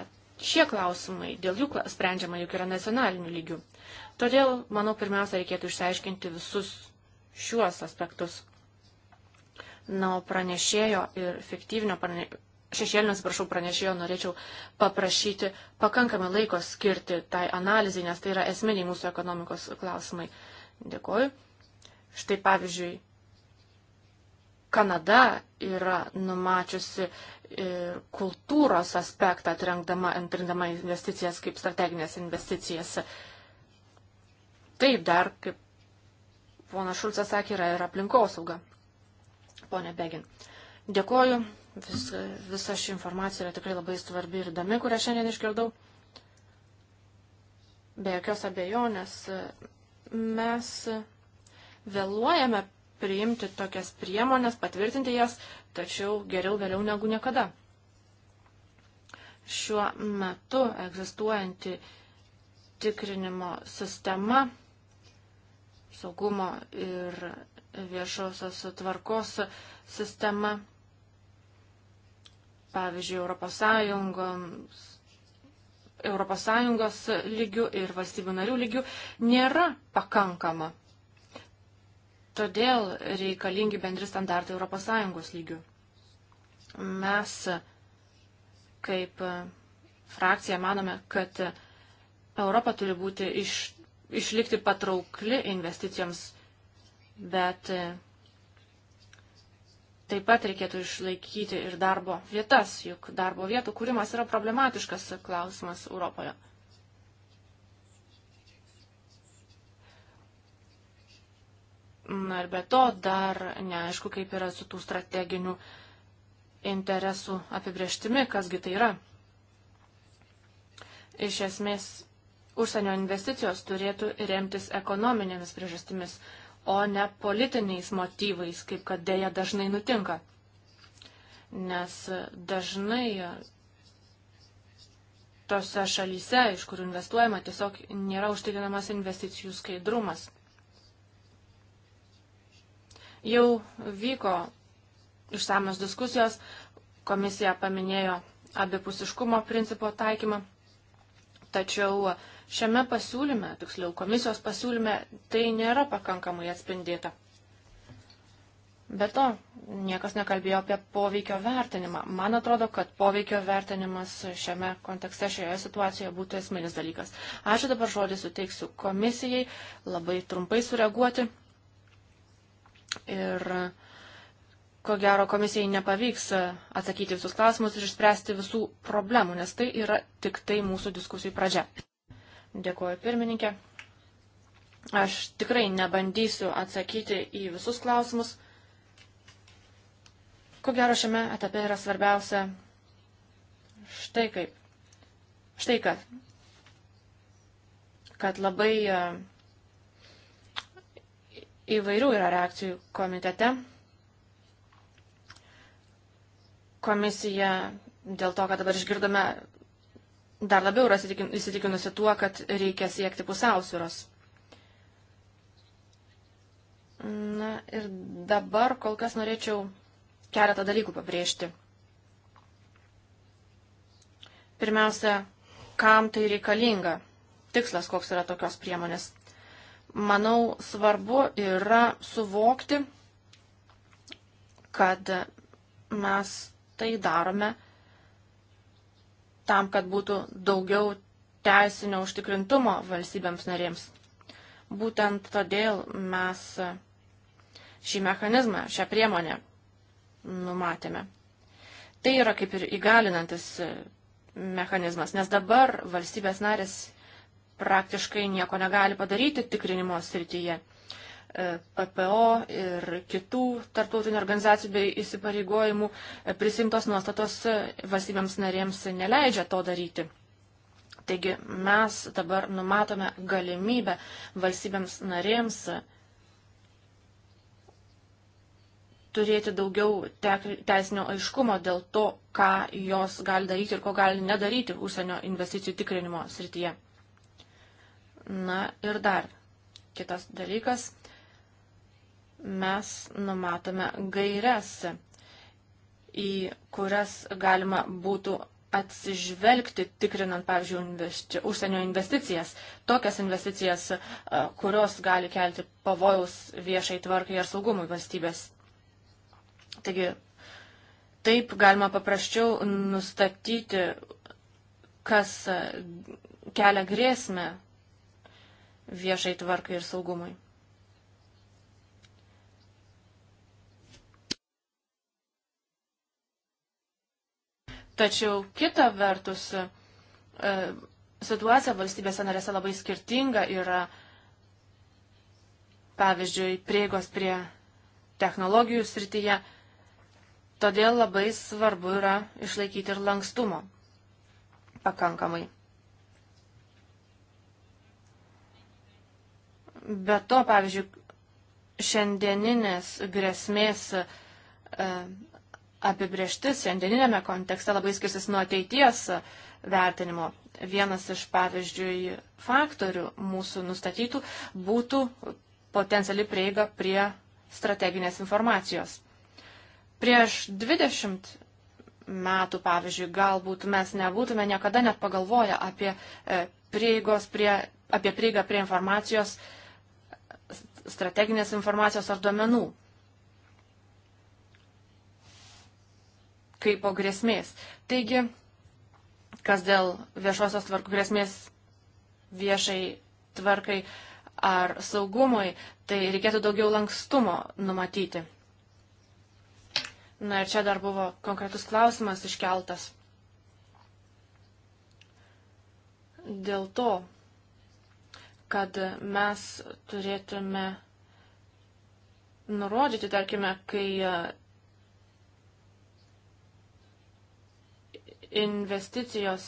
šie klausimai dėl jų sprendžiama juk yra nacionaliniu lygiu. Todėl, manau, pirmiausia, reikėtų išsiaiškinti visus šiuos aspektus. Na, o pranešėjo ir fiktyvinio prane... šešėlinio, atsiprašau, pranešėjo norėčiau paprašyti pakankamai laiko skirti tai analizai, nes tai yra esminiai mūsų ekonomikos klausimai. Dėkoju. Štai pavyzdžiui, Kanada yra numačiusi ir e, kultūros aspektą atrengdama, atrengdama investicijas kaip strateginės investicijas. Taip dar, kaip pona Šulcas sakė, yra ir aplinkosauga. Pone Begin, dėkoju. Vis, visa ši informacija yra tikrai labai svarbi ir įdomi, kurią šiandien išgirdau. Be jokios abejonės mes vėluojame priimti tokias priemonės, patvirtinti jas, tačiau geriau vėliau negu niekada. Šiuo metu egzistuojanti tikrinimo sistema saugumo ir viešosios tvarkos sistema, pavyzdžiui, Europos Sąjungos, Europos Sąjungos lygių ir valstybių narių lygių, nėra pakankama. Todėl reikalingi bendri standartai ES lygių. Mes kaip e, frakcija manome, kad Europa turi būti iš, išlikti patraukli investicijoms, bet e, taip pat reikėtų išlaikyti ir darbo vietas, juk darbo vietų kūrimas yra problematiškas klausimas Europoje. Na ir be to dar neaišku, kaip yra su tų strateginių interesų apibrieštimi, kasgi tai yra. Iš esmės, užsienio investicijos turėtų remtis ekonominėmis priežastimis, o ne politiniais motyvais, kaip kad dėja dažnai nutinka. Nes dažnai tose šalyse, iš kurių investuojama, tiesiog nėra užtikrinamas investicijų skaidrumas. Jau vyko išsamios diskusijos, komisija paminėjo abipusiškumo principo taikymą, tačiau šiame pasiūlyme, tiksliau komisijos pasiūlyme, tai nėra pakankamai atspindėta. Be to, niekas nekalbėjo apie poveikio vertinimą. Man atrodo, kad poveikio vertinimas šiame kontekste, šioje situacijoje būtų esminis dalykas. Ačiū dabar žodį suteiksiu komisijai labai trumpai sureaguoti Ir ko gero komisijai nepavyks atsakyti visus klausimus ir išspręsti visų problemų, nes tai yra tik tai mūsų diskusijų pradžia. Dėkuoju pirmininkė. Aš tikrai nebandysiu atsakyti į visus klausimus. Ko gero šiame etape yra svarbiausia štai kaip. Štai kad. Kad labai Įvairių yra reakcijų komitete. Komisija dėl to, kad dabar išgirdome, dar labiau yra įsitikinusi tuo, kad reikia siekti pusiausvyros. Na ir dabar kol kas norėčiau keletą dalykų pabrėžti. Pirmiausia, kam tai reikalinga? Tikslas koks yra tokios priemonės? manau, svarbu yra suvokti, kad mes tai darome tam, kad būtų daugiau teisinio užtikrintumo valstybėms narėms. Būtent todėl mes šį mechanizmą, šią priemonę numatėme. Tai yra kaip ir įgalinantis mechanizmas, nes dabar valstybės narės praktiškai nieko negali padaryti tikrinimo srityje. E, PPO ir kitų tarptautinių organizacijų bei įsipareigojimų e, prisimtos nuostatos e, valstybėms narėms neleidžia to daryti. Taigi mes dabar numatome galimybę valstybėms narėms turėti daugiau teisinio aiškumo dėl to, ką jos gali daryti ir ko gali nedaryti užsienio investicijų tikrinimo srityje. Na ir dar kitas dalykas. Mes numatome gairias, į kurias galima būtų atsižvelgti, tikrinant, pavyzdžiui, investi užsienio investicijas, tokias investicijas, e, kurios gali kelti pavojaus viešai tvarkai ar saugumui valstybės. Taigi, taip galima paprasčiau nustatyti, kas e, kelia grėsmę viešai tvarkai ir saugumui. Tačiau kita vertus, e, situacija valstybėse narėse labai skirtinga yra, pavyzdžiui, prieigos prie technologijų srityje, todėl labai svarbu yra išlaikyti ir lankstumo pakankamai. Be to, pavyzdžiui, šiandieninės grėsmės e, apibrieštis šiandieninėme kontekste labai skirsis nuo ateities vertinimo. Vienas iš, pavyzdžiui, faktorių mūsų nustatytų būtų potenciali prieiga prie strateginės informacijos. Prieš 20 metų, pavyzdžiui, galbūt mes nebūtume niekada net pagalvoję apie e, prieigos prie, apie prieigą prie informacijos uh, strateginės informacijos ar duomenų kaip po grėsmės. Taigi, kas dėl viešosios tvarkų grėsmės viešai tvarkai ar saugumui, tai reikėtų daugiau lankstumo numatyti. Na ir čia dar buvo konkretus klausimas iškeltas. Dėl to, kad mes turėtume nurodyti, tarkime, kai e, investicijos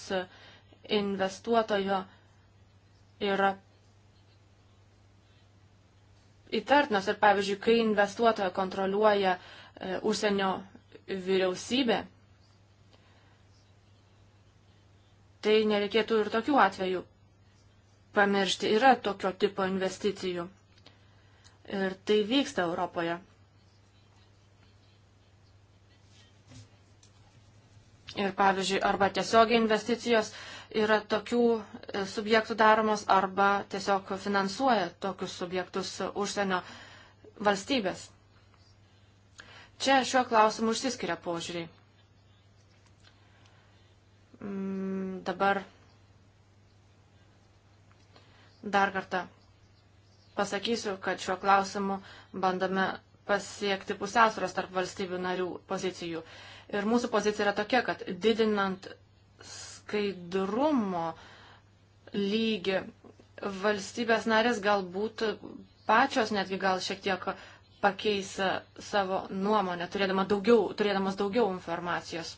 investuotojo yra įtartinos ir, pavyzdžiui, kai investuotojo kontroliuoja e, užsienio vyriausybė, tai nereikėtų ir tokių atvejų pamiršti. Yra tokio tipo investicijų. Ir tai vyksta Europoje. Ir pavyzdžiui, arba tiesiogiai investicijos yra tokių e, subjektų daromos, arba tiesiog finansuoja tokius subjektus užsienio valstybės. Čia šiuo klausimu užsiskiria požiūriai. Mm, dabar Dar kartą pasakysiu, kad šiuo klausimu bandome pasiekti pusiausvėros tarp valstybių narių pozicijų. Ir mūsų pozicija yra tokia, kad didinant skaidrumo lygį valstybės narės galbūt pačios netgi gal šiek tiek pakeis savo nuomonę, turėdama daugiau, turėdamas daugiau informacijos.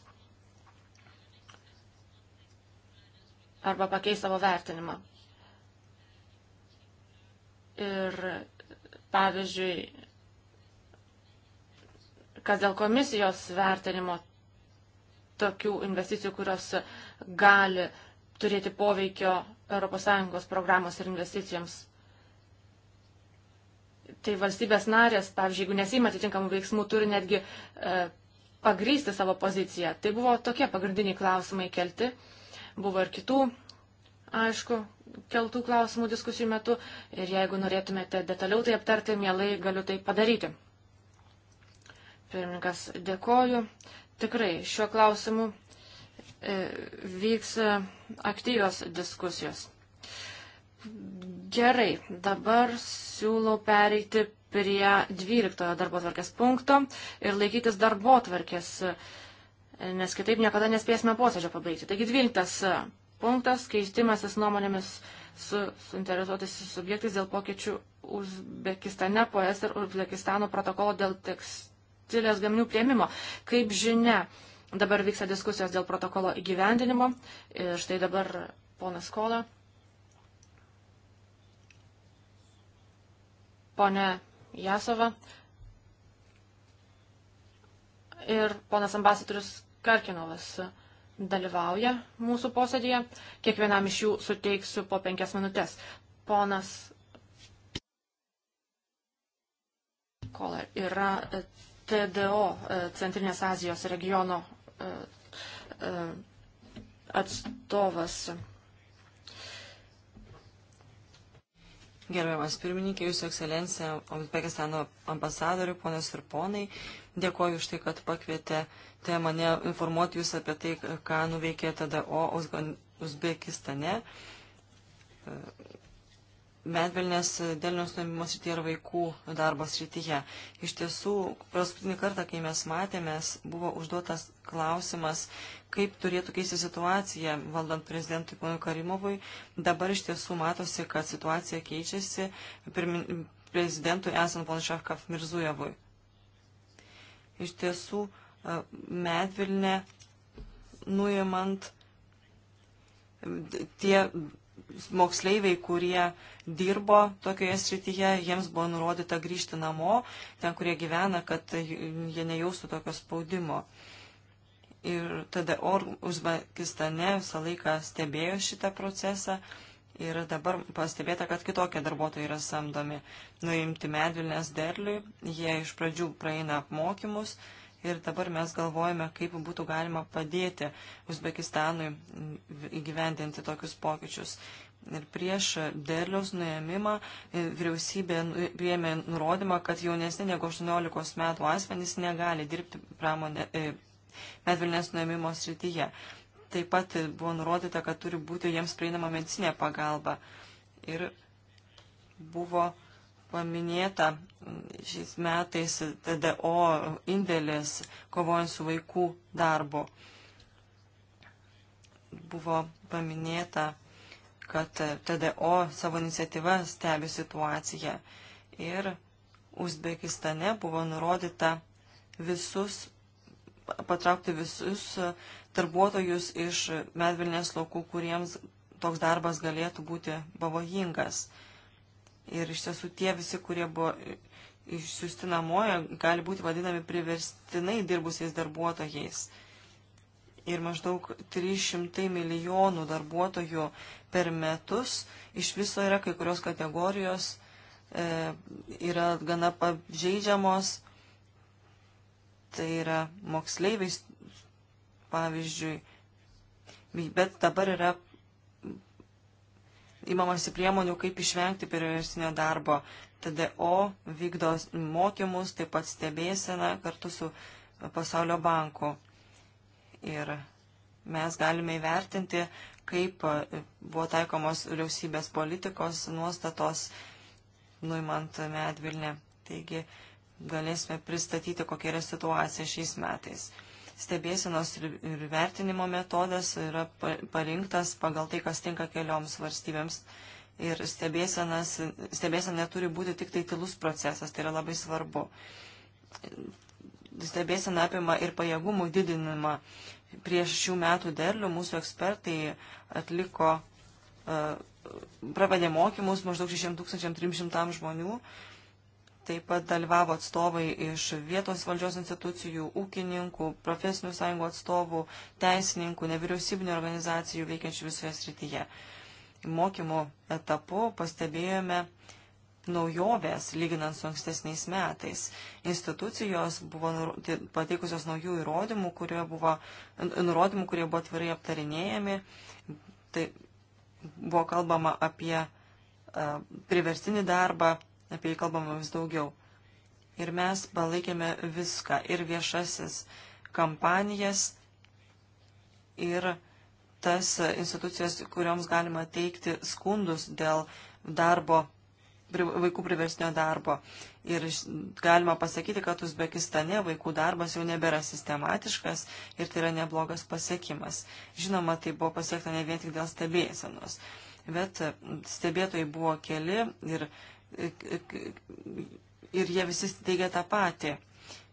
Arba pakeis savo vertinimą. Ir pavyzdžiui, kas dėl komisijos vertinimo tokių investicijų, kurios gali turėti poveikio ES programos ir investicijoms. Tai valstybės narės, pavyzdžiui, jeigu nesima atitinkamų veiksmų, turi netgi e, pagrysti savo poziciją. Tai buvo tokie pagrindiniai klausimai kelti. Buvo ir kitų aišku, keltų klausimų diskusijų metu ir jeigu norėtumėte detaliau tai aptarti, mielai galiu tai padaryti. Pirmininkas, dėkoju. Tikrai šiuo klausimu e, vyks e, aktyvios diskusijos. Gerai, dabar siūlau pereiti prie 12 darbo tvarkės punkto ir laikytis darbo tvarkės, e, nes kitaip niekada nespėsime posėdžio pabaigti. Taigi 12 punktas - keistimasis nuomonėmis su suinteresuotais subjektais dėl pokyčių Uzbekistane po ES ir Uzbekistano protokolo dėl tekstilės gaminių prieimimo. Kaip žinia, dabar vyksta diskusijos dėl protokolo įgyvendinimo. Ir štai dabar ponas Kola. Pone Jasova. Ir ponas ambasadorius Karkinovas dalyvauja mūsų posėdėje. Kiekvienam iš jų suteiksiu po penkias minutės. Ponas Kola yra e, TDO e, Centrinės Azijos regiono e, atstovas. Gerbiamas pirmininkė, Jūsų ekscelencija, Uzbekistano ambasadorių, ponios ir ponai, dėkoju už tai, kad pakvietė galite mane informuoti jūs apie tai, ką nuveikė tada O Uzbekistane. Medvilnės dėlinios nuėmimo srityje ir vaikų darbo srityje. Iš tiesų, paskutinį kartą, kai mes matėmės, buvo užduotas klausimas, kaip turėtų keisti situacija valdant prezidentui ponui Karimovui. Dabar iš tiesų matosi, kad situacija keičiasi prezidentui esant ponui Šafkaf Mirzujevui. Iš tiesų, medvilnė nuimant tie moksleiviai, kurie dirbo tokioje srityje, jiems buvo nurodyta grįžti namo, ten, kurie gyvena, kad jie nejaustų tokio spaudimo. Ir tada Or Uzbekistane visą laiką stebėjo šitą procesą ir dabar pastebėta, kad kitokie darbuotojai yra samdomi. Nuimti medvilnės derliui, jie iš pradžių praeina apmokymus, ir dabar mes galvojame, kaip būtų galima padėti Uzbekistanui įgyvendinti tokius pokyčius. Ir prieš derliaus nuėmimą e, vyriausybė nu, priėmė nurodymą, kad jaunesni negu 18 metų asmenys negali dirbti pramonė, e, medvilnės nuėmimo srityje. Taip pat buvo nurodyta, kad turi būti jiems prieinama medicinė pagalba. Ir buvo paminėta mm, šiais metais TDO indėlis kovojant su vaikų darbu. Buvo paminėta, kad TDO savo iniciatyvą stebi situaciją ir Uzbekistane buvo nurodyta visus, patraukti visus darbuotojus iš medvilnės laukų, kuriems toks darbas galėtų būti pavojingas. Ir iš tiesų tie visi, kurie buvo išsiųsti namoje, gali būti vadinami priverstinai dirbusiais darbuotojais. Ir maždaug 300 milijonų darbuotojų per metus iš viso yra kai kurios kategorijos, e, yra gana pažeidžiamos. Tai yra moksleiviais, pavyzdžiui. Bet dabar yra imamasi priemonių, kaip išvengti periodistinio darbo. TDO vykdo mokymus, taip pat stebėseną kartu su pasaulio banku. Ir mes galime įvertinti, kaip buvo taikomos vyriausybės politikos nuostatos, nuimant medvilnę. Taigi galėsime pristatyti, kokia yra situacija šiais metais stebėsinos ir, ir vertinimo metodas yra parinktas pagal tai, kas tinka kelioms valstybėms. Ir stebėsena neturi būti tik tai tylus procesas, tai yra labai svarbu. Stebėsena apima ir pajėgumų didinimą. Prieš šių metų derlių mūsų ekspertai atliko, uh, pravadė mokymus maždaug 6300 žmonių Taip pat dalyvavo atstovai iš vietos valdžios institucijų, ūkininkų, profesinių sąjungų atstovų, teisininkų, nevyriausybinio organizacijų veikiančių visoje srityje. Mokymo etapu pastebėjome naujovės, lyginant su ankstesniais metais. Institucijos buvo pateikusios naujų įrodymų, kurie buvo, nurodymų, kurie buvo atvirai aptarinėjami. Tai buvo kalbama apie priverstinį darbą, apie jį kalbama vis daugiau. Ir mes palaikėme viską, ir viešasis kampanijas, ir tas institucijas, kurioms galima teikti skundus dėl darbo, vaikų priversnio darbo. Ir galima pasakyti, kad Uzbekistane vaikų darbas jau nebėra sistematiškas ir tai yra neblogas pasiekimas. Žinoma, tai buvo pasiekta ne vien tik dėl stebėsenos. Bet stebėtojai buvo keli ir uh, ir jie visi teigia tą patį.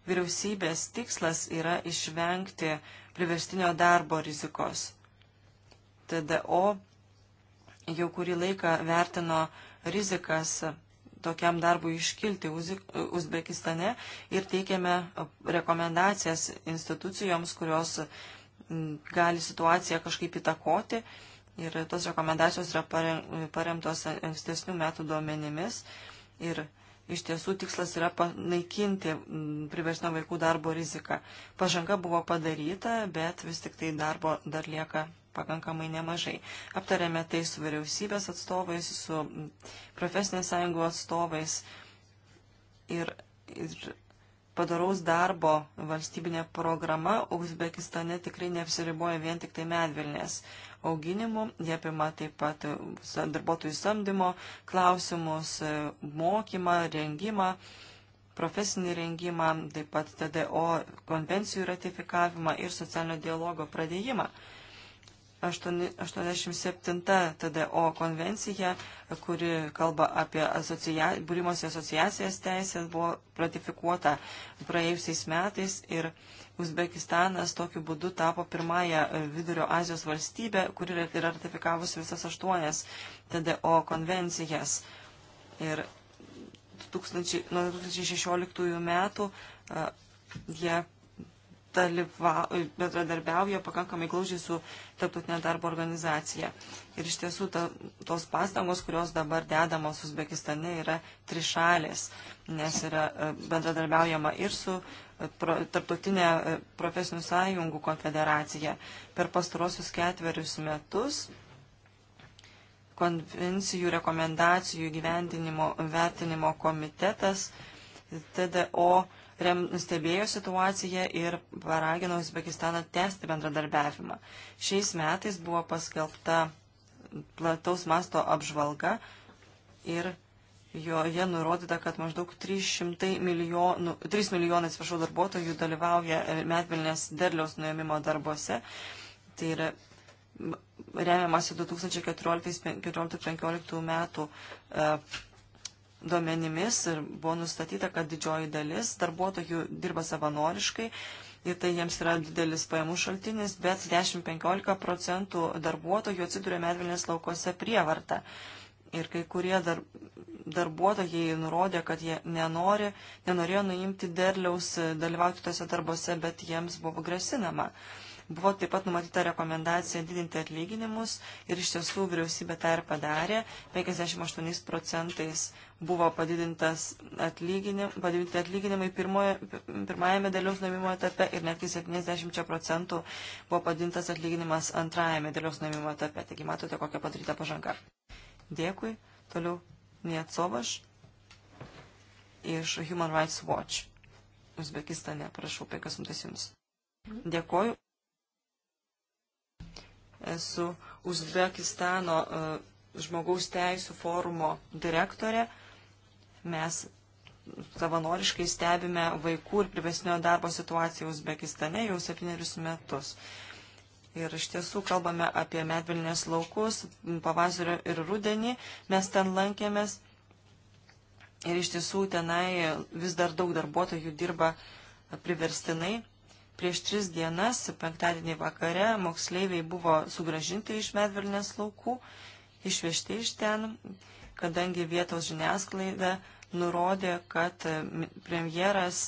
Vyriausybės tikslas yra išvengti priverstinio darbo rizikos. TDO jau kurį laiką vertino rizikas tokiam darbui iškilti Uzbekistane ir teikiame rekomendacijas institucijoms, kurios gali situaciją kažkaip įtakoti Ir tos rekomendacijos yra paremtos ankstesnių metų duomenimis. Ir iš tiesų tikslas yra panaikinti priversnio vaikų darbo riziką. Pažanga buvo padaryta, bet vis tik tai darbo dar lieka pakankamai nemažai. Aptarėme tai su vyriausybės atstovais, su profesinės sąjungų atstovais ir, ir padaraus darbo valstybinė programa Uzbekistane tikrai neapsiriboja vien tik tai medvilnės. Uh, auginimu, jie apima taip pat darbuotojų samdymo klausimus, e, mokymą, rengimą, profesinį rengimą, taip pat TDO konvencijų ratifikavimą ir socialinio dialogo pradėjimą. 87 TDO konvencija, kuri kalba apie asocia... būrimosi asociacijas teisės, buvo ratifikuota praėjusiais metais ir Uzbekistanas tokiu būdu tapo pirmąją e, Vidurio Azijos valstybę, kuri yra ratifikavusi visas aštuonias TDO konvencijas. Ir 2000, nuo 2016 metų e, jie dalyva, bendradarbiauja pakankamai glaužiai su Tarptautinė darbo organizacija. Ir iš tiesų ta, tos pastangos, kurios dabar dedamos Uzbekistane, yra trišalės, nes yra e, bendradarbiaujama ir su pro, Tarptautinė e, profesinių sąjungų konfederacija. Per pastarosius ketverius metus konvencijų rekomendacijų gyvendinimo vertinimo komitetas TDO rem, stebėjo situaciją ir paragino Uzbekistaną tęsti bendradarbiavimą. Šiais metais buvo paskelbta plataus masto apžvalga ir Joje nurodyta, kad maždaug 300 milijonų, 3 milijonai atsiprašau, darbuotojų dalyvauja e, metvilnės derliaus nuėmimo darbuose. Tai yra remiamasi 2014-2015 metų e, duomenimis ir buvo nustatyta, kad didžioji dalis darbuotojų dirba savanoriškai ir tai jiems yra didelis pajamų šaltinis, bet 10-15 procentų darbuotojų atsiduria medvilnės laukose prievartą. Uh, Ir kai kurie dar, darbuotojai nurodė, kad jie nenori, nenorėjo nuimti derliaus, e, dalyvauti tose darbose, bet jiems buvo grasinama. Buvo taip pat numatyta rekomendacija didinti atlyginimus ir iš tiesų vyriausybė tą ir padarė. 58 procentais buvo padidintas atlyginim, padidinti atlyginimai pirmoje, pirmajame dėliaus nuėmimo etape ir netgi 70 procentų buvo padidintas atlyginimas antrajame dėliaus nuėmimo etape. Taigi matote, kokia padaryta pažanga. Dėkui. Toliau Niacovaš iš Human Rights Watch. Uzbekistane, prašau, penkias minutės jums. Dėkoju. Esu Uzbekistano uh, žmogaus teisų forumo direktorė. Mes savanoriškai stebime vaikų ir privesnio darbo situaciją Uzbekistane jau septynerius metus. Uh, Ir iš tiesų kalbame apie medvilnės laukus, pavasario ir rudenį. Mes ten lankėmės ir iš tiesų tenai vis dar daug darbuotojų dirba priverstinai. Prieš tris dienas, penktadienį vakare, moksleiviai buvo sugražinti iš medvilnės laukų, išvežti iš ten, kadangi vietos žiniasklaida nurodė, kad premjeras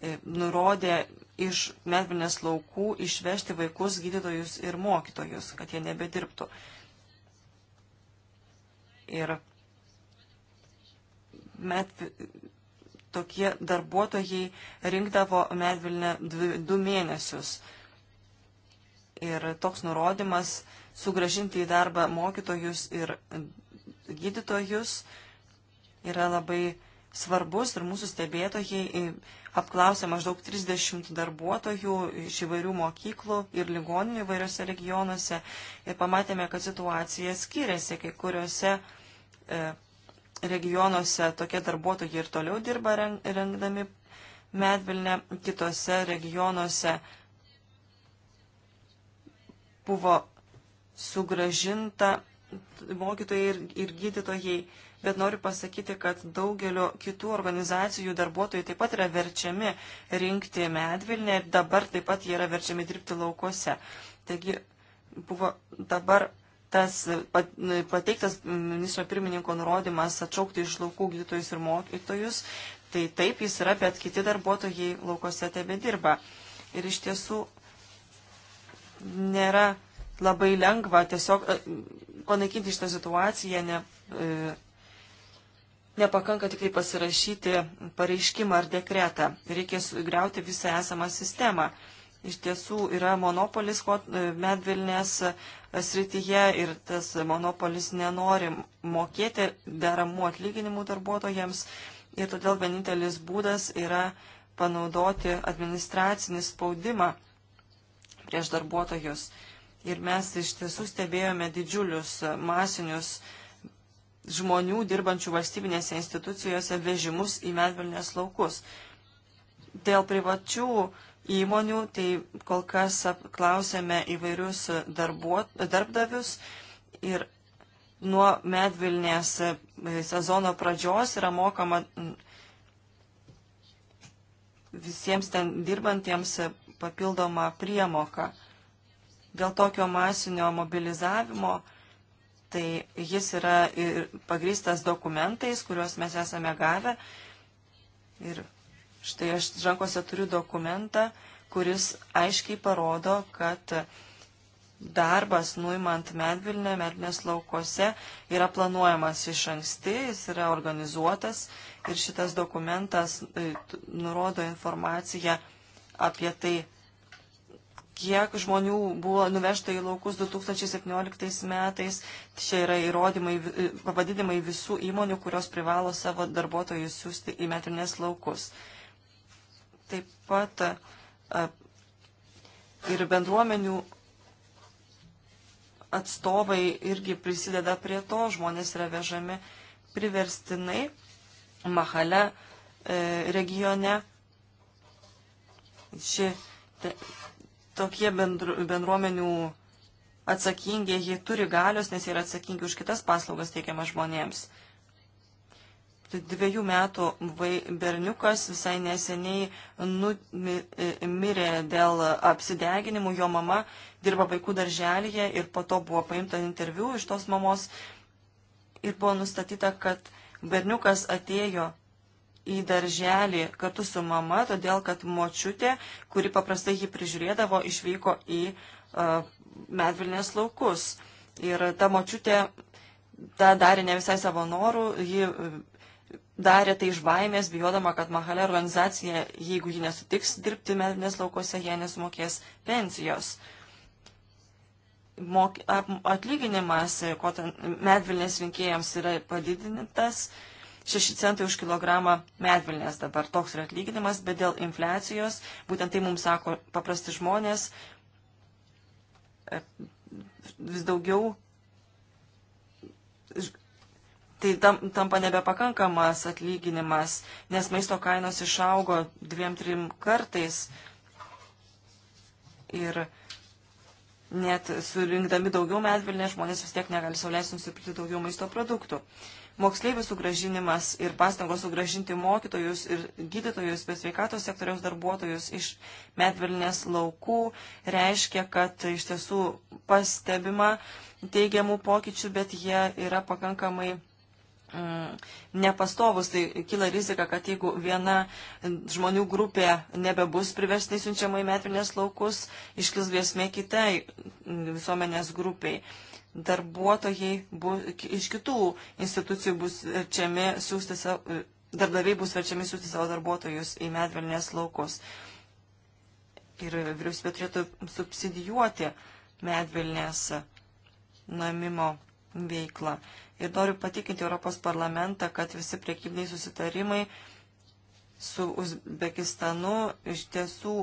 e, nurodė iš medvilnės laukų išvežti vaikus, gydytojus ir mokytojus, kad jie nebedirbtų. Ir met, tokie darbuotojai rinkdavo medvilnę dvi, du mėnesius. Ir toks nurodymas sugražinti į darbą mokytojus ir gydytojus yra labai svarbus ir mūsų stebėtojai e, apklausė maždaug 30 darbuotojų iš įvairių mokyklų ir ligoninių įvairiose regionuose ir pamatėme, kad situacija skiriasi. Kai kuriuose e, regionuose tokie darbuotojai ir toliau dirba rengdami medvilnę, kitose regionuose buvo sugražinta mokytojai ir, ir gydytojai bet noriu pasakyti, kad daugelio kitų organizacijų darbuotojai taip pat yra verčiami rinkti medvilnę ir dabar taip pat jie yra verčiami dirbti laukuose. Taigi buvo dabar tas pateiktas ministro pirmininko nurodymas atšaukti iš laukų gydytojus ir mokytojus, tai taip jis yra, bet kiti darbuotojai laukose tebe dirba. Ir iš tiesų nėra labai lengva tiesiog e, panaikinti šitą situaciją, ne, e, nepakanka tik tai pasirašyti pareiškimą ar dekretą. Reikia sugriauti visą esamą sistemą. Iš tiesų yra monopolis e, medvilnės e, srityje ir tas monopolis nenori mokėti deramų atlyginimų darbuotojams ir todėl vienintelis būdas yra panaudoti administracinį spaudimą prieš darbuotojus. Ir mes iš tiesų stebėjome didžiulius e, masinius uh, žmonių dirbančių valstybinėse institucijose vežimus į medvilnės laukus. Dėl privačių įmonių, tai kol kas klausėme įvairius darbuot, darbdavius ir nuo medvilnės e, sezono pradžios yra mokama visiems ten dirbantiems e, papildomą priemoką. Dėl tokio masinio mobilizavimo tai jis yra ir pagrįstas dokumentais, kuriuos mes esame gavę. Ir štai aš rankose turiu dokumentą, kuris aiškiai parodo, kad darbas nuimant medvilnę, medvilnės laukose yra planuojamas iš anksti, jis yra organizuotas ir šitas dokumentas e, nurodo informaciją apie tai, kiek žmonių buvo nuvežta į laukus 2017 metais. Čia yra įrodymai, pavadinimai visų įmonių, kurios privalo savo darbuotojus siūsti į metrinės laukus. Taip pat a, ir bendruomenių atstovai irgi prisideda prie to, žmonės yra vežami priverstinai Mahale e, regione. Ši te, tokie bendru, bendruomenių atsakingi, jie turi galios, nes jie yra atsakingi už kitas paslaugas teikiamas žmonėms. Tai dviejų metų vai, berniukas visai neseniai nu, mi, mirė dėl apsideginimų, jo mama dirba vaikų darželėje ir po to buvo paimta interviu iš tos mamos ir buvo nustatyta, kad berniukas atėjo į darželį kartu su mama, todėl kad močiutė, kuri paprastai jį prižiūrėdavo, išvyko į uh, medvilnės laukus. Ir ta močiutė tą darė ne visai savo norų, ji e, darė tai iš baimės, bijodama, kad Mahalė organizacija, jeigu ji nesutiks dirbti medinės laukose, jie nesumokės pensijos. Mok, atlyginimas e, medvilnės rinkėjams yra padidintas 6 centai už kilogramą medvilnės dabar toks yra atlyginimas, bet dėl infliacijos, būtent tai mums sako paprasti žmonės, e, vis daugiau, tai tam, tampa nebepakankamas atlyginimas, nes maisto kainos išaugo dviem, trim kartais ir net surinkdami daugiau medvilnės žmonės vis tiek negali sauliaisti nusipirkti daugiau maisto produktų. Uh, moksleivių sugražinimas ir pastangos sugražinti mokytojus ir gydytojus, bet sveikatos sektoriaus darbuotojus iš medvilnės laukų reiškia, kad iš tiesų pastebima teigiamų pokyčių, bet jie yra pakankamai mm, nepastovus, tai kyla rizika, kad jeigu viena žmonių grupė nebebus priversnai siunčiama į metrinės laukus, iškils grėsmė kitai visuomenės grupiai darbuotojai bu, iš kitų institucijų bus verčiami siūsti savo, e, darbdaviai bus verčiami siūsti savo darbuotojus į medvilnės laukus. Ir vyriausybė turėtų subsidijuoti medvilnės namimo veiklą. Ir noriu patikinti Europos parlamentą, kad visi priekybiniai susitarimai su Uzbekistanu iš tiesų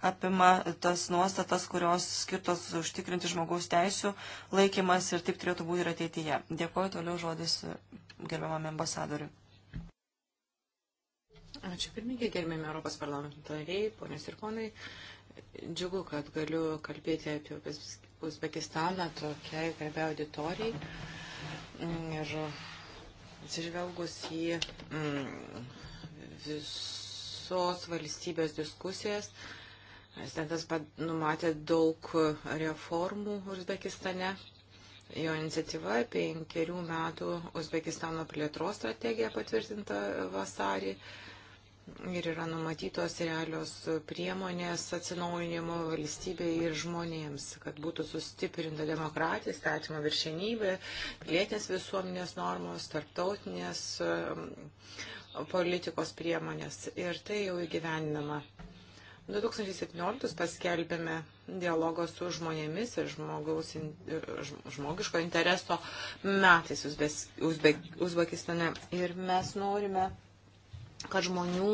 apima tas nuostatas, kurios skirtos užtikrinti žmogaus teisų laikymas ir taip turėtų būti ir ateityje. Dėkuoju toliau žodis gerbiamam ambasadoriui. Ačiū pirmininkė, gerbėmi Europos parlamentariai, ponės ir ponai. Džiugu, kad galiu kalbėti apie Uzbekistaną tokiai garbiai auditorijai. Mm, ir atsižvelgus į mm, visos valstybės diskusijas, uh, Prezidentas numatė daug reformų Uzbekistane. Jo iniciatyva penkerių metų Uzbekistano plėtros strategija patvirtinta vasarį ir yra numatytos realios priemonės atsinaujinimo valstybei ir žmonėms, kad būtų sustiprinta demokratija, statymo viršenybė, pilietinės visuomenės normos, tarptautinės um, politikos priemonės. Ir tai jau įgyvendinama. 2017 paskelbėme dialogo su žmonėmis ir žmogaus, žmogiško intereso metais Uzbekistane. Ir mes norime, kad žmonių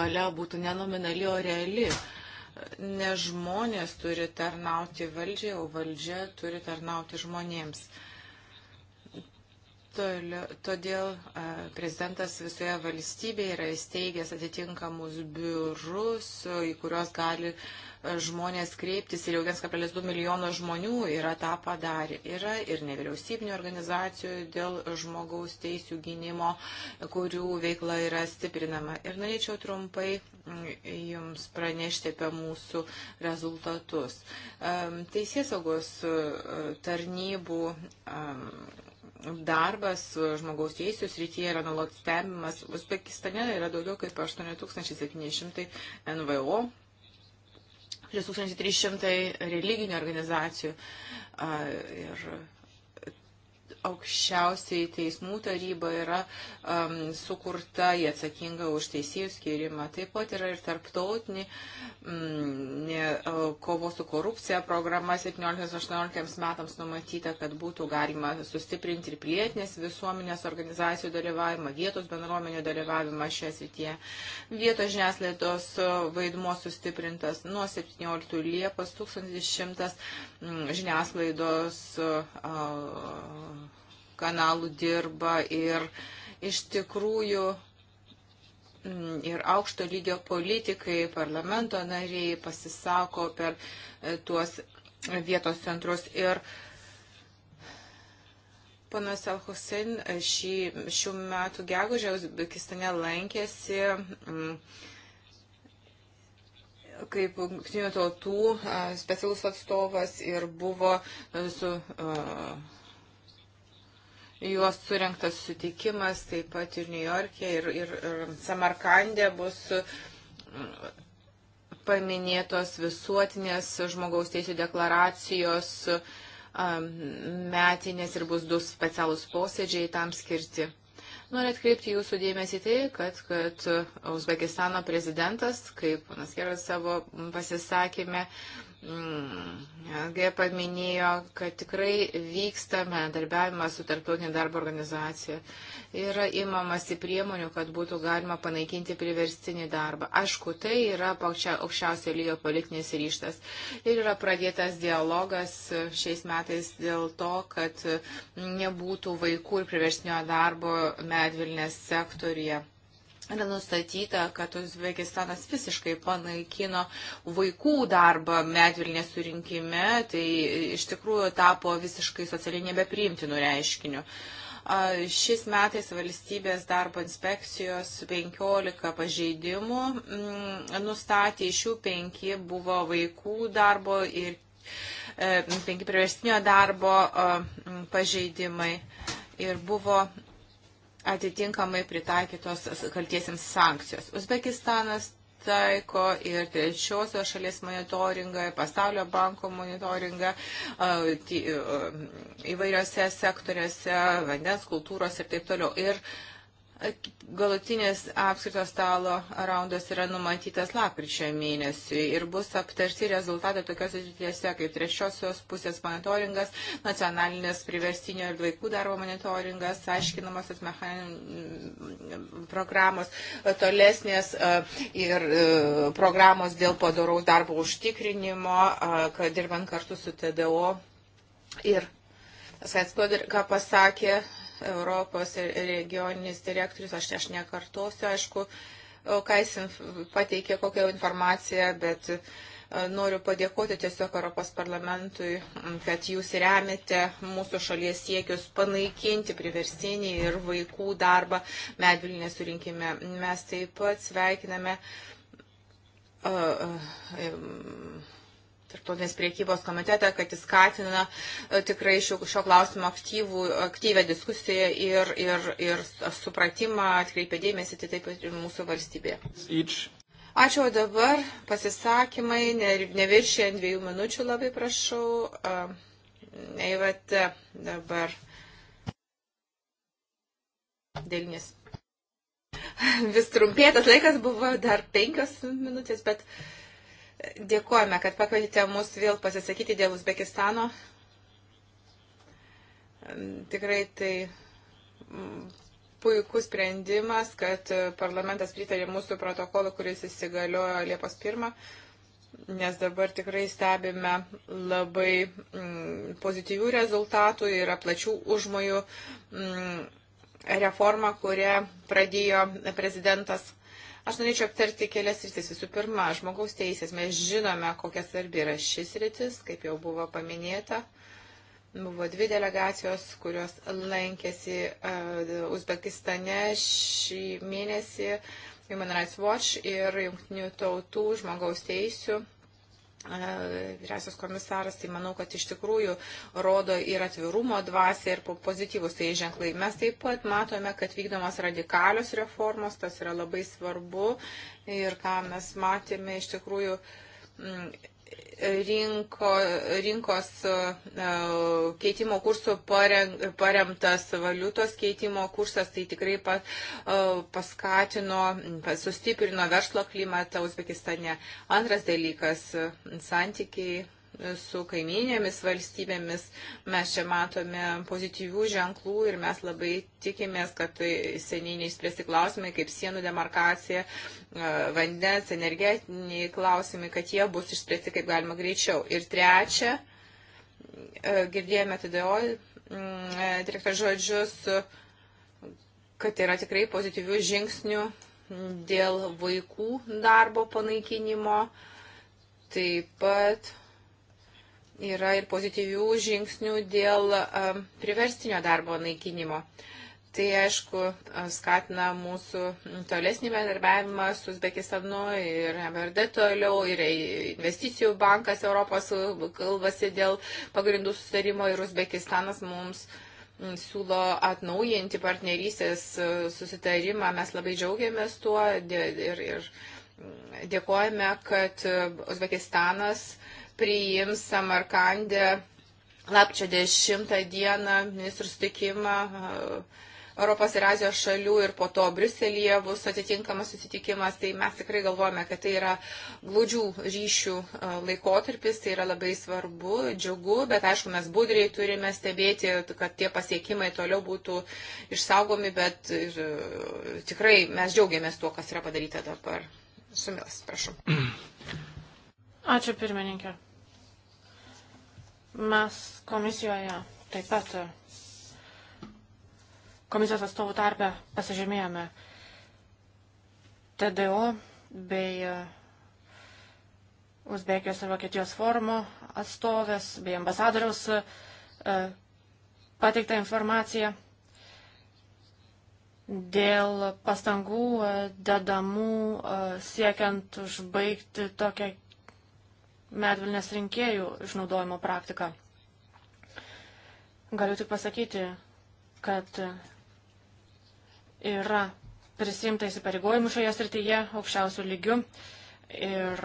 valia būtų nenominali, o reali. Ne žmonės turi tarnauti valdžiai, o valdžia turi tarnauti žmonėms. Uh, Todėl prezidentas visoje valstybėje yra įsteigęs atitinkamus biurus, į kuriuos gali žmonės kreiptis ir jau 1,2 milijono žmonių yra tą padarę. Yra ir nevyriausybinio organizacijų dėl žmogaus teisų gynimo, kurių veikla yra stiprinama. Ir norėčiau trumpai Jums pranešti apie mūsų rezultatus. Teisėsaugos tarnybų darbas žmogaus teisų srityje yra nuolat stebimas. Uzbekistane yra daugiau kaip 8700 NVO, 6300 religinių organizacijų ir aukščiausiai teismų taryba yra um, sukurta, jie atsakinga už teisėjų skirimą. Taip pat yra ir tarptautinė um, kovos su korupcija programa 17-18 metams numatyta, kad būtų galima sustiprinti ir pilietinės visuomenės organizacijų dalyvavimą, vietos bendruomenio dalyvavimą šią srityje. Vietos žiniaslaidos vaidmuo sustiprintas nuo 17 Liepos 1100 žiniaslaidos. Uh, kanalų dirba ir iš tikrųjų mm, ir aukšto lygio politikai, parlamento nariai pasisako per e, tuos vietos centrus. Ir panas Alhusin e, šį, šių metų gegužę Uzbekistane lankėsi. Mm, kaip jungtinių tautų e, specialus atstovas ir buvo su uh, juos surinktas sutikimas taip pat ir New York'e, ir, ir, ir Samarkandė bus mm, paminėtos visuotinės žmogaus teisų deklaracijos metinės ir bus du specialūs posėdžiai tam skirti. Noriu atkreipti jūsų dėmesį tai, kad, kad Uzbekistano prezidentas, kaip panas Keras savo pasisakymė, uh, Mm, G paminėjo, kad tikrai vyksta bendarbiavimas su tarptautinė darbo organizacija. Yra imamasi priemonių, kad būtų galima panaikinti priverstinį darbą. Aišku, tai yra aukščiausio lygio politinis ryštas. Ir yra pradėtas dialogas šiais metais dėl to, kad nebūtų vaikų ir priverstinio darbo medvilnės sektorija yra nustatyta, kad Uzbekistanas visiškai panaikino vaikų darbą medvilnės surinkime, tai iš tikrųjų tapo visiškai socialiai nebepriimtinu reiškiniu. Šis metais valstybės darbo inspekcijos 15 pažeidimų mm, nustatė, iš jų 5 buvo vaikų darbo ir 5 e, priverstinio darbo pažeidimai ir buvo atitinkamai pritaikytos kaltiesiems sankcijos. Uzbekistanas taiko ir trečiosios šalies monitoringą, pasaulio banko monitoringą įvairiose sektoriuose, vandens kultūros ir taip toliau. Ir Galutinis apskrito stalo raundas yra numatytas lapkričio mėnesiui ir bus aptarti rezultatai tokios atitiese kaip trečiosios pusės monitoringas, nacionalinis priverstinio ir vaikų darbo monitoringas, aiškinamosios mechan... programos, tolesnės e, ir e, programos dėl padaraus darbo užtikrinimo, e, kad dirbant kartu su TDO ir Svetskodir, ką pasakė Europos regioninis direktorius, aš, aš nekartosiu, aišku, ką jis pateikė, kokią informaciją, bet e, noriu padėkoti tiesiog Europos parlamentui, kad jūs remite mūsų šalies siekius panaikinti priversinį ir vaikų darbą medvilnės surinkime. Mes taip pat sveikiname. Uh, uh, um, tarptautinės priekybos komitetą, kad jis skatina e, tikrai šio, šio klausimo aktyvų, aktyvę diskusiją ir, ir, ir supratimą atkreipia dėmesį tai taip pat ir mūsų valstybė. Each. Ačiū, o dabar pasisakymai, ne, neviršėjant dviejų minučių labai prašau. Eivat dabar. Dėlinis vis trumpėtas laikas buvo dar penkios minutės, bet uh, Dėkojame, kad pakvietėte mus vėl pasisakyti dėl Uzbekistano. Tikrai tai mm, puikus sprendimas, kad parlamentas pritarė mūsų protokolą, kuris įsigaliojo Liepos 1, nes dabar tikrai stebime labai mm, pozityvių rezultatų ir plačių užmojų mm, reformą, kurią pradėjo prezidentas Aš norėčiau aptarti kelias rytis. Visų pirma, žmogaus teisės. Mes žinome, kokia svarbi yra šis rytis, kaip jau buvo paminėta. Buvo dvi delegacijos, kurios lankėsi uh, Uzbekistane šį mėnesį Human Rights Watch ir Junktinių tautų žmogaus teisų vyriausias komisaras, tai manau, kad iš tikrųjų rodo ir atvirumo dvasia, ir pozityvus tai ženklai. Mes taip pat matome, kad vykdomas radikalios reformos, tas yra labai svarbu ir ką mes matėme iš tikrųjų rinko, rinkos e, keitimo kursų paremtas valiutos keitimo kursas, tai tikrai e, paskatino, sustiprino verslo klimatą Uzbekistane. Antras dalykas - santykiai su kaiminėmis valstybėmis. Mes čia matome pozityvių ženklų ir mes labai tikimės, kad tai seniai neišspręsti klausimai, kaip sienų demarkacija, e, vandens, energetiniai klausimai, kad jie bus išspręsti kaip galima greičiau. Ir trečia, e, girdėjome TDO mm, e, direktor žodžius, kad yra tikrai pozityvių žingsnių dėl vaikų darbo panaikinimo, taip pat yra ir pozityvių žingsnių dėl priverstinio darbo naikinimo. Tai aišku skatina mūsų tolesnį bendarbiavimą su Uzbekistanu ir MRD toliau, ir investicijų bankas Europos kalbasi dėl pagrindų susitarimo ir Uzbekistanas mums siūlo atnaujinti partnerystės susitarimą. Mes labai džiaugiamės tuo ir, ir dėkojame, kad Uzbekistanas priims Samarkandė lapčio 10 dieną ministrų sutikimą e, Europos ir Azijos šalių ir po to Briuselėje bus atitinkamas susitikimas, tai mes tikrai galvojame, kad tai yra glūdžių ryšių e, laikotarpis, tai yra labai svarbu, džiugu, bet aišku, mes budriai turime stebėti, kad tie pasiekimai toliau būtų išsaugomi, bet ir, e, tikrai mes džiaugiamės tuo, kas yra padaryta dabar. Sumilas, prašau. Ačiū pirmininkė. Mes komisijoje taip pat komisijos atstovų tarpę pasižymėjome TDO bei e, Uzbekijos ir Vokietijos forumo atstovės bei ambasadoriaus e, pateiktą informaciją dėl pastangų e, dedamų siekiant užbaigti tokią medvilnės rinkėjų išnaudojimo praktiką. Galiu tik pasakyti, kad yra prisimta įsipareigojimų šioje srityje aukščiausių lygių ir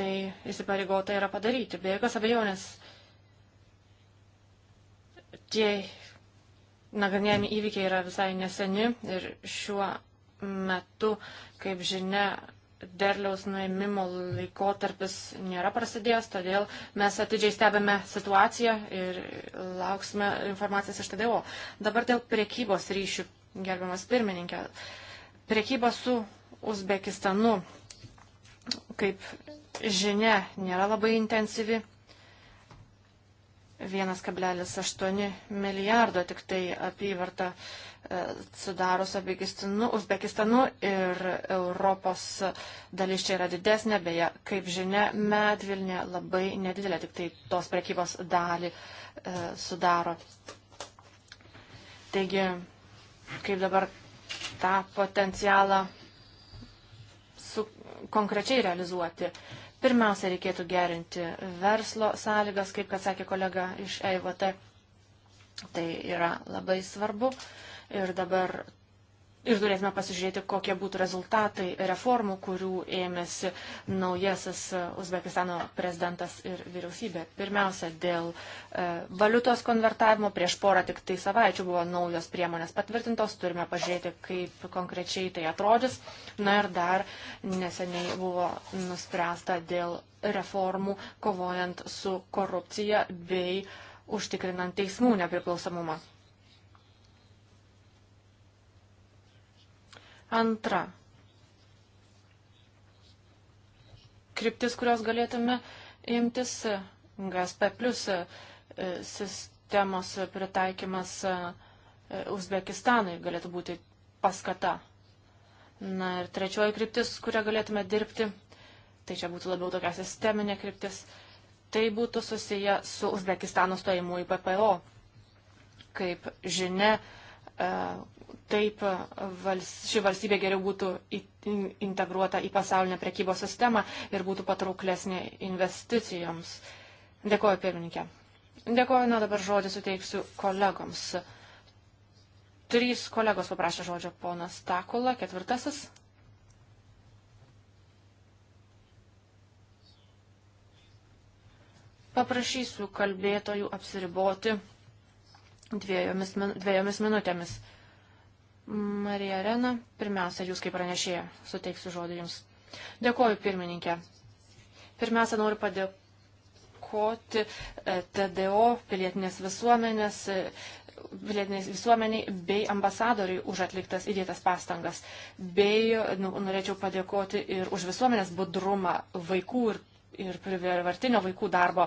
tai įsipareigota yra padaryti. Be jokios abejonės tie nagrinėjami įvykiai yra visai neseni ir šiuo metu, kaip žinia, derliaus nuėmimo laikotarpis nėra prasidėjęs, todėl mes atidžiai stebime situaciją ir lauksime informacijos iš TDO. Dabar dėl priekybos ryšių, gerbiamas pirmininkė. Priekyba su Uzbekistanu, kaip žinia, nėra labai intensyvi. 1,8 milijardo tik tai apyvarta E, sudaro su Uzbekistanu, Uzbekistanu ir Europos dalis čia yra didesnė, beje, kaip žinia, medvilnė labai nedidelė, tik tai tos prekybos dalį e, sudaro. Taigi, kaip dabar tą potencialą su, konkrečiai realizuoti. Pirmiausia, reikėtų gerinti verslo sąlygas, kaip kad sakė kolega iš EIVT. Tai yra labai svarbu. Uh, ir dabar ir turėtume pasižiūrėti, kokie būtų rezultatai reformų, kurių ėmėsi naujasis Uzbekistano prezidentas ir vyriausybė. Pirmiausia, dėl e, valiutos konvertavimo prieš porą tik tai savaičių buvo naujos priemonės patvirtintos, turime pažiūrėti, kaip konkrečiai tai atrodys. Na ir dar neseniai buvo nuspręsta dėl reformų kovojant su korupcija bei užtikrinant teismų nepriklausomumą. Antra. Kryptis, kurios galėtume imtis GSP plus e, sistemos pritaikymas e, Uzbekistanui galėtų būti paskata. Na ir trečioji kryptis, kurią galėtume dirbti, tai čia būtų labiau tokia sisteminė kryptis, tai būtų susiję su Uzbekistano stojimu į PPO. Kaip žinia, e, taip e, ši valstybė geriau būtų integruota į pasaulinę prekybos sistemą ir būtų patrauklesnė investicijoms. Dėkuoju, pirmininkė. Dėkuoju, na dabar žodį suteiksiu kolegoms. Trys kolegos paprašė žodžio ponas Takula, ketvirtasis. Paprašysiu kalbėtojų apsiriboti dviejomis, min, dviejomis minutėmis. Marija Arena, pirmiausia, jūs kaip pranešėja, suteiksiu žodį jums. Dėkoju, pirmininkė. Pirmiausia, noriu padėkoti e, TDO pilietinės visuomenės e, pilietiniai visuomeniai bei ambasadoriai už atliktas įdėtas pastangas. Bei nu, norėčiau padėkoti ir už visuomenės budrumą, vaikų ir ir privartinio vaikų darbo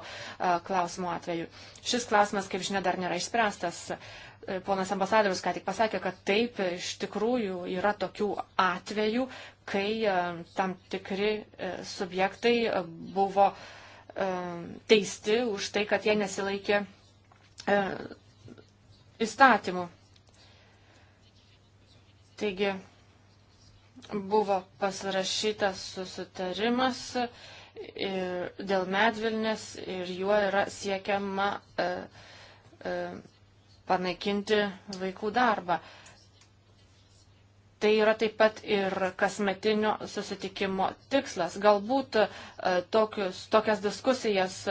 klausimo atveju. Šis klausimas, kaip žinia, dar nėra išspręstas. E, ponas ambasadorius ką tik pasakė, kad taip iš tikrųjų yra tokių atvejų, kai e, tam tikri e, subjektai buvo teisti už tai, kad jie nesilaikė įstatymų. Taigi buvo pasirašytas susitarimas dėl medvilnės ir juo yra siekiama e, e, panaikinti vaikų darbą. Tai yra taip pat ir kasmetinio susitikimo tikslas. Galbūt e, tokius, tokias diskusijas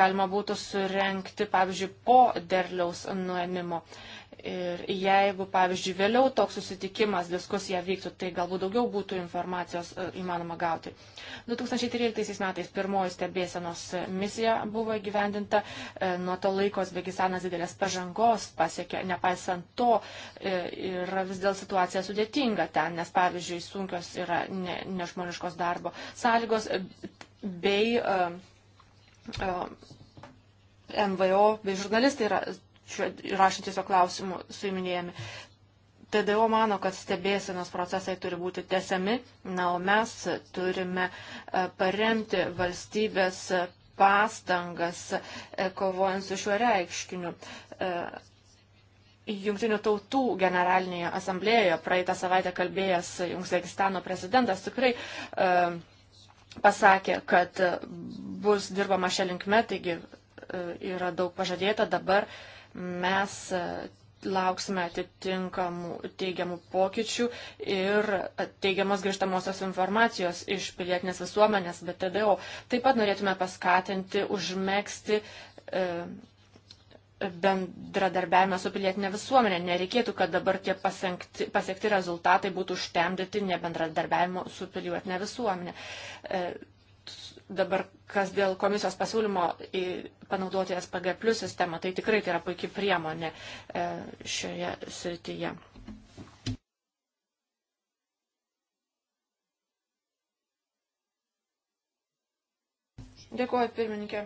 galima būtų surenkti, pavyzdžiui, po derliaus nuėmimo. E, Ir jeigu, pavyzdžiui, vėliau toks susitikimas, diskusija vyktų, tai galbūt daugiau būtų informacijos e, įmanoma gauti. 2013 metais pirmoji stebėsenos misija buvo įgyvendinta. E, nuo to laikos Begisanas didelės pažangos pasiekė. Nepaisant to, e, yra vis dėl situacija sudėtinga ten, nes, pavyzdžiui, sunkios yra ne, nežmoniškos darbo sąlygos bei. Uh, uh, NVO bei žurnalistai yra rašantis jo klausimų suiminėjami. TDO mano, kad stebėsenos procesai turi būti tesiami, na, o mes turime e, paremti valstybės pastangas e, kovojant su šiuo reikškiniu. E, Junktinių tautų generalinėje asamblėjoje praeitą savaitę kalbėjęs Uzbekistano prezidentas tikrai pasakė, kad bus dirbama šią linkmę, taigi yra daug pažadėta dabar. Uh, mes e, lauksime atitinkamų teigiamų pokyčių ir e, teigiamos grįžtamosios informacijos iš pilietinės visuomenės, bet TDO. Taip pat norėtume paskatinti, užmėgsti e, bendradarbiavimą su pilietinė visuomenė. Nereikėtų, kad dabar tie pasiekti, pasiekti rezultatai būtų užtemdyti nebendradarbiavimo su pilietinė visuomenė. E, Dabar, kas dėl komisijos pasiūlymo panaudoti SPG plus sistemą, tai tikrai tai yra puikia priemonė e, šioje srityje. Dėkuoju, pirmininkė.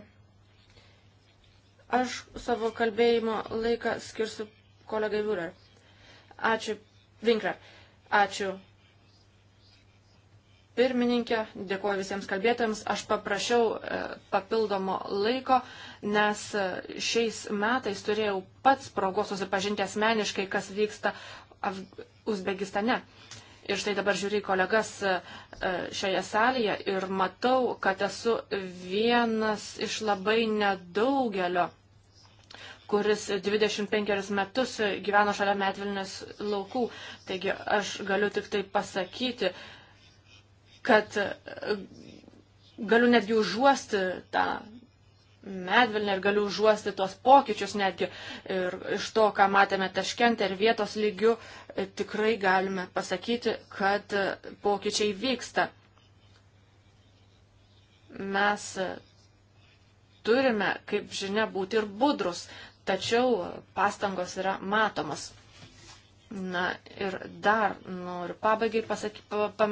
Aš savo kalbėjimo laiką skirsiu kolegai Viurer. Ačiū, Vinkler. Ačiū pirmininkė, dėkuoju visiems kalbėtojams. Aš paprašiau e, papildomo laiko, nes e, šiais metais turėjau pats progos susipažinti asmeniškai, kas vyksta Uzbekistane. Ir štai dabar žiūri kolegas e, šioje salėje ir matau, kad esu vienas iš labai nedaugelio, kuris 25 metus gyveno šalia medvilnės laukų. Taigi aš galiu tik tai pasakyti, kad e, galiu netgi užuosti tą medvilnę ir galiu užuosti tuos pokyčius netgi ir iš to, ką matėme taškent ir vietos lygių, e, tikrai galime pasakyti, kad e, pokyčiai vyksta. Mes turime, kaip žinia, būti ir budrus, tačiau pastangos yra matomas. Na ir dar noriu pabaigai pasaky, pa, pa,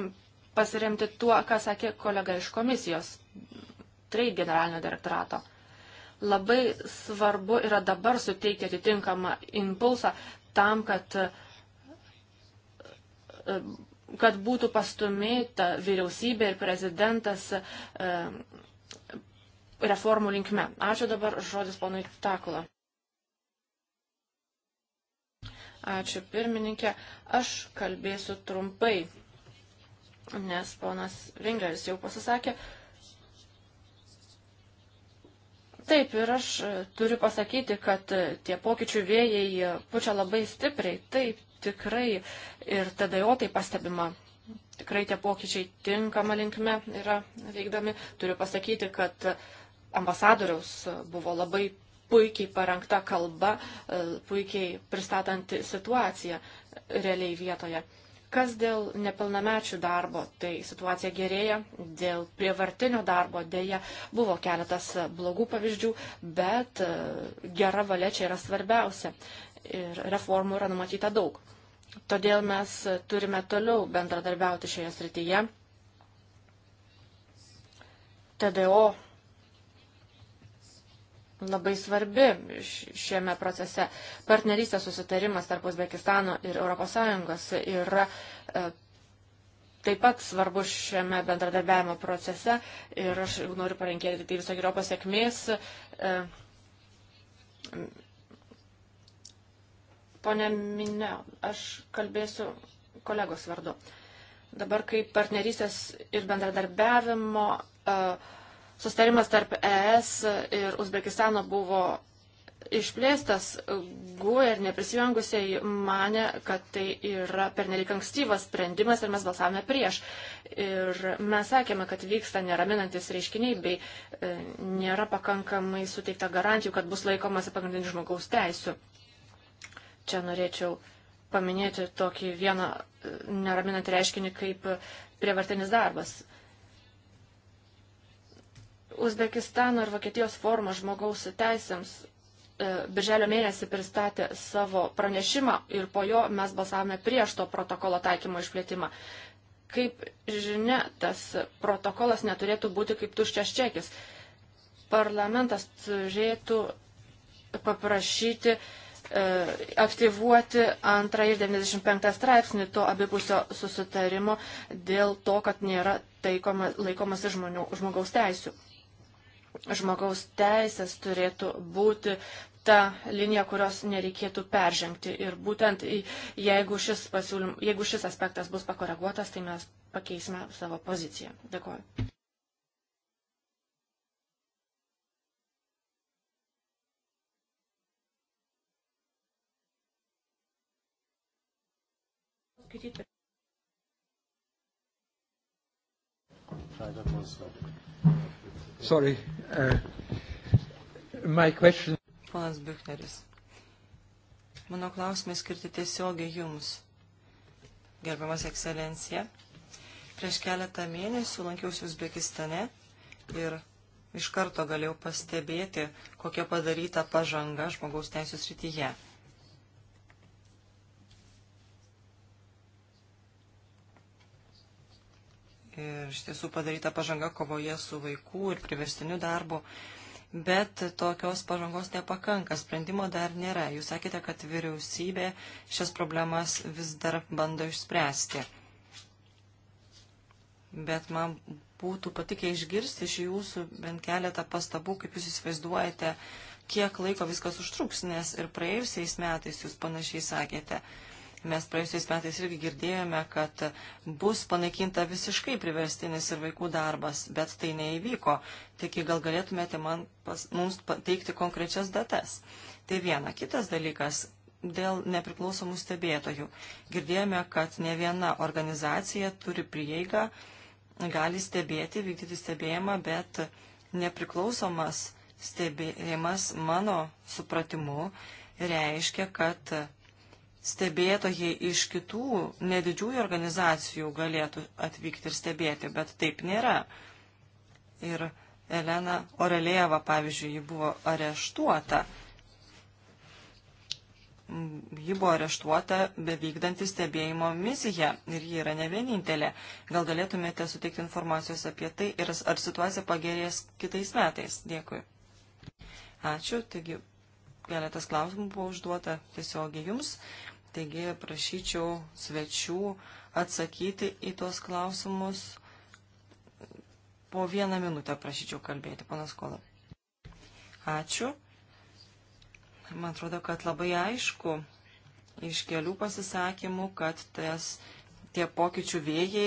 pasiremti tuo, ką sakė kolega iš komisijos, trade generalinio direktorato. Labai svarbu yra dabar suteikti atitinkamą impulsą tam, kad, kad būtų pastumėta vyriausybė ir prezidentas e, reformų linkme. Ačiū dabar žodis ponui Takula. Ačiū pirmininkė. Aš kalbėsiu trumpai nes ponas Vingreris jau pasisakė. Taip, ir aš e, turiu pasakyti, kad e, tie pokyčių vėjai e, pučia labai stipriai. Taip, tikrai ir TDO tai pastebima. Tikrai tie pokyčiai tinkama linkme yra veikdami. Turiu pasakyti, kad ambasadoriaus buvo labai puikiai parengta kalba, puikiai pristatanti situaciją realiai vietoje. Kas dėl nepilnamečių darbo, tai situacija gerėja, dėl prievartinio darbo dėja buvo keletas blogų pavyzdžių, bet e, gera valia čia yra svarbiausia ir reformų yra numatyta daug. Todėl mes turime toliau bendradarbiauti šioje srityje. TDO labai svarbi šiame procese. Partnerystės susitarimas tarp Uzbekistano ir ES yra e, taip pat svarbu šiame bendradarbiavimo procese ir aš noriu palinkėti tai visokio pasiekmės. E, Pone Minė, aš kalbėsiu kolegos vardu. Dabar kaip partnerystės ir bendradarbiavimo uh, Sustarimas tarp ES ir Uzbekistano buvo išplėstas GUE ir neprisivengusiai mane, kad tai yra pernelik ankstyvas sprendimas ir mes balsavome prieš. Ir mes sakėme, kad vyksta neraminantis reiškiniai bei e, nėra pakankamai suteikta garantijų, kad bus laikomasi pagrindinių žmogaus teisų. Čia norėčiau paminėti tokį vieną e, neraminantį reiškinį kaip prievartinis darbas. Uzbekistano ir Vokietijos forma žmogaus teisėms e, birželio mėnesį pristatė savo pranešimą ir po jo mes balsavome prieš to protokolo taikymo išplėtimą. Kaip žinia, tas protokolas neturėtų būti kaip tuščias čekis. Parlamentas turėtų paprašyti e, aktyvuoti antrą ir 95 straipsnį to abipusio susitarimo dėl to, kad nėra taikoma, laikomasi žmonių, žmogaus teisų žmogaus teisės turėtų būti ta linija, kurios nereikėtų peržengti. Ir būtent jeigu šis, pasiūlym, jeigu šis aspektas bus pakoreguotas, tai mes pakeisime savo poziciją. Dėkuoju. Skaityti. Try that one slowly. Sorry. Uh, my question. Ponas Büchneris. Mano klausimai skirti tiesiogiai jums. Gerbiamas ekscelencija, prieš keletą mėnesių lankiausi Uzbekistane ir iš karto galėjau pastebėti, kokia padaryta pažanga žmogaus teisų srityje. ir iš tiesų padaryta pažanga kovoje su vaikų ir priverstiniu darbu. Bet tokios pažangos nepakanka, sprendimo dar nėra. Jūs sakėte, kad vyriausybė šias problemas vis dar bando išspręsti. Bet man būtų patikę išgirsti iš jūsų bent keletą pastabų, kaip jūs įsivaizduojate, kiek laiko viskas užtruks, nes ir praėjusiais metais jūs panašiai sakėte, Mes praėjusiais metais irgi girdėjome, kad bus panaikinta visiškai priverstinis ir vaikų darbas, bet tai neįvyko. Tik gal galėtumėte man, pas, mums pateikti konkrečias datas. Tai viena. Kitas dalykas. Dėl nepriklausomų stebėtojų. Girdėjome, kad ne viena organizacija turi prieigą, gali stebėti, vykdyti stebėjimą, bet nepriklausomas stebėjimas mano supratimu reiškia, kad stebėtojai iš kitų nedidžiųjų organizacijų galėtų atvykti ir stebėti, bet taip nėra. Ir Elena Orelėva, pavyzdžiui, ji buvo areštuota. Ji buvo areštuota bevykdanti stebėjimo misiją ir ji yra ne vienintelė. Gal galėtumėte suteikti informacijos apie tai ir ar situacija pagerės kitais metais? Dėkui. Ačiū. Taigi, keletas klausimų buvo užduota tiesiogiai jums. Taigi prašyčiau svečių atsakyti į tos klausimus. Po vieną minutę prašyčiau kalbėti, panas Kola. Ačiū. Man atrodo, kad labai aišku iš kelių pasisakymų, kad tas, tie pokyčių vėjai,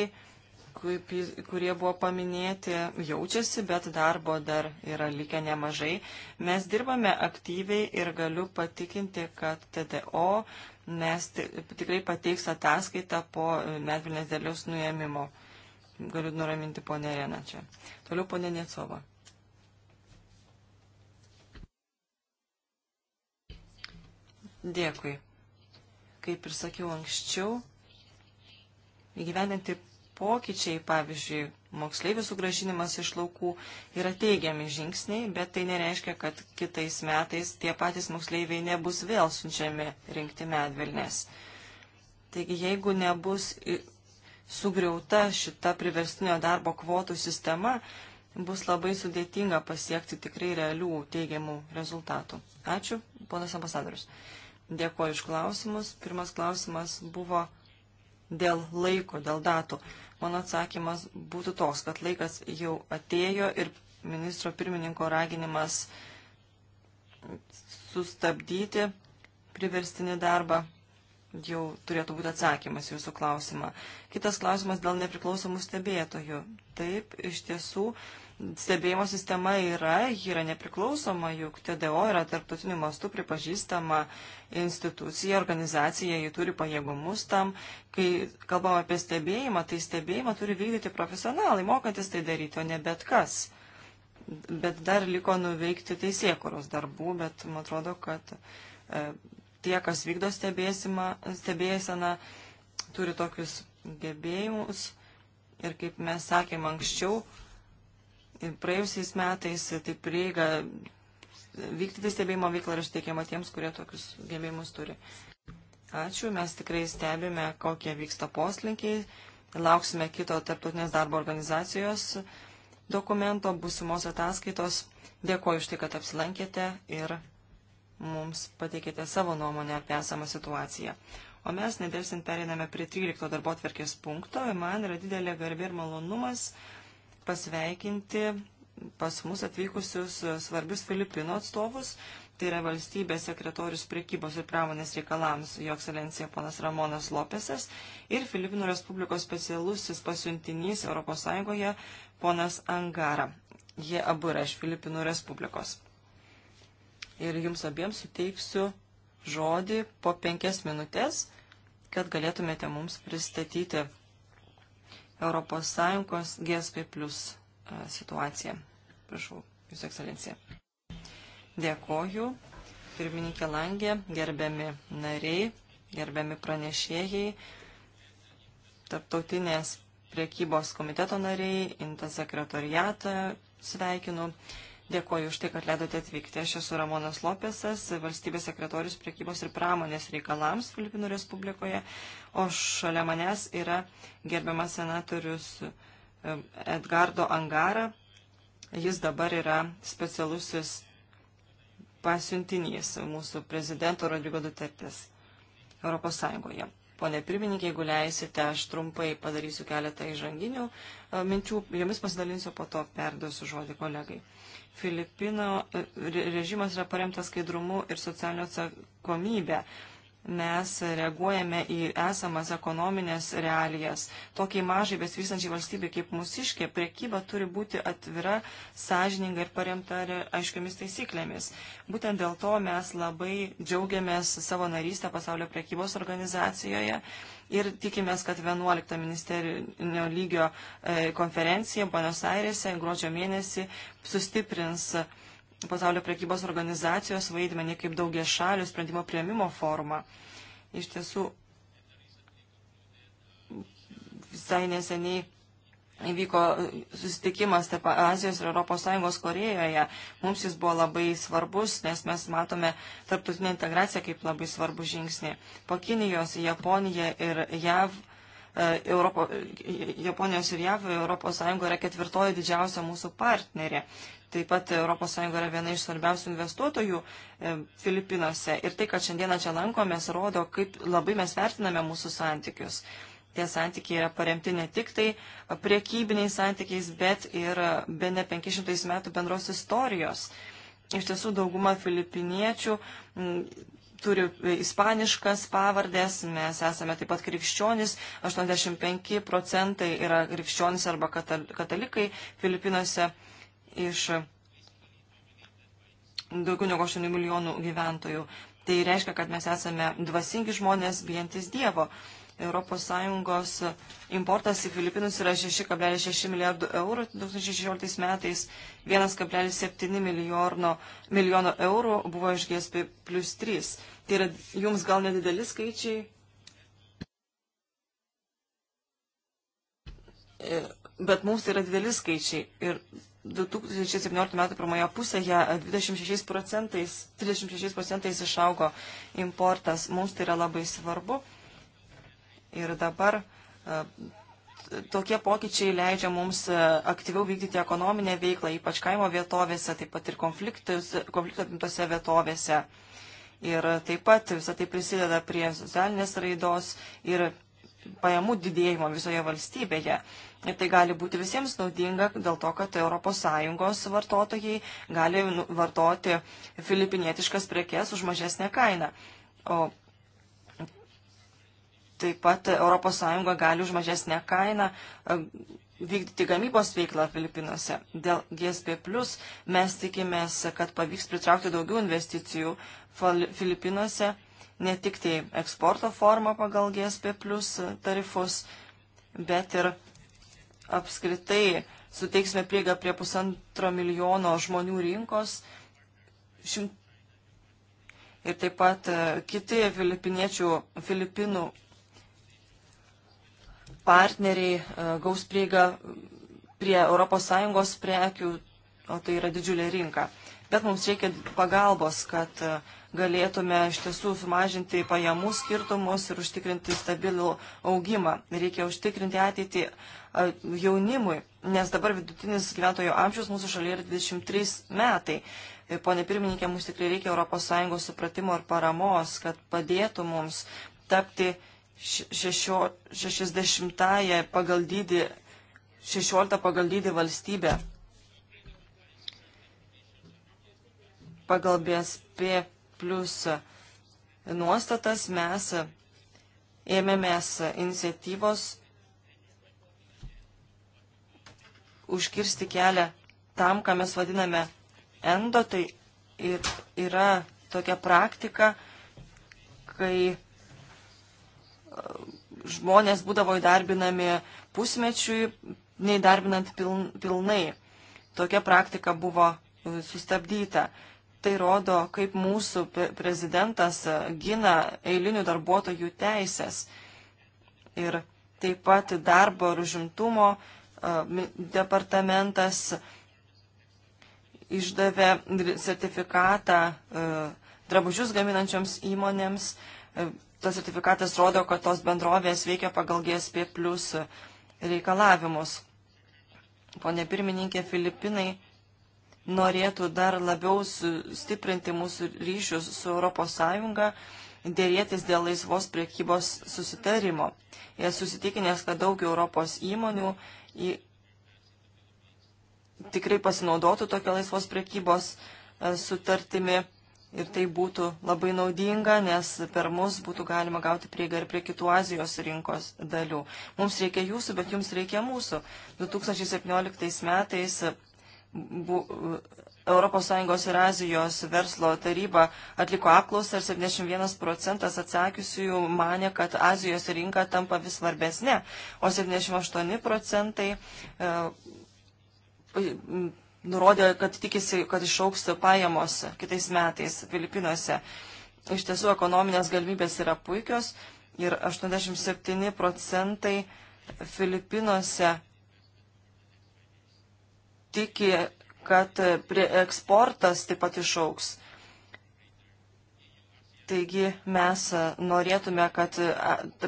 kaip, kurie buvo paminėti, jaučiasi, bet darbo dar yra likę nemažai. Mes dirbame aktyviai ir galiu patikinti, kad TDO mes tikrai pateiks ataskaitą po medvilnės dėliaus nuėmimo. Galiu nuraminti ponę Reną čia. Toliau ponė Niecova. Dėkui. Kaip ir sakiau anksčiau, įgyveninti pokyčiai, pavyzdžiui, moksleivių sugražinimas iš laukų yra teigiami žingsniai, bet tai nereiškia, kad kitais metais tie patys moksleiviai nebus vėl siunčiami rinkti medvilnės. Taigi, jeigu nebus sugriauta šita priverstinio darbo kvotų sistema, bus labai sudėtinga pasiekti tikrai realių teigiamų rezultatų. Ačiū, ponas ambasadorius. Dėkuoju iš klausimus. Pirmas klausimas buvo dėl laiko, dėl datų mano atsakymas būtų toks, kad laikas jau atėjo ir ministro pirmininko raginimas sustabdyti priverstinį darbą jau turėtų būti atsakymas jūsų klausimą. Kitas klausimas dėl nepriklausomų stebėtojų. Taip, iš tiesų, uh, Stebėjimo sistema yra, ji yra nepriklausoma, juk TDO yra tarptautiniu mastu pripažįstama institucija, organizacija, ji turi pajėgumus tam. Kai kalbam apie stebėjimą, tai stebėjimą turi vykdyti profesionalai, mokantis tai daryti, o ne bet kas. Bet dar liko nuveikti teisėkuros darbų, bet man atrodo, kad e, tie, kas vykdo stebėseną, turi tokius gebėjimus. Ir kaip mes sakėm anksčiau, Praėjusiais metais taip prieiga vykdyti stebėjimo veiklą yra suteikiama tiems, kurie tokius gebėjimus turi. Ačiū, mes tikrai stebime, kokie vyksta poslinkiai, lauksime kito tarptautinės darbo organizacijos dokumento, būsimos ataskaitos. Dėkuoju už tai, kad apsilankėte ir mums pateikėte savo nuomonę apie esamą situaciją. O mes nedėlsint periname prie 13 darbo tvarkės punkto. Man yra didelė garbė ir malonumas pasveikinti pas mus atvykusius svarbius Filipino atstovus. Tai yra valstybės sekretorius priekybos ir pramonės reikalams, jo ekscelencija ponas Ramonas Lopesas ir Filipinų Respublikos specialusis pasiuntinys ES ponas Angara. Jie abu yra iš Filipinų Respublikos. Ir jums abiems suteiksiu žodį po penkias minutės, kad galėtumėte mums pristatyti ES GSP plus e, situaciją. Prašau, Jūsų ekscelencija. Dėkoju, pirmininkė Langė, gerbiami nariai, gerbiami pranešėjai, tarptautinės priekybos komiteto nariai, inta sekretariatą sveikinu. Dėkoju už tai, kad leidote atvykti. Aš esu Ramonas Lopesas, valstybės sekretorius priekybos ir pramonės reikalams Filipinų Respublikoje, o šalia manęs yra gerbiamas senatorius Edgardo Angara. Jis dabar yra specialusis pasiuntinys mūsų prezidento Rodrigo Dutertės Europos Sąjungoje. Pone pirmininkė, jeigu leisite, aš trumpai padarysiu keletą įžanginių e, minčių, jomis pasidalinsiu, po to perduosiu žodį kolegai. Filipino e, režimas yra paremtas skaidrumu ir socialinio atsakomybė mes reaguojame į esamas ekonominės realijas. Tokiai mažai besvystančiai valstybė kaip mūsiškė, priekyba turi būti atvira, sąžininga ir paremta aiškiamis taisyklėmis. Būtent dėl to mes labai džiaugiamės savo narystę pasaulio priekybos organizacijoje ir tikimės, kad 11 ministerinio lygio e, konferencija Buenos Airese gruodžio mėnesį sustiprins pasaulio prekybos organizacijos vaidmenį kaip daugia šalių sprendimo prieimimo formą. Iš tiesų, visai neseniai įvyko susitikimas tarp Azijos ir ES Korejoje. Mums jis buvo labai svarbus, nes mes matome tarptautinę integraciją kaip labai svarbų žingsnį. Po Kinijos, Japonija ir JAV. E, Europo, Japonijos ir JAV ES yra ketvirtoji didžiausia mūsų partnerė. Taip pat ES yra viena iš svarbiausių investuotojų e, Filipinose. Ir tai, kad šiandieną čia lankomės, rodo, kaip labai mes vertiname mūsų santykius. Tie santykiai yra paremti ne tik tai priekybiniais santykiais, bet ir be ne 500 metų bendros istorijos. Iš tiesų, dauguma filipiniečių turi ispaniškas pavardės, mes esame taip pat krikščionis, 85 procentai yra krikščionis arba katalikai Filipinuose, iš daugiau negu 8 milijonų gyventojų. Tai reiškia, kad mes esame dvasingi žmonės, bijantis Dievo. ES importas į Filipinus yra 6,6 milijardų eurų 2016 metais, 1,7 milijono, milijono eurų buvo iš GSP plus 3. Tai yra jums gal nedideli skaičiai. E, bet mums tai yra dideli skaičiai ir 2017 metų pirmoje pusėje 26 e, procentais, 36 procentais išaugo importas. Mums tai yra labai svarbu. Ir dabar e, tokie pokyčiai leidžia mums e, aktyviau vykdyti ekonominę veiklą, ypač kaimo vietovėse, taip pat ir konflikto apimtose vietovėse. Ir taip pat visą tai prisideda prie socialinės raidos ir pajamų didėjimo visoje valstybėje. Ir tai gali būti visiems naudinga dėl to, kad ES vartotojai gali nu, vartoti filipinietiškas prekes už mažesnę kainą. O taip pat ES gali už mažesnę kainą e, vykdyti gamybos veiklą Filipinuose. Dėl GSP plus mes tikimės, kad pavyks pritraukti daugiau investicijų Filipinuose, ne tik tai eksporto formą pagal GSP plus tarifus, bet ir apskritai suteiksime prieigą prie pusantro milijono žmonių rinkos. Šim... Ir taip pat e, kiti filipiniečių, filipinų partneriai e, gaus prieigą prie ES prekių, o tai yra didžiulė rinka. Bet mums reikia pagalbos, kad e, galėtume iš tiesų sumažinti pajamų skirtumus ir užtikrinti stabilų augimą. Reikia užtikrinti ateitį jaunimui, nes dabar vidutinis gyventojo amžius mūsų šalyje yra 23 metai. E, Pone pirmininkė, mums tikrai reikia ES supratimo ir paramos, kad padėtų mums tapti 60-ąją pagal dydį, 16 pagal dydį valstybę. Pagal BSP plus nuostatas mes ėmėmės iniciatyvos užkirsti kelią tam, ką mes vadiname endo, tai ir yra tokia praktika, kai e, žmonės būdavo įdarbinami pusmečiui, neįdarbinant pilnai. Tokia praktika buvo e, sustabdyta. Tai rodo, kaip mūsų prezidentas e, gina eilinių darbuotojų teisės. Ir taip pat darbo ir užimtumo departamentas išdavė sertifikatą drabužius gaminančioms įmonėms. Tas sertifikatas rodo, kad tos bendrovės veikia pagal GSP plus reikalavimus. Pone pirmininkė, Filipinai norėtų dar labiau stiprinti mūsų ryšius su ES, dėrėtis dėl laisvos priekybos susitarimo. Jie susitikinęs, kad daug Europos įmonių tikrai pasinaudotų tokia laisvos prekybos e, sutartimi ir tai būtų labai naudinga, nes per mus būtų galima gauti prieigą ir prie kitų Azijos rinkos dalių. Mums reikia jūsų, bet jums reikia mūsų. 2017 metais bu, ES ir Azijos verslo taryba atliko apklausą ir 71 procentas atsakiusiųjų mane, kad Azijos rinka tampa vis svarbesnė, o 78 procentai e, nurodė, kad tikisi, kad išauks pajamos kitais metais Filipinuose. Iš tiesų, ekonominės galimybės yra puikios ir 87 procentai Filipinuose tiki kad eksportas taip pat išauks. Taigi mes norėtume, kad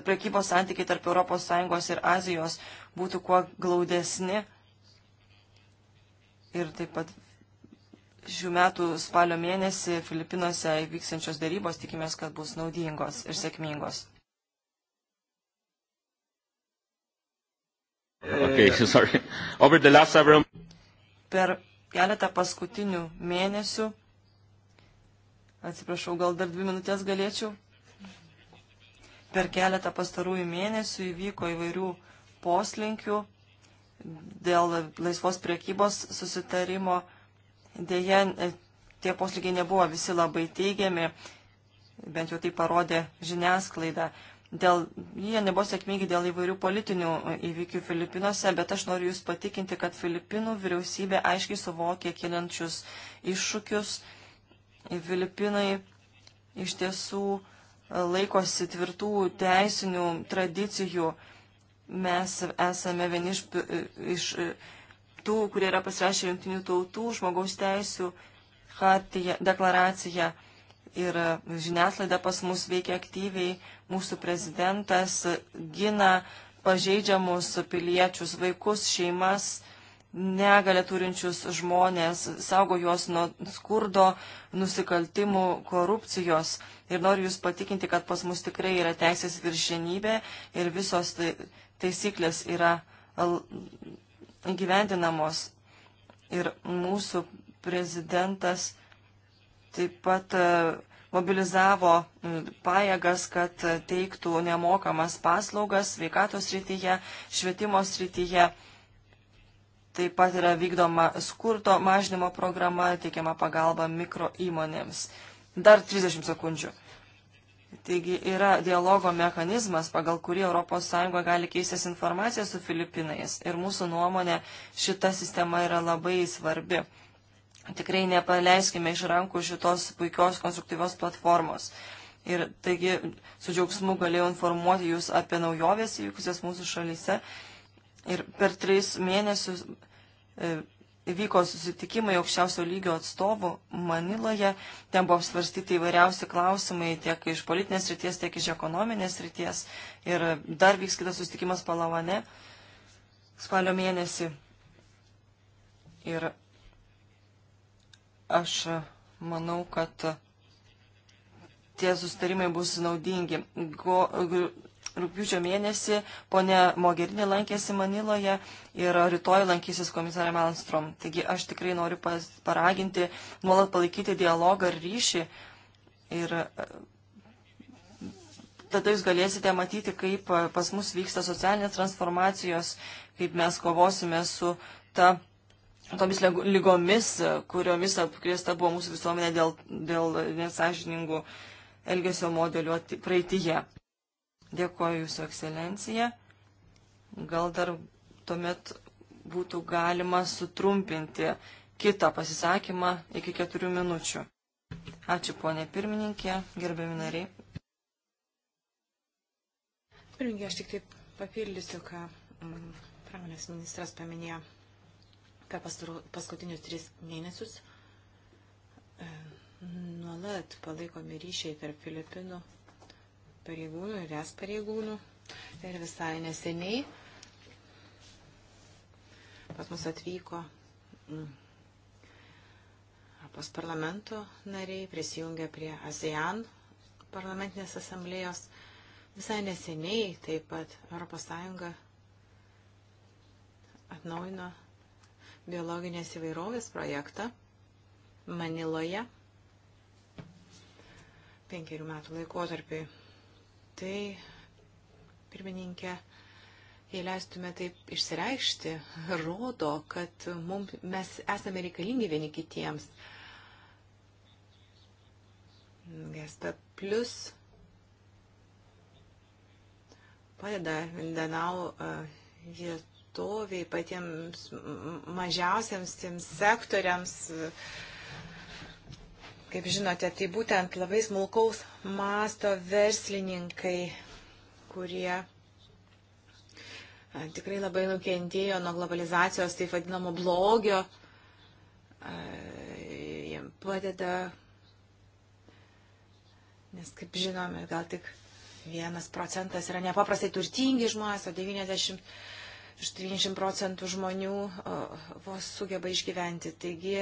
prekybos santykiai tarp ES ir Azijos būtų kuo glaudesni. Ir taip pat šių metų spalio mėnesį Filipinuose vyksančios darybos tikimės, kad bus naudingos ir sėkmingos. Okay, sorry. Over the last several... Per keletą paskutinių mėnesių. Atsiprašau, gal dar dvi minutės galėčiau. Per keletą pastarųjų mėnesių įvyko įvairių poslinkių dėl laisvos priekybos susitarimo. Deja, e, tie poslinkiai nebuvo visi labai teigiami, bent jau tai parodė žiniasklaida. Dėl, jie nebuvo sėkmingi dėl įvairių politinių e, įvykių Filipinuose, bet aš noriu Jūs patikinti, kad Filipinų vyriausybė aiškiai suvokė kilančius iššūkius. Filipinai iš tiesų e, laikosi tvirtų teisinių tradicijų. Mes esame vieni iš, e, iš tų, kurie yra pasirašę jungtinių tautų žmogaus teisų deklaraciją ir žiniaslaida pas mus veikia aktyviai, mūsų prezidentas gina pažeidžiamus piliečius, vaikus, šeimas, negalę turinčius žmonės, saugo juos nuo skurdo, nusikaltimų, korupcijos. Ir noriu Jūs patikinti, kad pas mus tikrai yra teisės viršenybė ir visos tai, taisyklės yra gyvendinamos. Ir mūsų prezidentas taip pat mobilizavo e, pajėgas, kad teiktų nemokamas paslaugas sveikatos srityje, švietimo srityje. Taip pat yra vykdoma skurto mažnymo programa, teikiama pagalba mikro įmonėms. Dar 30 sekundžių. Taigi yra dialogo mechanizmas, pagal kurį ES gali keistis informaciją su Filipinais. Ir mūsų nuomonė šita sistema yra labai svarbi. Tikrai nepaleiskime iš rankų šitos puikios konstruktyvios platformos. Ir taigi su džiaugsmu galėjau informuoti jūs apie naujovės įvykusias mūsų šalyse. Ir per tris mėnesius e, vyko susitikimai aukščiausio lygio atstovų Maniloje. Ten buvo apsvarstyti įvairiausi klausimai tiek iš politinės ryties, tiek iš ekonominės ryties. Ir dar vyks kitas susitikimas Palavane spalio mėnesį. Ir Aš manau, kad tie sustarimai bus naudingi. Go, rūpiučio mėnesį ponė Mogerinė lankėsi Maniloje ir rytoj lankysis komisarė Malmstrom. Taigi aš tikrai noriu pas, paraginti, nuolat palaikyti dialogą ir ryšį. Ir e, tada jūs galėsite matyti, kaip e, pas mus vyksta socialinės transformacijos, kaip mes kovosime su ta tomis lygomis, kuriomis apkrėsta buvo mūsų visuomenė dėl, dėl nesažiningų elgesio modelių praeitįje. Dėkoju Jūsų ekscelencija. Gal dar tuomet būtų galima sutrumpinti kitą pasisakymą iki keturių minučių. Ačiū ponė pirmininkė, gerbiami nariai. Pirmininkė, aš tik taip papildysiu, ką mm, pramonės ministras paminėjo per paskutinius tris mėnesius e, nuolat palaikomi ryšiai tarp Filipinų pareigūnų ir es pareigūnų. Ir visai neseniai pas mus atvyko Europos mm, parlamento nariai, prisijungė prie ASEAN parlamentinės asamblėjos. Visai neseniai taip pat ES atnaujino biologinės įvairovės projektą Maniloje penkerių metų laikotarpiui. Tai, pirmininkė, jei leistume taip išsireikšti, rodo, kad mum, mes esame reikalingi vieni kitiems. Gesta plus padeda Danau uh, e, vietoviai, patiems mažiausiams tiems sektoriams. Kaip žinote, tai būtent labai smulkaus masto verslininkai, kurie tikrai labai nukentėjo nuo globalizacijos, taip vadinamo blogio, jiem padeda, nes kaip žinome, gal tik vienas procentas yra nepaprastai turtingi žmonės, o 90 Iš 30 procentų žmonių vos sugeba išgyventi. Taigi,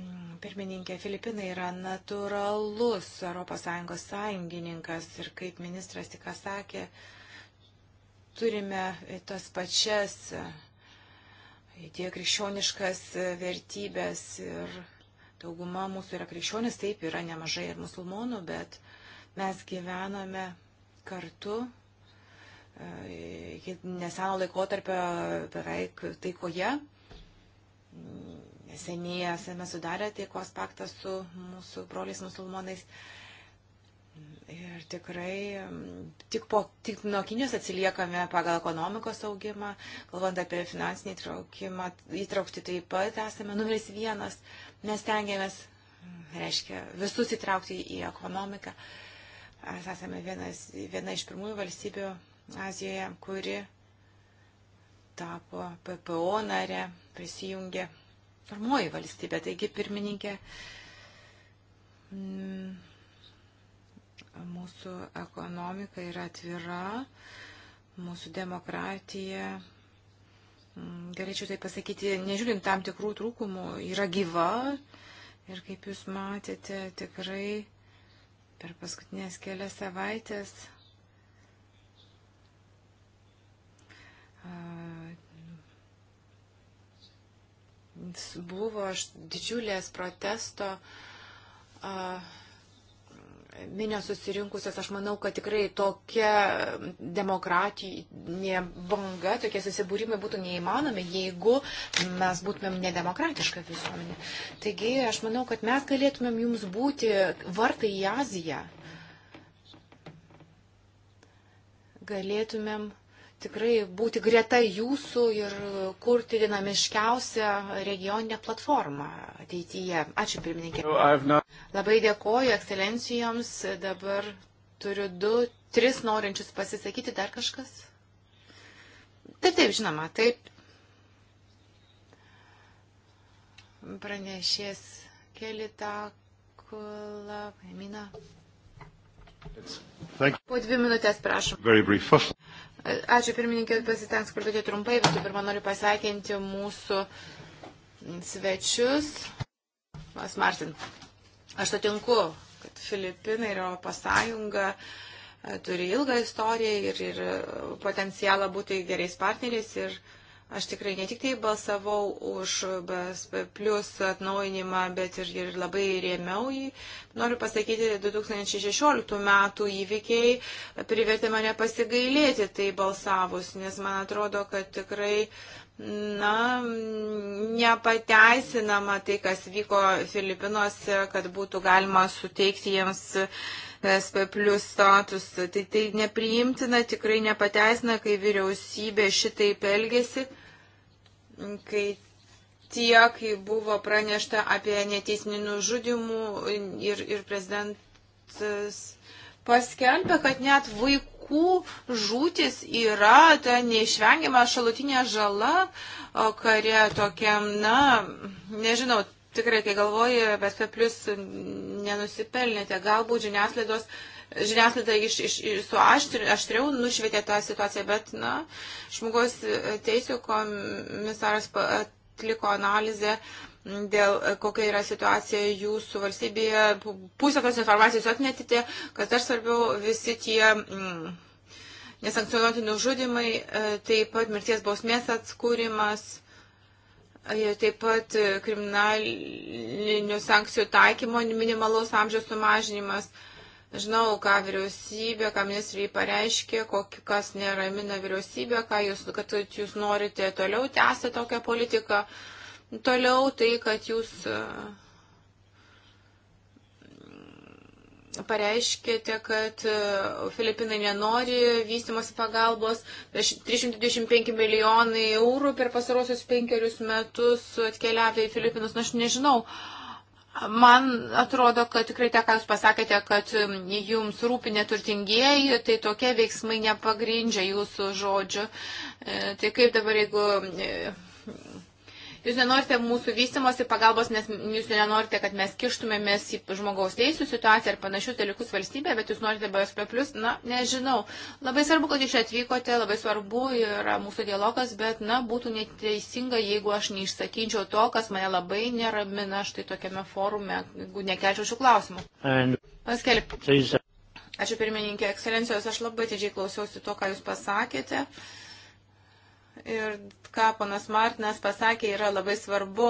mm, pirmininkė, Filipinai yra natūralus ES sąjungininkas ir kaip ministras tik sakė, turime tas pačias e, tie krikščioniškas e, vertybės ir dauguma mūsų yra krikščionis, taip yra nemažai ir musulmonų, bet mes gyvename kartu iki neseno laikotarpio beveik taikoje. Seniai esame sudarę taikos paktą su mūsų broliais musulmonais. Ir tikrai tik, po, tik nuo Kinijos atsiliekame pagal ekonomikos augimą, kalbant apie finansinį įtraukimą, įtraukti taip pat esame numeris vienas, mes tengiamės, reiškia, visus įtraukti į ekonomiką. Mes esame vienas, viena iš pirmųjų valstybių Azijoje, kuri tapo PPO narė, prisijungė pirmoji valstybė. Taigi, pirmininkė, mūsų ekonomika yra atvira, mūsų demokratija galėčiau tai pasakyti, nežiūrint tam tikrų trūkumų, yra gyva ir kaip jūs matėte, tikrai per paskutinės kelias savaitės buvo didžiulės protesto minios susirinkusios, aš manau, kad tikrai tokia demokratinė banga, tokie susibūrimai būtų neįmanomi, jeigu mes būtumėm nedemokratiška visuomenė. Taigi aš manau, kad mes galėtumėm jums būti vartai į Aziją. Galėtumėm tikrai būti greta jūsų ir kurti dinamiškiausią regioninę platformą ateityje. Ačiū, pirmininkė. No, Labai dėkoju ekscelencijoms. Dabar turiu du, tris norinčius pasisakyti. Dar kažkas? Taip, taip, žinoma, taip. Pranešės Kelita Kula, Emina. Po dvi minutės, prašom. Ačiū pirmininkė, pasitengs kalbėti trumpai. Visų pirma, noriu pasveikinti mūsų svečius. Mas Martin, aš sutinku, kad Filipinai ir Europos Sąjunga e, turi ilgą istoriją ir, ir e, potencialą būti gerais partneriais. Ir Aš tikrai ne tik tai balsavau už BSP plus atnaujinimą, bet ir, ir labai rėmiau jį. Noriu pasakyti, 2016 metų įvykiai privertė mane pasigailėti tai balsavus, nes man atrodo, kad tikrai na, nepateisinama tai, kas vyko Filipinuose, kad būtų galima suteikti jiems PSP plus statusą. Tai tai nepriimtina, tikrai nepateisina, kai vyriausybė šitaip elgesi, kai tiek buvo pranešta apie neteisminį nužudimų ir, ir prezidentas paskelbė, kad net vaikų vaikų žūtis yra ta neišvengiama šalutinė žala kare tokiam, na, nežinau, tikrai, kai galvoji, BSP plus nenusipelnėte, galbūt žiniasklaidos, žiniasklaida iš, iš, su aštri, aštriau nušvietė tą situaciją, bet, na, žmogaus teisų komisaras atliko analizę dėl kokia yra situacija jūsų valstybėje. Pusę tos informacijos atmetėte, kas dar svarbiau, visi tie. Mm, Nesankcionuoti nužudimai, e, taip pat mirties bausmės atskūrimas, Taip pat e, kriminalinių sankcijų taikymo minimalaus amžiaus sumažinimas. Žinau, ką vyriausybė, ką ministrai pareiškė, kokį, kas neramina vyriausybė, ką jūs, kad jūs norite toliau tęsti tokią politiką. Toliau tai, kad jūs uh, pareiškėte, kad e, Filipinai nenori vystimosi pagalbos. 325 milijonai eurų per pasarosius penkerius metus atkeliavę į Filipinus. Na, nu, aš nežinau. Man atrodo, kad tikrai tą, ką Jūs pasakėte, kad Jums rūpi neturtingieji, tai tokie veiksmai nepagrindžia Jūsų žodžių. E, tai kaip dabar, jeigu e, Jūs nenorite mūsų vystimosi pagalbos, nes jūs nenorite, kad mes kištumėmės į žmogaus teisų situaciją ar panašius dalykus valstybėje, bet jūs norite BSP plus, na, nežinau. Labai svarbu, kad jūs čia atvykote, labai svarbu yra mūsų dialogas, bet, na, būtų neteisinga, jeigu aš neišsakyčiau to, kas mane labai neramina štai tokiame forume, jeigu nekelčiau šių klausimų. Paskelb. Uh, Ačiū pirmininkė, ekscelencijos, aš labai didžiai klausiausi to, ką jūs pasakėte. Uh, Ir ką ponas Martinas pasakė, yra labai svarbu.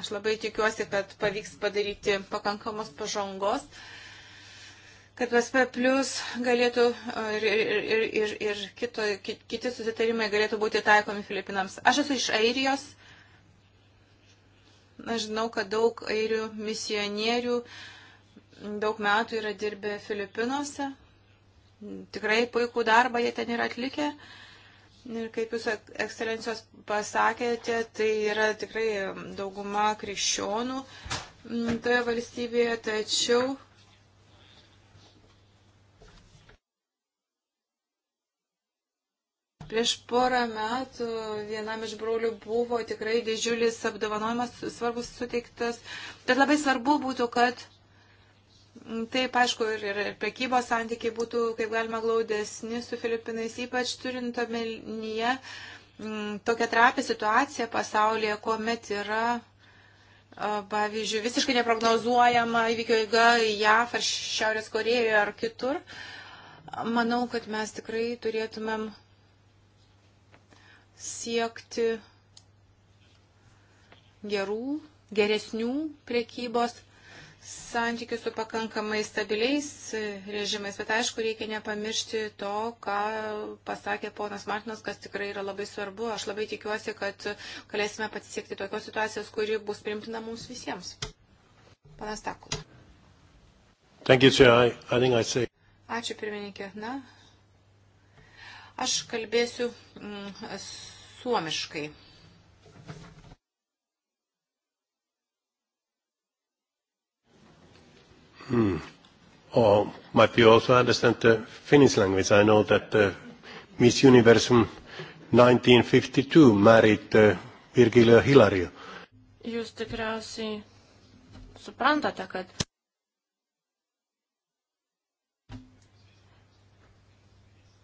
Aš labai tikiuosi, kad pavyks padaryti pakankamos pažangos, kad VSP plus galėtų ir, ir, ir, ir kito, kiti susitarimai galėtų būti taikomi Filipinams. Aš esu iš Airijos. Aš žinau, kad daug airių misionierių daug metų yra dirbę Filipinuose. Tikrai puikų darbą jie ten yra atlikę. Uh, Ir kaip jūs, ekscelencijos, pasakėte, tai yra tikrai um, dauguma krikščionų mm, toje valstybėje, tačiau. Prieš porą metų vienam iš brolių buvo tikrai didžiulis apdovanojimas svarbus suteiktas. Tad labai svarbu būtų, kad Taip, aišku, ir, ir prekybos santykiai būtų kaip galima glaudesni su Filipinais, ypač turint omenyje mm, tokią trapę situaciją pasaulyje, kuomet yra, pavyzdžiui, visiškai neprognozuojama įvykio įga JAF ar Šiaurės Korejoje ar kitur. Manau, kad mes tikrai turėtumėm siekti gerų, geresnių prekybos santykių su pakankamai stabiliais režimais, bet aišku, reikia nepamiršti to, ką pasakė ponas Martinas, kas tikrai yra labai svarbu. Aš labai tikiuosi, kad galėsime patisiekti tokios situacijos, kuri bus primtina mums visiems. Panas Takula. Ačiū pirmininkė. Na, aš kalbėsiu mm, suomiškai. Mm. Or oh, might you also understand the Finnish language? I know that uh, Miss Universe 1952 married uh, Virgilio Hilario. Jūs tikriausiai suprantate, kad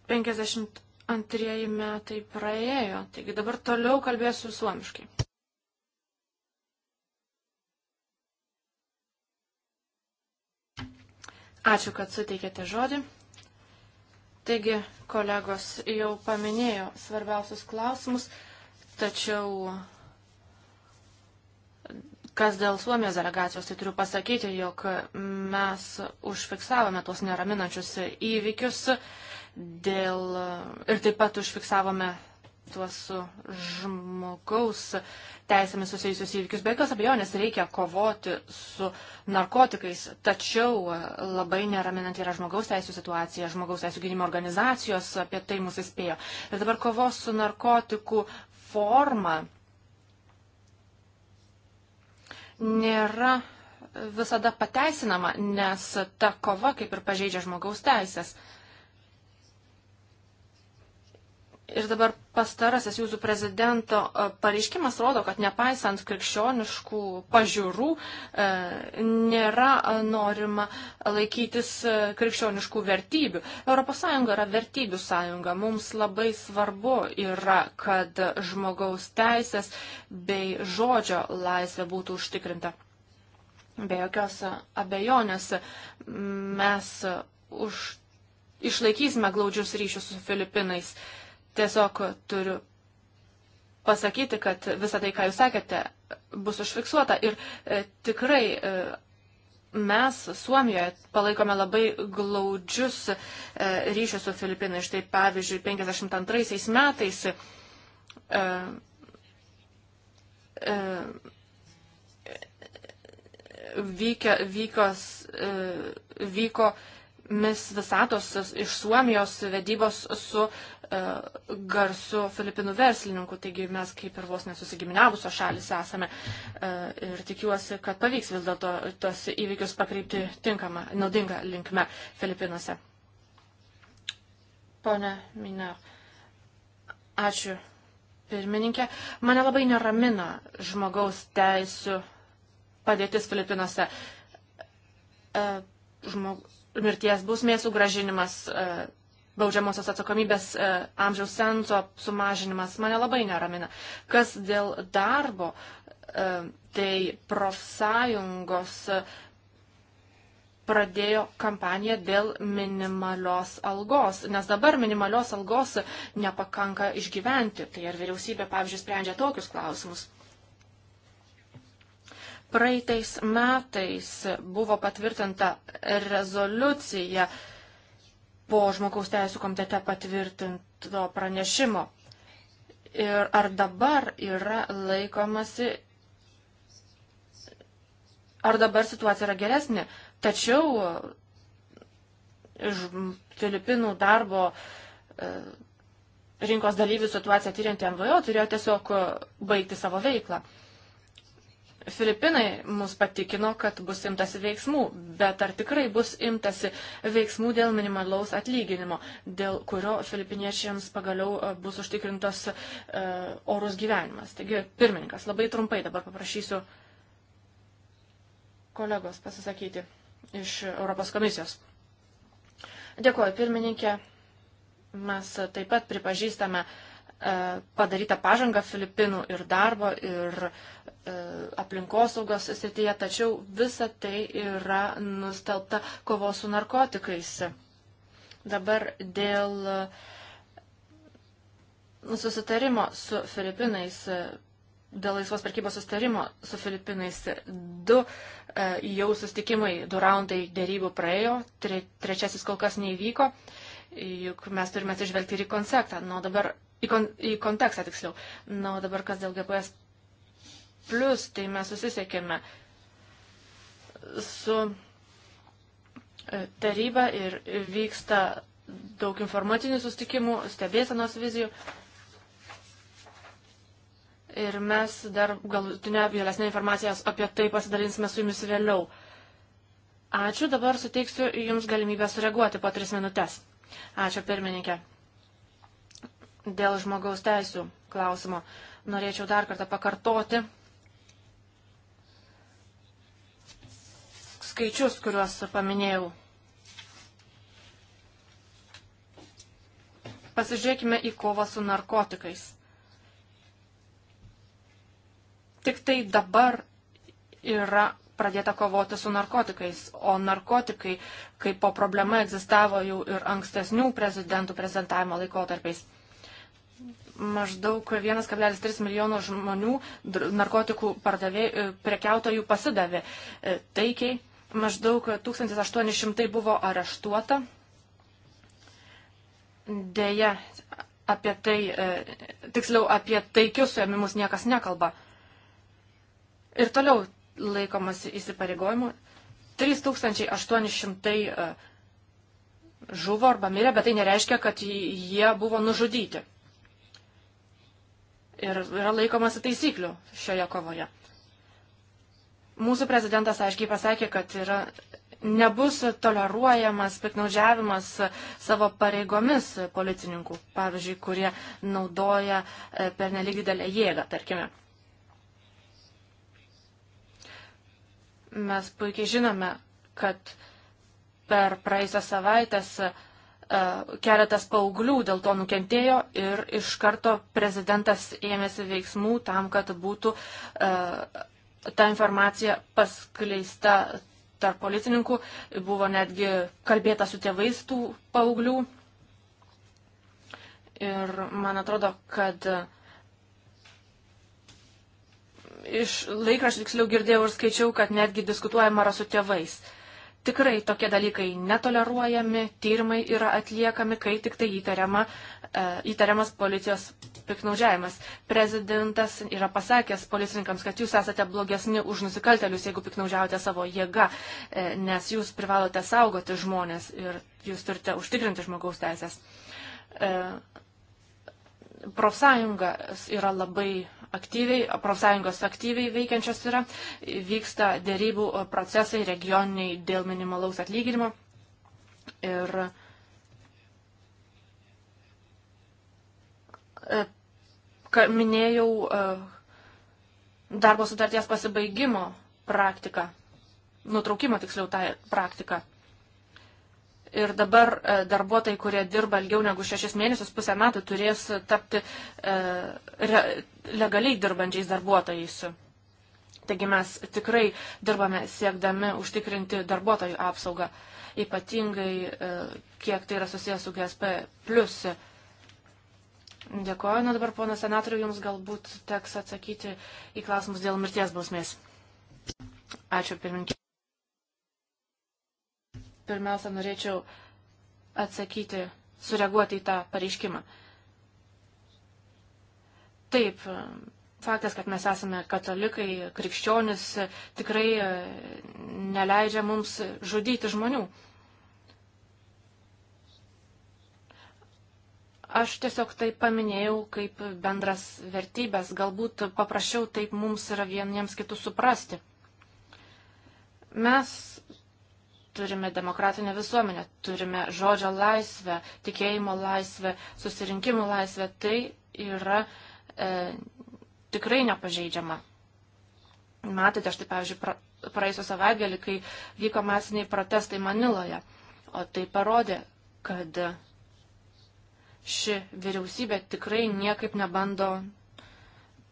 penkiasdešimt antrieji metai praėjo, taigi dabar toliau kalbėsiu suomiškai. Ačiū, kad suteikėte žodį. Taigi, kolegos jau paminėjo svarbiausius klausimus, tačiau Kas dėl Suomijos delegacijos, tai turiu pasakyti, jog mes užfiksavome tuos neraminančius įvykius dėl, ir taip pat užfiksavome tuos žmogaus teisėmis susijusius įvykius. Be jokios abejonės reikia kovoti su narkotikais, tačiau e, labai neraminant yra žmogaus teisų situacija, žmogaus teisų gynimo organizacijos apie tai mus įspėjo. Ir dabar kovos su narkotikų forma nėra visada pateisinama, nes ta kova kaip ir pažeidžia žmogaus teisės. Ir dabar pastarasis jūsų prezidento e, pareiškimas rodo, kad nepaisant krikščioniškų pažiūrų, e, nėra e, norima laikytis krikščioniškų vertybių. ES yra vertybių sąjunga. Mums labai svarbu yra, kad žmogaus teisės bei žodžio laisvė būtų užtikrinta. Be jokios abejonės mes už, išlaikysime glaudžius ryšius su Filipinais. Uh, Tiesiog turiu pasakyti, kad visą tai, ką jūs sakėte, bus užfiksuota. Ir e, tikrai e, mes Suomijoje palaikome labai glaudžius e, ryšius su Filipinai. Štai pavyzdžiui, 52 metais e, e, vykia, vykos, e, vyko mis visatos iš Suomijos vedybos su E, garsu Filipinų verslininkų, taigi mes kaip ir vos nesusigiminiavusios šalis esame e, ir tikiuosi, kad pavyks vis dėlto tos įvykius pakreipti tinkamą, naudingą linkmę Filipinuose. Pone Minau, ačiū pirmininkė. Mane labai neramina žmogaus teisų padėtis Filipinuose. E, žmog... Mirties bausmės sugražinimas baudžiamosios atsakomybės e, amžiaus senso sumažinimas mane labai neramina. Kas dėl darbo, e, tai profsąjungos pradėjo kampaniją dėl minimalios algos, nes dabar minimalios algos nepakanka išgyventi. Tai ar vyriausybė, pavyzdžiui, sprendžia tokius klausimus? Praeitais metais buvo patvirtinta rezoliucija, po žmogaus teisų komitete patvirtinto pranešimo. Ir ar dabar yra laikomasi, ar dabar situacija yra geresnė. Tačiau iš Filipinų darbo e, rinkos dalyvių situaciją tyriantį NVO turėjo tiesiog baigti savo veiklą. Filipinai mus patikino, kad bus imtasi veiksmų, bet ar tikrai bus imtasi veiksmų dėl minimalaus atlyginimo, dėl kurio filipiniečiams pagaliau e, bus užtikrintas e, orus gyvenimas. Taigi, pirmininkas, labai trumpai dabar paprašysiu kolegos pasisakyti iš Europos komisijos. Dėkuoju, pirmininkė. Mes taip pat pripažįstame e, padarytą pažangą Filipinų ir darbo ir uh, E, aplinkosaugos srityje, tačiau visa tai yra nustelta kovos su narkotikais. Dabar dėl e, susitarimo su Filipinais, e, dėl laisvos prekybos susitarimo su Filipinais, du jau sustikimai, du raundai dėrybų praėjo, tre, trečiasis kol kas neįvyko, juk mes turime atsižvelgti ir į konceptą. Nu, dabar į, kon, į kontekstą tiksliau. Na, o dabar kas dėl GPS plus, tai mes susisiekėme su e, taryba ir vyksta daug informacinių sustikimų, stebėsenos vizijų. Ir mes dar galutinę vėlesnę informaciją apie tai pasidalinsime su jumis vėliau. Ačiū, dabar suteiksiu Jums galimybę sureaguoti po tris minutės. Ačiū, pirmininkė. Dėl žmogaus teisų klausimo norėčiau dar kartą pakartoti, skaičius, kuriuos paminėjau. Pasižiūrėkime į kovą su narkotikais. Tik tai dabar yra pradėta kovoti su narkotikais, o narkotikai kaip po problema egzistavo jau ir ankstesnių prezidentų prezentavimo laikotarpiais. Maždaug 1,3 milijono žmonių narkotikų pardavė, prekiautojų pasidavė e, taikiai maždaug 1800 buvo areštuota. Deja, apie tai, e, tiksliau, apie taikius suėmimus niekas nekalba. Ir toliau laikomasi įsipareigojimų. 3800 e, žuvo arba mirė, bet tai nereiškia, kad jie buvo nužudyti. Ir yra laikomasi taisyklių šioje kovoje. Mūsų prezidentas aiškiai pasakė, kad yra, nebus toleruojamas piknaudžiavimas savo pareigomis policininkų, pavyzdžiui, kurie naudoja e, per nelik didelę jėgą, tarkime. Mes puikiai žinome, kad per praeisą savaitęs e, keletas paauglių dėl to nukentėjo ir iš karto prezidentas ėmėsi veiksmų tam, kad būtų uh, ta informacija paskleista tarp policininkų, buvo netgi kalbėta su tėvais tų paauglių. Ir man atrodo, kad iš laikraščių tiksliau girdėjau ir skaičiau, kad netgi diskutuojama yra su tėvais. Uh, Tikrai tokie dalykai netoleruojami, tyrimai yra atliekami, kai tik tai įtariama, e, įtariamas policijos piknaudžiavimas. Prezidentas yra pasakęs policininkams, kad jūs esate blogesni už nusikaltelius, jeigu piknaudžiaujate savo jėgą, e, nes jūs privalote saugoti žmonės ir jūs turite užtikrinti žmogaus teisės. E, profsąjunga yra labai aktyviai, profsąjungos aktyviai veikiančios yra, vyksta dėrybų procesai regioniniai dėl minimalaus atlyginimo. Ir e, minėjau e, darbo sutarties pasibaigimo praktiką, nutraukimo tiksliau tą praktiką. Ir dabar e, darbuotojai, kurie dirba ilgiau negu šešis mėnesius, pusę metų, turės tapti, re, legaliai dirbančiais darbuotojais. Taigi mes tikrai dirbame siekdami užtikrinti darbuotojų apsaugą, ypatingai e, kiek tai yra susijęs su GSP. Plus. Dėkoju, na dabar, ponas senatoriu, jums galbūt teks atsakyti į klausimus dėl mirties bausmės. Ačiū, pirmininkė. Pirmiausia, norėčiau atsakyti, sureaguoti į tą pareiškimą. Uh, Taip, faktas, kad mes esame katalikai, krikščionis, tikrai e, neleidžia mums žudyti žmonių. Aš tiesiog tai paminėjau kaip bendras vertybės, galbūt paprasčiau taip mums yra vieniems kitus suprasti. Mes turime demokratinę visuomenę, turime žodžio laisvę, tikėjimo laisvę, susirinkimų laisvę. Tai yra uh, e, tikrai nepažeidžiama. Matote, štai, pavyzdžiui, pra, praėjusią savaitgalį, kai vyko masiniai protestai Maniloje, o tai parodė, kad ši vyriausybė tikrai niekaip nebando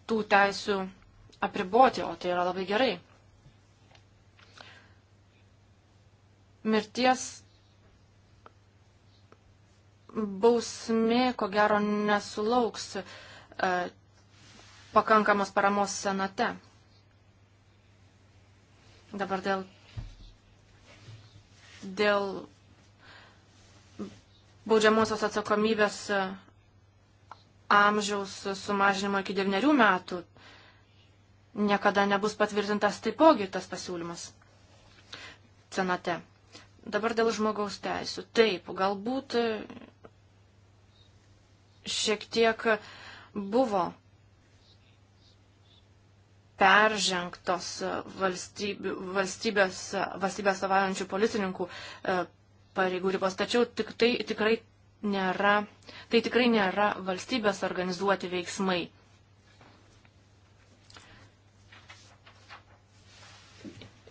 tų teisių apriboti, o tai yra labai gerai. Mirties bausmė, ko gero, nesulauks E, pakankamos paramos senate. Dabar dėl, dėl baudžiamosios atsakomybės e, amžiaus sumažinimo iki 9 metų niekada nebus patvirtintas taipogi tas pasiūlymas senate. Dabar dėl žmogaus teisų. Taip, galbūt e, šiek tiek uh, buvo peržengtos valstybių, valstybės, valstybės savaujančių policininkų e, pareigų ribos. Tačiau tik tai, tikrai nėra, tai tikrai nėra valstybės organizuoti veiksmai.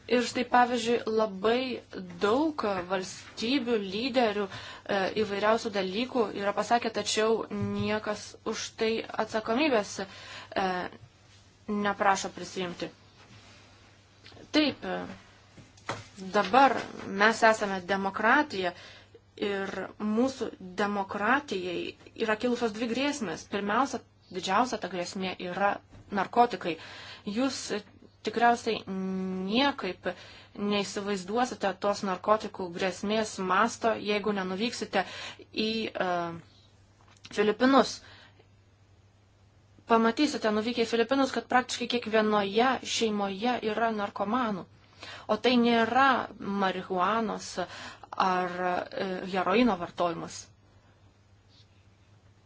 Ir štai pavyzdžiui, labai daug valstybių, lyderių e, įvairiausių dalykų yra pasakę, tačiau niekas už tai atsakomybės e, neprašo prisijimti. Taip, e, dabar mes esame demokratija ir mūsų demokratijai yra kilusios dvi grėsmės. Pirmiausia, didžiausia ta grėsmė yra narkotikai. Jūs tikriausiai niekaip neįsivaizduosite tos narkotikų grėsmės masto, jeigu nenuvyksite į uh, Filipinus. Pamatysite, nuvykę į Filipinus, kad praktiškai kiekvienoje šeimoje yra narkomanų. O tai nėra marihuanos ar uh, heroino vartojimas.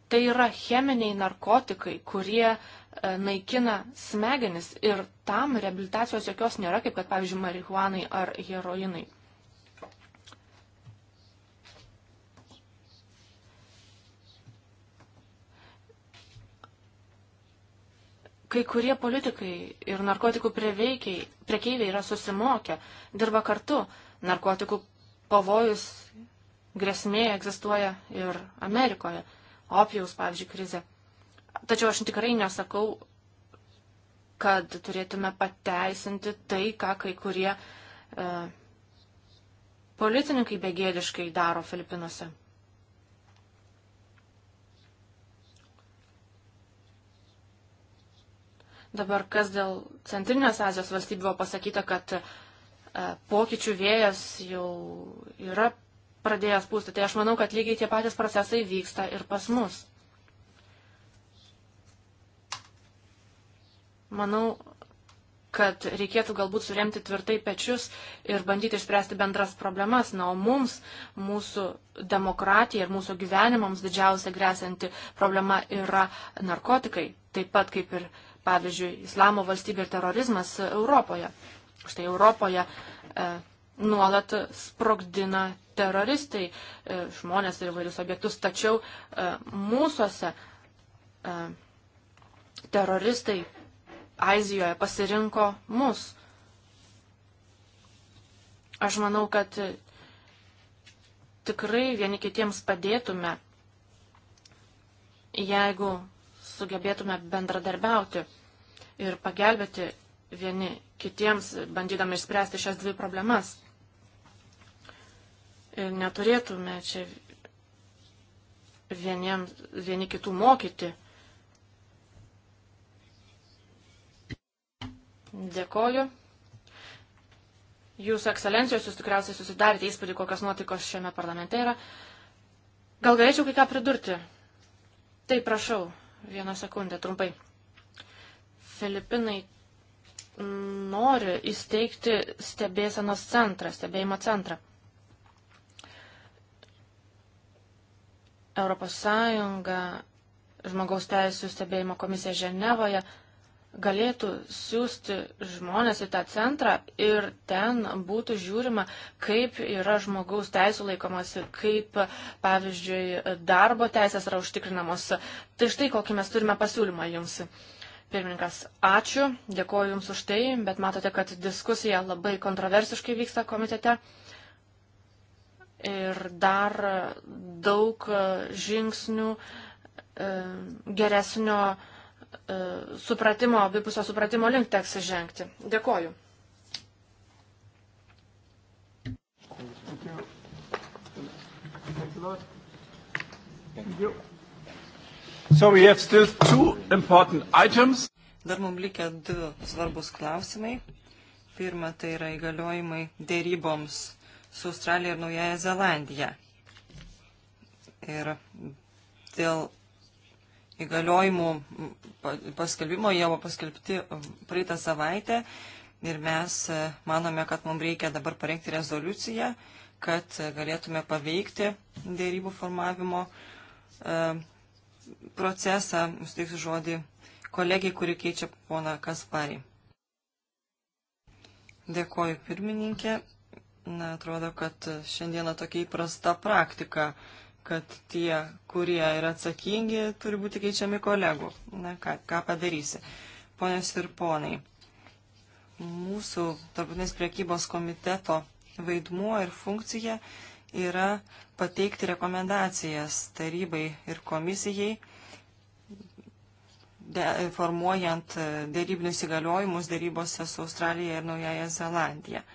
Tai yra cheminiai narkotikai, kurie E, naikina smegenis ir tam reabilitacijos jokios nėra, kaip kad, pavyzdžiui, marihuanai ar heroinai. Kai kurie politikai ir narkotikų priekeiviai yra susimokę, dirba kartu. Narkotikų pavojus grėsmė egzistuoja ir Amerikoje. Opijaus, pavyzdžiui, krize. Tačiau aš tikrai nesakau, kad turėtume pateisinti tai, ką kai kurie e, policininkai begėdiškai daro Filipinuose. Dabar kas dėl Centrinės Azijos valstybių buvo pasakyta, kad e, pokyčių vėjas jau yra pradėjęs pūsti, tai aš manau, kad lygiai tie patys procesai vyksta ir pas mus. Manau, kad reikėtų galbūt suremti tvirtai pečius ir bandyti išspręsti bendras problemas. Na, o mums, mūsų demokratija ir mūsų gyvenimams didžiausia grėsianti problema yra narkotikai, taip pat kaip ir, pavyzdžiui, islamo valstybė ir terorizmas Europoje. Štai Europoje e, nuolat sprogdina teroristai e, žmonės ir įvairius objektus, tačiau e, mūsųse e, teroristai Azijoje pasirinko mus. Aš manau, kad tikrai vieni kitiems padėtume, jeigu sugebėtume bendradarbiauti ir pagelbėti vieni kitiems, bandydami išspręsti šias dvi problemas. Ir neturėtume čia vieniems, vieni kitų mokyti Dėkoju. Jūsų ekscelencijos, jūs tikriausiai susidarėte įspūdį, kokios nuotaikos šiame parlamente yra. Gal galėčiau kai ką pridurti? Tai prašau, vieną sekundę trumpai. Filipinai nori įsteigti stebėsenos centrą, stebėjimo centrą. Europos Sąjunga, žmogaus teisų stebėjimo komisija Ženevoje galėtų siūsti žmonės į tą centrą ir ten būtų žiūrima, kaip yra žmogaus teisų laikomasi, kaip, pavyzdžiui, darbo teisės yra užtikrinamos. Tai štai kokį mes turime pasiūlymą jums. Pirmininkas, ačiū, dėkoju Jums už tai, bet matote, kad diskusija labai kontroversiškai vyksta komitete. Ir dar daug žingsnių e, geresnio E, supratimo, abipusio supratimo link teks žengti. Dėkoju. Thank you. Thank you, Lord. Thank you. So we have still two important items. Dar mums likę du svarbus klausimai. Pirma, tai yra įgaliojimai dėryboms su Australija ir Naujaja Zelandija. Ir dėl įgaliojimų mm, paskelbimo, jie buvo paskelbti mm, praeitą savaitę ir mes e, manome, kad mums reikia dabar parengti rezoliuciją, kad e, galėtume paveikti dėrybų formavimo e, procesą. Suteiksiu žodį kolegiai, kuri keičia poną Kasparį. Dėkoju pirmininkė. Na, atrodo, kad šiandieną tokia įprasta praktika. Uh, kad tie, kurie yra atsakingi, turi būti keičiami kolegų. Na, ką, ką padarysi. Ponės ir ponai, mūsų tarptautinės priekybos komiteto vaidmuo ir funkcija yra pateikti rekomendacijas tarybai ir komisijai, de, formuojant dėrybinius įgaliojimus dėrybose su Australija ir Naujaja Zelandija.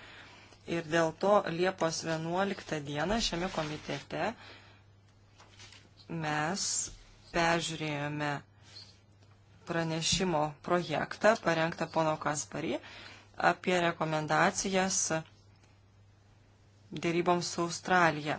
Ir dėl to Liepos 11 dieną šiame komitete mes peržiūrėjome pranešimo projektą, parengtą pono Kasparį, apie rekomendacijas dėryboms su Australija.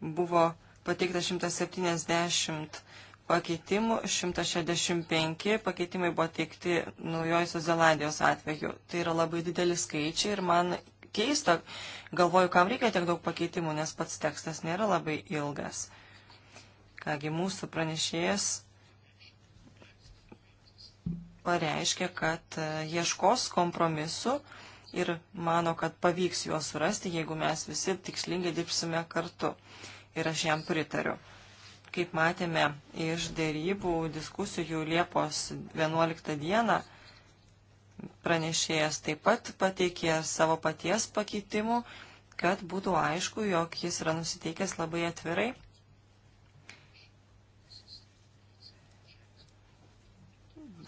Buvo pateikta 170 pakeitimų, 165 pakeitimai buvo teikti Naujojosios Zelandijos atveju. Tai yra labai dideli skaičiai ir man keista, galvoju, kam reikia tiek daug pakeitimų, nes pats tekstas nėra labai ilgas. Kągi mūsų pranešėjas pareiškė, kad e, ieškos kompromisu ir mano, kad pavyks juos surasti, jeigu mes visi tikslingai dirbsime kartu. Ir aš jam pritariu. Kaip matėme iš dėrybų diskusijų Liepos 11 dieną, Pranešėjas taip pat pateikė savo paties pakeitimų, kad būtų aišku, jog jis yra nusiteikęs labai atvirai.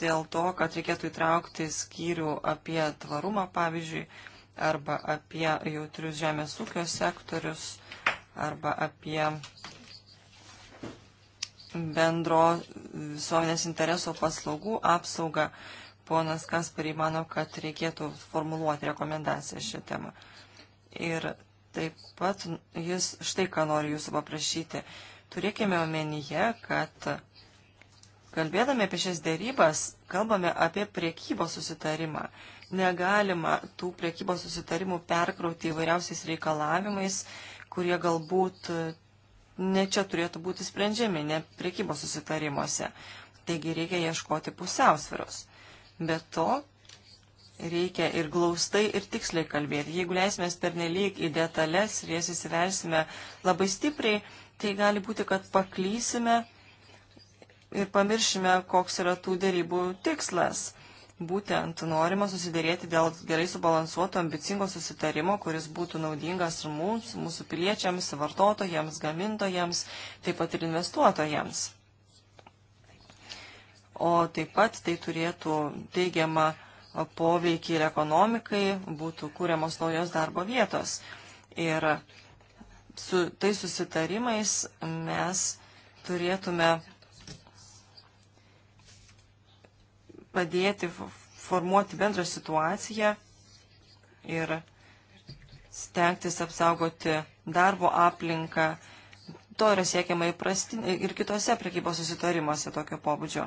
Dėl to, kad reikėtų įtraukti skyrių apie tvarumą, pavyzdžiui, arba apie jautrius žemės ūkio sektorius, arba apie bendro visuomenės intereso paslaugų apsaugą ponas Kasparį mano, kad reikėtų formuluoti rekomendaciją šią temą. Ir taip pat jis štai ką nori jūsų paprašyti. Turėkime omenyje, kad kalbėdami apie šias dėrybas, kalbame apie priekybos susitarimą. Negalima tų priekybos susitarimų perkrauti įvairiausiais reikalavimais, kurie galbūt ne čia turėtų būti sprendžiami, ne priekybos susitarimuose. Taigi reikia ieškoti pusiausviros. Be to, reikia ir glaustai, ir tiksliai kalbėti. Jeigu leisimės pernelyg į detalės ir jas įsiversime labai stipriai, tai gali būti, kad paklysime ir pamiršime, koks yra tų dėrybų tikslas. Būtent norima susidėrėti dėl gerai subalansuoto, ambicingo susitarimo, kuris būtų naudingas ir mums, mūsų piliečiams, vartotojams, gamintojams, taip pat ir investuotojams o taip pat tai turėtų teigiamą poveikį ir ekonomikai, būtų kūriamos naujos darbo vietos. Ir su tai susitarimais mes turėtume padėti formuoti bendrą situaciją ir stengtis apsaugoti darbo aplinką. To yra siekiama įprastin, ir kitose prekybos susitarimuose tokio pobūdžio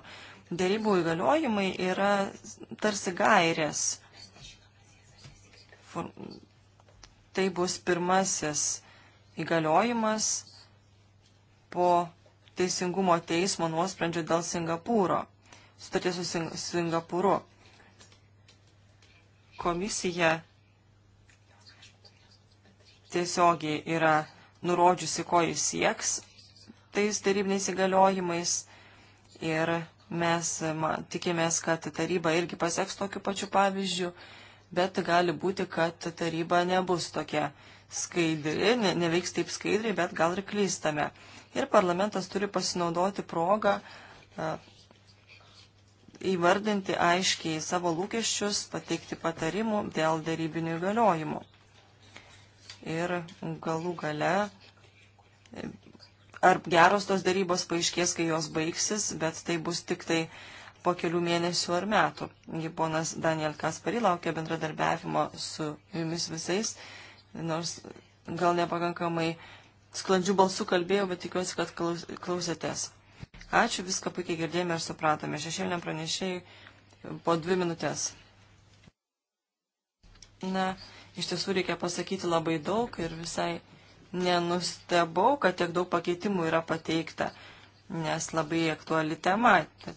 dėrybų įgaliojimai yra tarsi gairės. Tai bus pirmasis įgaliojimas po teisingumo teismo nuosprendžio dėl Singapūro, sutarties su Sing Singapūru. Komisija tiesiogiai yra nurodžiusi, ko jis sieks tais darybiniais įgaliojimais ir Mes tikimės, kad taryba irgi paseks tokiu pačiu pavyzdžiu, bet gali būti, kad taryba nebus tokia skaidri, ne, neveiks taip skaidriai, bet gal ir klystame. Ir parlamentas turi pasinaudoti progą įvardinti aiškiai savo lūkesčius, pateikti patarimų dėl dėrybinių įgaliojimų. Ir galų gale ar geros tos darybos paaiškės, kai jos baigsis, bet tai bus tik tai po kelių mėnesių ar metų. Ponas Daniel Kaspari laukia bendradarbiavimo su jumis visais, nors gal nepakankamai sklandžių balsų kalbėjau, bet tikiuosi, kad klausėtės. Ačiū, viską puikiai girdėjome ir supratome. Šešėlėm pranešėjai po dvi minutės. Na, iš tiesų reikia pasakyti labai daug ir visai nenustebau, kad tiek daug pakeitimų yra pateikta, nes labai aktuali tema.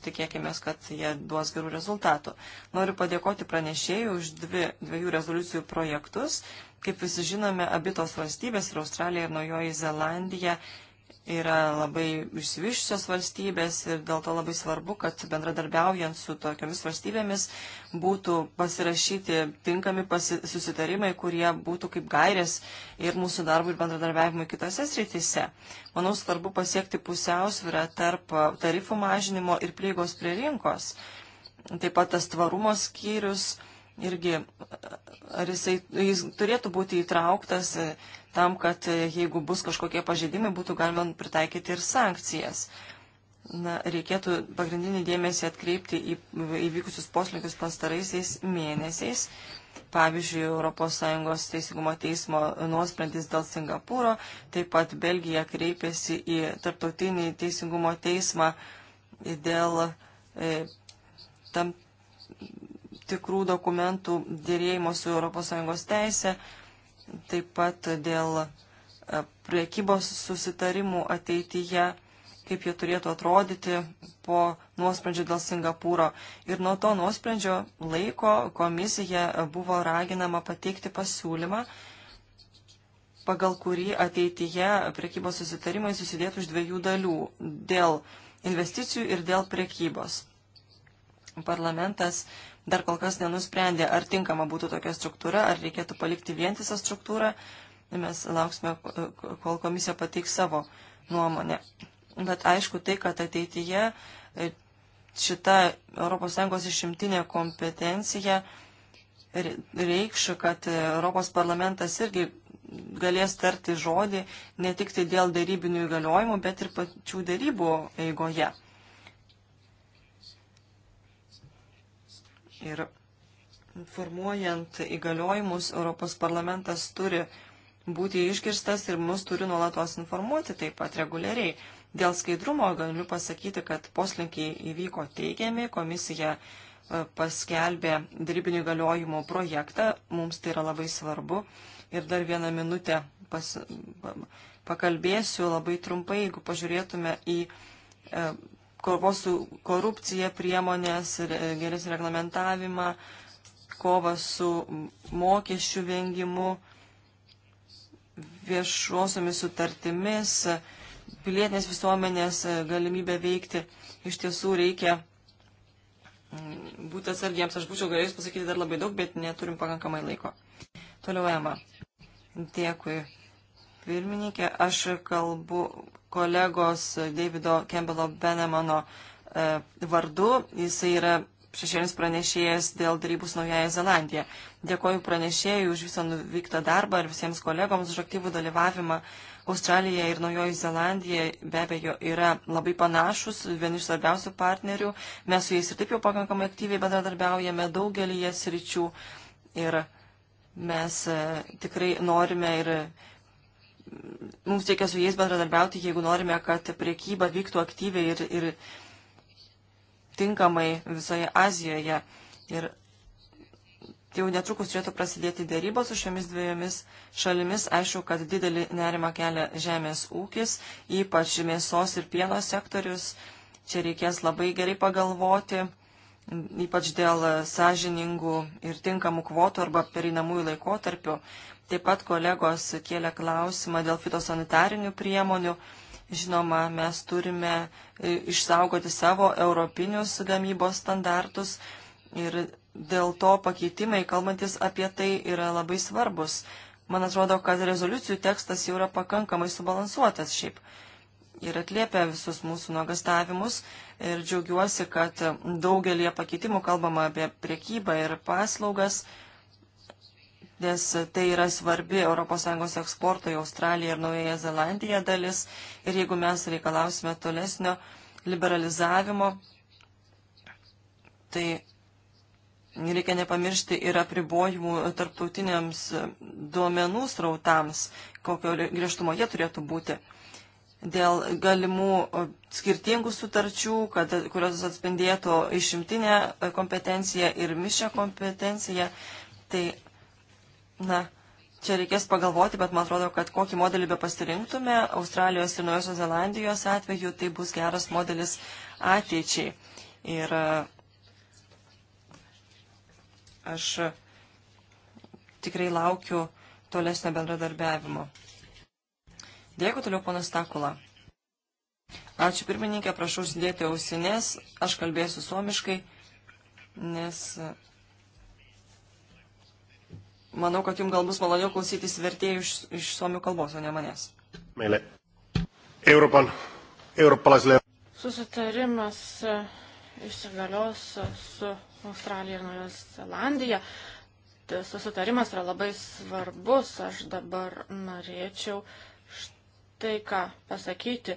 Tikėkime, kad jie duos gerų rezultatų. Noriu padėkoti pranešėjų už dvi, dviejų rezoliucijų projektus. Kaip visi žinome, abitos valstybės ir Australija ir Naujoji Zelandija yra labai išsivyšusios valstybės ir dėl to labai svarbu, kad bendradarbiaujant su tokiamis valstybėmis būtų pasirašyti tinkami pasi susitarimai, kurie būtų kaip gairės ir mūsų darbui ir bendradarbiavimui kitose srityse. Manau, svarbu pasiekti pusiausvyrą tarp tarifų mažinimo ir prieigos prie rinkos. Taip pat tas tvarumo skyrius irgi, ar jisai, jis turėtų būti įtrauktas e, tam, kad e, jeigu bus kažkokie pažeidimai, būtų galima pritaikyti ir sankcijas. Na, reikėtų pagrindinį dėmesį atkreipti į įvykusius poslinkius pastaraisiais mėnesiais. Pavyzdžiui, ES Teisingumo teismo nuosprendis dėl Singapūro, taip pat Belgija kreipėsi į Tarptautinį Teisingumo teismą dėl e, tam tikrų dokumentų dėrėjimo su ES teisė, taip pat dėl e, priekybos susitarimų ateityje, kaip jie turėtų atrodyti po nuosprendžio dėl Singapūro. Ir nuo to nuosprendžio laiko komisija buvo raginama pateikti pasiūlymą, pagal kurį ateityje priekybos susitarimai susidėtų iš dviejų dalių - dėl investicijų ir dėl priekybos. Parlamentas dar kol kas nenusprendė, ar tinkama būtų tokia struktūra, ar reikėtų palikti vientisą struktūrą. Mes lauksime, kol komisija pateiks savo nuomonę. Bet aišku, tai, kad ateityje e, šita ES išimtinė kompetencija reikš, kad Europos parlamentas irgi galės tarti žodį ne tik tai dėl darybinių įgaliojimų, bet ir pačių darybų eigoje. Ir formuojant įgaliojimus, Europos parlamentas turi būti išgirstas ir mus turi nuolatos informuoti taip pat reguliariai. Dėl skaidrumo galiu pasakyti, kad poslinkiai įvyko teigiami, komisija e, paskelbė dirbinių galiojimo projektą, mums tai yra labai svarbu. Ir dar vieną minutę pas, pakalbėsiu labai trumpai, jeigu pažiūrėtume į e, kovos su korupcija priemonės, geresnį reglamentavimą, kovą su mokesčių vengimu, viešuosiomis sutartimis, pilietinės visuomenės e, galimybę veikti. Iš tiesų reikia mm, būti atsargiems. Aš būčiau galėjus pasakyti dar labai daug, bet neturim pakankamai laiko. Toliau Ema. Dėkui. Pirmininkė, aš kalbu kolegos Davido Campbello Benemano e, vardu. Jisai yra šešėlis pranešėjas dėl darybų su Naujaja Zelandija. Dėkoju pranešėjui už visą nuvyktą darbą ir visiems kolegoms už aktyvų dalyvavimą. Australija ir Naujoji Zelandija be abejo yra labai panašus, vieni iš svarbiausių partnerių. Mes su jais ir taip jau pakankamai aktyviai bendradarbiaujame daugelį jie sričių ir mes e, tikrai norime ir mums reikia su jais bendradarbiauti, jeigu norime, kad priekyba vyktų aktyviai ir, ir tinkamai visoje Azijoje. Ir jau netrukus turėtų prasidėti dėrybos su šiomis dviejomis šalimis. Aišku, kad didelį nerimą kelia žemės ūkis, ypač mėsos ir pieno sektorius. Čia reikės labai gerai pagalvoti, ypač dėl sąžiningų ir tinkamų kvotų arba pereinamųjų laikotarpių. Taip pat kolegos kėlė klausimą dėl fitosanitarinių priemonių. Žinoma, mes turime e, išsaugoti savo europinius gamybos standartus ir dėl to pakeitimai, kalbantis apie tai, yra labai svarbus. Man atrodo, kad rezoliucijų tekstas jau yra pakankamai subalansuotas šiaip ir atliepia visus mūsų nuogastavimus. Ir džiaugiuosi, kad daugelie pakeitimų kalbama apie priekybą ir paslaugas nes tai yra svarbi ES eksporto į Australiją ir Naująją Zelandiją dalis. Ir jeigu mes reikalausime tolesnio liberalizavimo, tai reikia nepamiršti ir apribojimų tarptautiniams duomenų srautams, kokio griežtumo jie turėtų būti. Dėl galimų skirtingų sutarčių, kad, kurios atspindėtų išimtinę kompetenciją ir mišę kompetenciją, tai Na, čia reikės pagalvoti, bet man atrodo, kad kokį modelį be pasirinktume, Australijos ir Naujosios Zelandijos atveju tai bus geras modelis ateičiai. Ir e, aš tikrai laukiu tolesnio bendradarbiavimo. Dėkui toliau, ponas Takula. Ačiū pirmininkė, prašau užsidėti ausinės, aš kalbėsiu suomiškai, nes Manau, kad jums gal bus maloniau klausytis vertėjų iš, iš suomių kalbos, o ne manęs. Meilė. Europan, europalaisille. Susitarimas įsigalios e, su Australija ir Naujoje Zelandija. Susitarimas yra labai svarbus. Aš dabar norėčiau uh, tai, ką pasakyti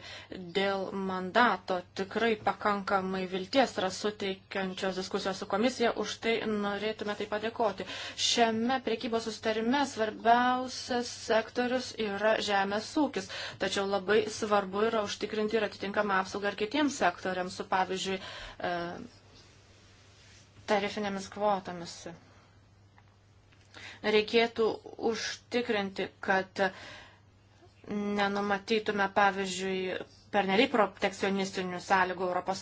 dėl mandato, tikrai pakankamai vilties yra suteikiančios diskusijos su komisija, už tai norėtume tai padėkoti. Šiame priekybos sustarime svarbiausias sektorius yra žemės ūkis, tačiau labai svarbu yra užtikrinti ir atitinkamą apsaugą ir kitiems sektoriams, su pavyzdžiui e, tarifinėmis kvotomis. Reikėtų užtikrinti, kad nenumatytume, pavyzdžiui, pernelyg protekcionistinių sąlygų ES.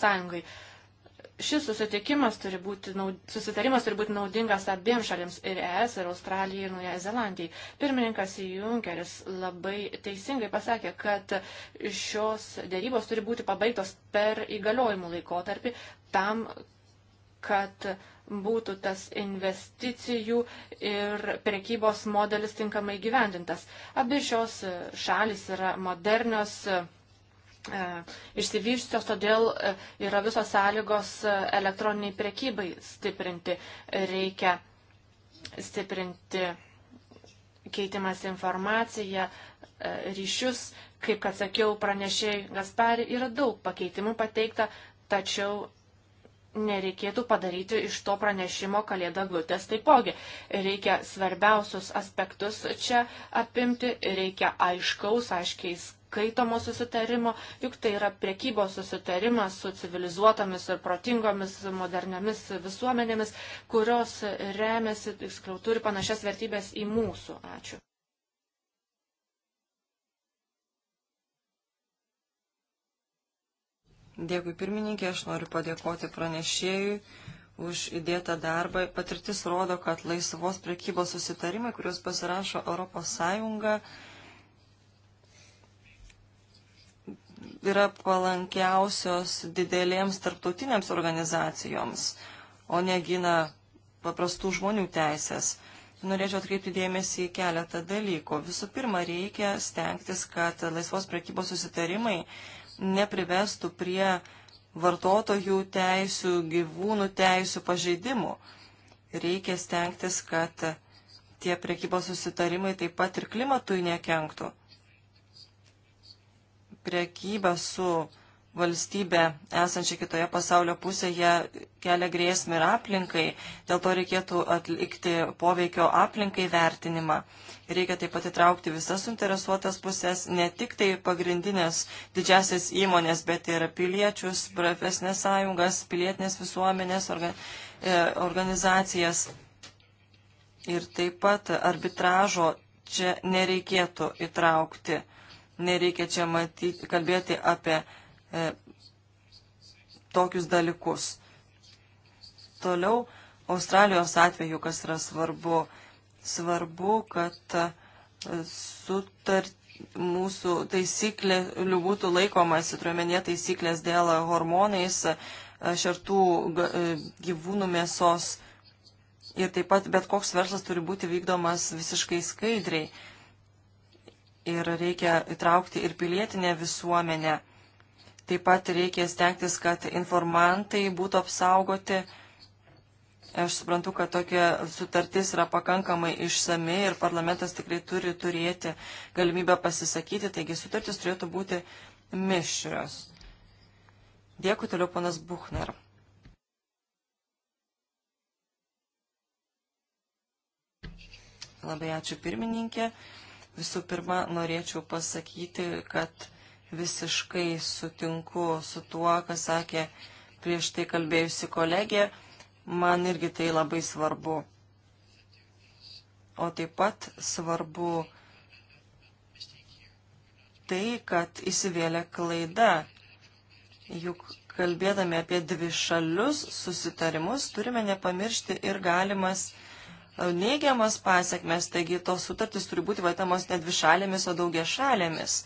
Šis susitikimas turi būti, susitarimas turi būti naudingas abiems šalims ir ES, ir Australijai, ir Naujai Zelandijai. Pirmininkas Junkeris labai teisingai pasakė, kad šios dėrybos turi būti pabaigtos per įgaliojimų laikotarpį tam, kad būtų tas investicijų ir prekybos modelis tinkamai gyvendintas. Abi šios šalis yra modernios, e, išsivyščios, todėl e, yra visos sąlygos e, elektroniniai prekybai stiprinti. Reikia stiprinti keitimas informaciją, e, ryšius. Kaip, kad sakiau, pranešiai Gaspari yra daug pakeitimų pateikta, tačiau nereikėtų padaryti iš to pranešimo kalėda glutės taipogi. Reikia svarbiausius aspektus čia apimti, reikia aiškaus, aiškiai skaitomo susitarimo, juk tai yra priekybos susitarimas su civilizuotomis ir protingomis moderniamis visuomenėmis, kurios remiasi, tiksliau, turi panašias vertybės į mūsų. Ačiū. Dėkui pirmininkė, aš noriu padėkoti pranešėjui už įdėtą darbą. Patirtis rodo, kad laisvos prekybos susitarimai, kuriuos pasirašo Europos Sąjunga, yra palankiausios didelėms tarptautinėms organizacijoms, o negina paprastų žmonių teisės. Norėčiau atkreipti dėmesį į keletą dalykų. Visų pirma, reikia stengtis, kad laisvos prekybos susitarimai neprivestų prie vartotojų teisių, gyvūnų teisių pažeidimų. Reikia stengtis, kad tie priekybos susitarimai taip pat ir klimatui nekenktų. Priekyba su valstybę esančią kitoje pasaulio pusėje kelia grėsmę ir aplinkai, dėl to reikėtų atlikti poveikio aplinkai vertinimą. Reikia taip pat įtraukti visas suinteresuotas pusės, ne tik tai pagrindinės didžiasias įmonės, bet ir piliečius, profesinės sąjungas, pilietinės visuomenės orga, e, organizacijas. Ir taip pat arbitražo čia nereikėtų įtraukti. Nereikia čia matyti, kalbėti apie e, tokius dalykus. Toliau Australijos atveju, kas yra svarbu, svarbu, kad e, sutart, mūsų taisyklių būtų laikomasi, turiuomenė taisyklės dėl hormonais, e, šartų e, gyvūnų mėsos ir taip pat bet koks verslas turi būti vykdomas visiškai skaidriai. Ir reikia įtraukti ir pilietinę visuomenę. Taip pat reikia stengtis, kad informantai būtų apsaugoti. Aš suprantu, kad tokia sutartis yra pakankamai išsami ir parlamentas tikrai turi turėti galimybę pasisakyti, taigi sutartis turėtų būti mišrios. Dėkui toliau, panas Buchner. Labai ačiū pirmininkė. Visų pirma, norėčiau pasakyti, kad visiškai sutinku su tuo, kas sakė prieš tai kalbėjusi kolegė. Man irgi tai labai svarbu. O taip pat svarbu tai, kad įsivėlė klaida. Juk kalbėdami apie dvi šalius susitarimus turime nepamiršti ir galimas e, neigiamas pasiekmes, taigi tos sutartys turi būti vadinamos ne dvi šalėmis, o daugia šalėmis.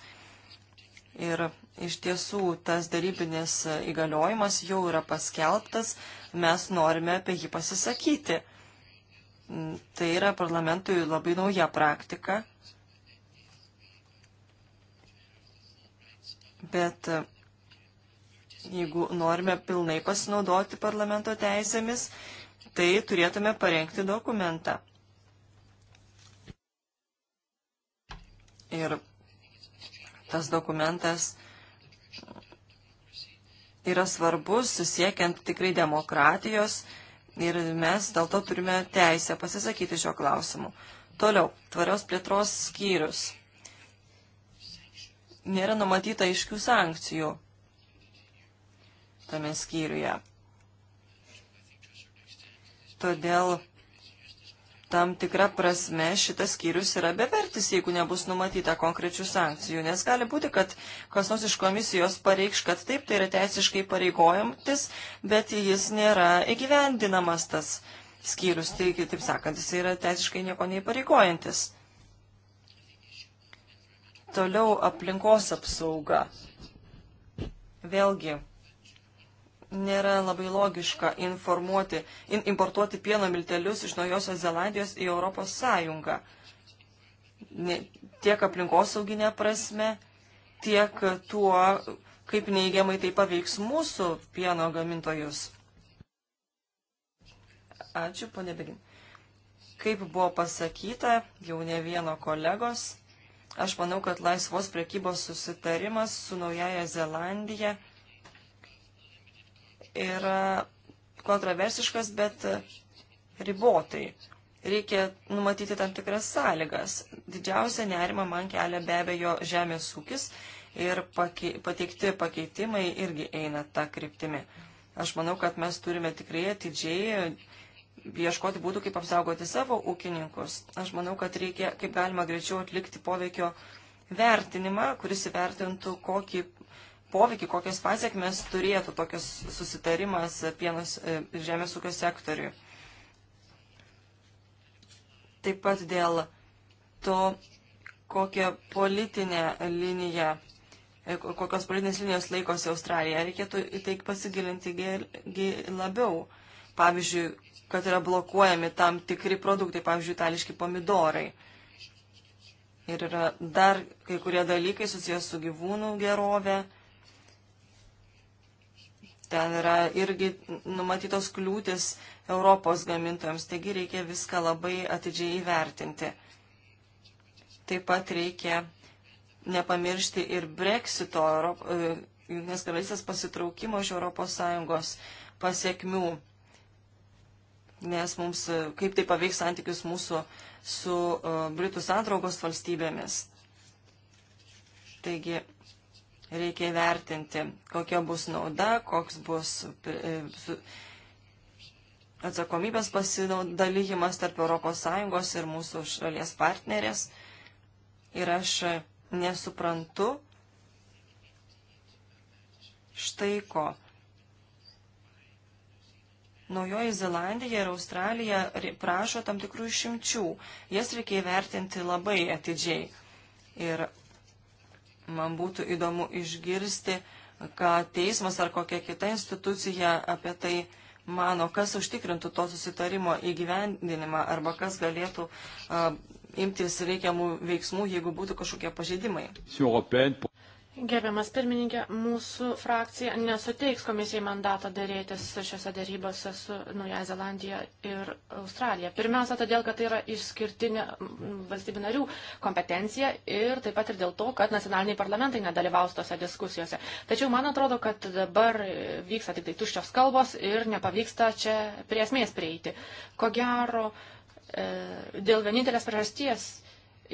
Ir iš tiesų tas darybinis įgaliojimas jau yra paskelbtas, mes norime apie jį pasisakyti. Mm, tai yra parlamentui labai nauja praktika. Bet e, jeigu norime pilnai pasinaudoti parlamento teisėmis, tai turėtume parengti dokumentą. Ir tas dokumentas yra svarbus, siekiant tikrai demokratijos ir mes dėl to turime teisę pasisakyti šio klausimu. Toliau, tvarios plėtros skyrius. Nėra numatyta aiškių sankcijų tame skyriuje. Todėl tam tikra prasme šitas skyrius yra bevertis, jeigu nebus numatyta konkrečių sankcijų, nes gali būti, kad kas nors iš komisijos pareikš, kad taip, tai yra teisiškai pareigojantis, bet jis nėra įgyvendinamas tas skyrius, tai kitaip sakant, jis yra teisiškai nieko neįpareigojantis. Toliau aplinkos apsauga. Vėlgi, nėra labai logiška informuoti, in, importuoti pieno miltelius iš Naujosios Zelandijos į Europos Sąjungą. Ne, tiek aplinkosauginė prasme, tiek tuo, kaip neįgiamai tai paveiks mūsų pieno gamintojus. Ačiū, ponė Begin. Kaip buvo pasakyta jau ne vieno kolegos, aš manau, kad laisvos prekybos susitarimas su Naujaja Zelandija – yra kontroversiškas, bet ribotai. Reikia numatyti tam tikras sąlygas. Didžiausia nerima man kelia be abejo žemės ūkis ir pakei, pateikti pakeitimai irgi eina tą kryptimį. Aš manau, kad mes turime tikrai atidžiai ieškoti būdų, kaip apsaugoti savo ūkininkus. Aš manau, kad reikia kaip galima greičiau atlikti poveikio vertinimą, kuris įvertintų, kokį poveikį, kokias pasiekmes turėtų tokias susitarimas pienos e, ir žemės ūkio sektoriui. Taip pat dėl to, kokią politinę liniją, e, kokios politinės linijos laikosi Australija. Reikėtų į tai pasigilinti labiau. Pavyzdžiui, kad yra blokuojami tam tikri produktai, pavyzdžiui, itališki pomidorai. Ir yra dar kai kurie dalykai susijęs su gyvūnų gerove Ten yra irgi numatytos kliūtis Europos gamintojams, taigi reikia viską labai atidžiai įvertinti. Taip pat reikia nepamiršti ir Brexito, e, Junktinės karalystės pasitraukimo iš ES pasiekmių, nes mums, e, kaip tai paveiks santykius mūsų su e, Britų santraugos valstybėmis. Taigi reikia vertinti, kokia bus nauda, koks bus e, atsakomybės pasidalyjimas tarp ES ir mūsų šalies partnerės. Ir aš nesuprantu štai ko. Naujoji Zelandija ir Australija prašo tam tikrų išimčių. Jas reikia įvertinti labai atidžiai. Ir Man būtų įdomu išgirsti, ką teismas ar kokia kita institucija apie tai mano, kas užtikrintų to susitarimo įgyvendinimą arba kas galėtų a, imtis reikiamų veiksmų, jeigu būtų kažkokie pažeidimai. Gerbiamas pirmininkė, mūsų frakcija nesuteiks komisijai mandato dėrėtis šiuose dėrybose su Nauja Zelandija ir Australija. Pirmiausia, todėl, kad tai yra išskirtinė valstybių narių kompetencija ir taip pat ir dėl to, kad nacionaliniai parlamentai nedalyvaus tose diskusijose. Tačiau man atrodo, kad dabar vyksta tik tai tuščios kalbos ir nepavyksta čia prie esmės prieiti. Ko gero, e, dėl vienintelės priežasties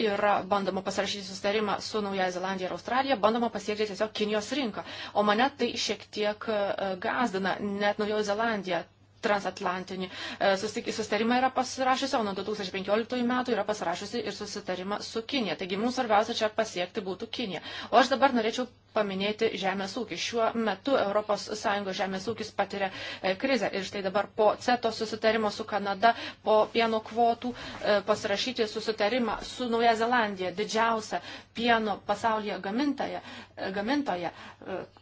yra bandoma pasirašyti sustarimą su Naujaja Zelandija ir Australija, bandoma pasiekti tiesiog Kinijos rinką. O mane tai šiek tiek e, gazdina, net Naujoji Zelandija transatlantinį e, susitarimą yra pasirašiusi, o nuo 2015 metų yra pasirašiusi ir susitarimą su Kinė. Taigi mums svarbiausia čia pasiekti būtų Kinė. O aš dabar norėčiau paminėti žemės ūkį. Šiuo metu ES žemės ūkis patiria e, krizę ir štai dabar po CETO susitarimo su Kanada, po pieno kvotų e, pasirašyti susitarimą su Nauja Zelandija, didžiausia pieno pasaulyje gamintoje, gamintoje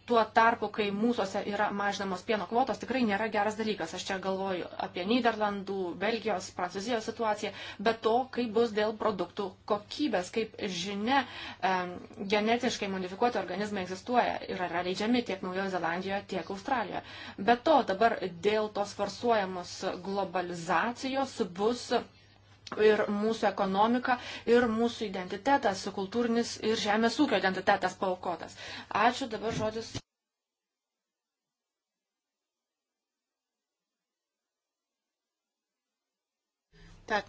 tuo tarpu, kai mūsųse yra mažinamos pieno kvotos, tikrai nėra geras dalykas. Aš čia čia galvoju apie Niderlandų, Belgijos, Prancūzijos situaciją, bet to, kaip bus dėl produktų kokybės, kaip žinia, genetiškai modifikuoti organizmai egzistuoja ir yra leidžiami tiek Naujojo Zelandijoje, tiek Australijoje. Bet to dabar dėl tos forsuojamos globalizacijos bus ir mūsų ekonomika, ir mūsų identitetas, kultūrinis ir žemės ūkio identitetas paukotas. Ačiū, dabar žodis Tad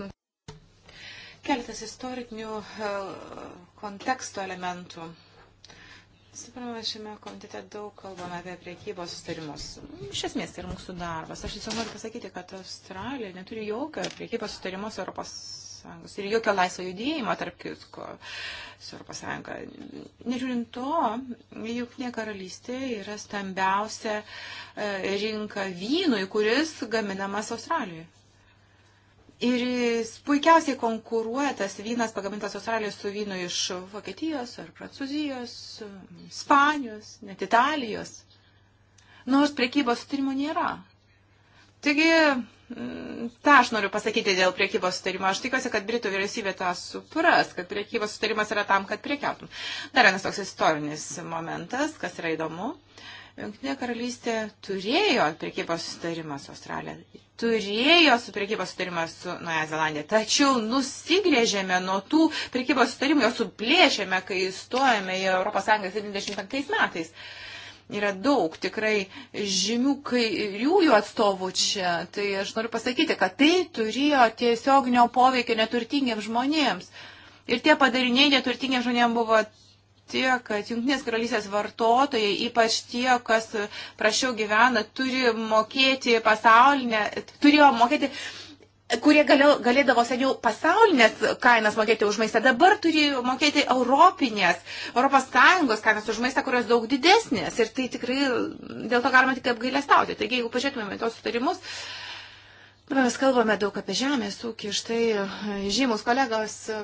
keletas istorinių e, konteksto elementų. Suprantama, šiame komitete daug kalbame apie priekybos sustarimus. Iš esmės tai yra mūsų darbas. Aš tiesiog noriu pasakyti, kad Australija neturi jokio priekybos sustarimo su Europos Sąjungos ir jokio laisvo judėjimo, tarp kitko, su Europos Sąjunga. Nežiūrint to, juknė karalystė yra stambiausia e, rinka vynui, kuris gaminamas Australijoje. Ir jis puikiausiai konkuruoja tas vynas pagamintas Australijos su vynu iš Vokietijos ar Prancūzijos, Ispanijos, net Italijos. Nors priekybos sutarimo nėra. Taigi, mm, tą aš noriu pasakyti dėl priekybos sutarimo. Aš tikiuosi, kad Britų vyriausybė tą supras, kad priekybos sutarimas yra tam, kad priekiautum. Dar vienas toks istorinis momentas, kas yra įdomu. Uh, Junktinė karalystė turėjo priekybos sustarimą su Australija, turėjo su priekybos sutarimą su Nuoja Zelandija, tačiau nusigrėžėme nuo tų priekybos sutarimų, jos suplėšėme, kai įstojame į ES 75 metais yra daug tikrai žymių kairiųjų atstovų čia. Tai aš noriu pasakyti, kad tai turėjo tiesioginio poveikio neturtingiems žmonėms. Ir tie padariniai neturtingiems žmonėms buvo tie, kad Junktinės karalystės vartotojai, ypač tie, kas prašiau gyvena, turi mokėti pasaulinę, turėjo mokėti kurie galėjo, galėdavo seniau pasaulinės kainas mokėti už maistą, dabar turi mokėti europinės, ES kainas už maistą, kurios daug didesnės. Ir tai tikrai dėl to galima tik apgailestauti. Taigi, jeigu pažiūrėtumėme tos sutarimus, uh, Mes kalbame daug apie žemės ūkį, štai e, žymus kolegos e,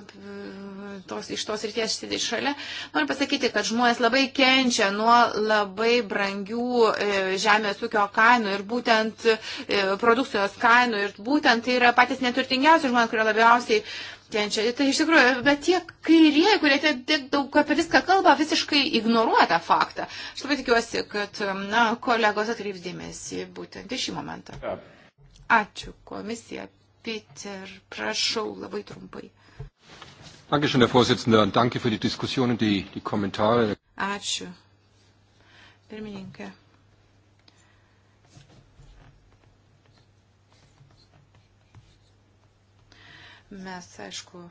tos, iš tos ryties sėdi šalia. Noriu pasakyti, kad žmonės labai kenčia nuo labai brangių e, žemės ūkio kainų ir būtent produkcijos kainų ir būtent tai yra patys neturtingiausi žmonės, kurie labiausiai kenčia. Tai iš tikrųjų, bet tie kairieji, kurie tiek daug apie viską kalba, visiškai ignoruoja tą faktą. Aš labai tikiuosi, kad na, kolegos atkreips dėmesį būtent į šį momentą. Ja. Ačiū komisija. Peter, prašau labai trumpai. Dankeschön, Herr Vorsitzender, und danke für die Diskussion und die, die Kommentare. Ačiū. Pirmininkė. Mes, aišku,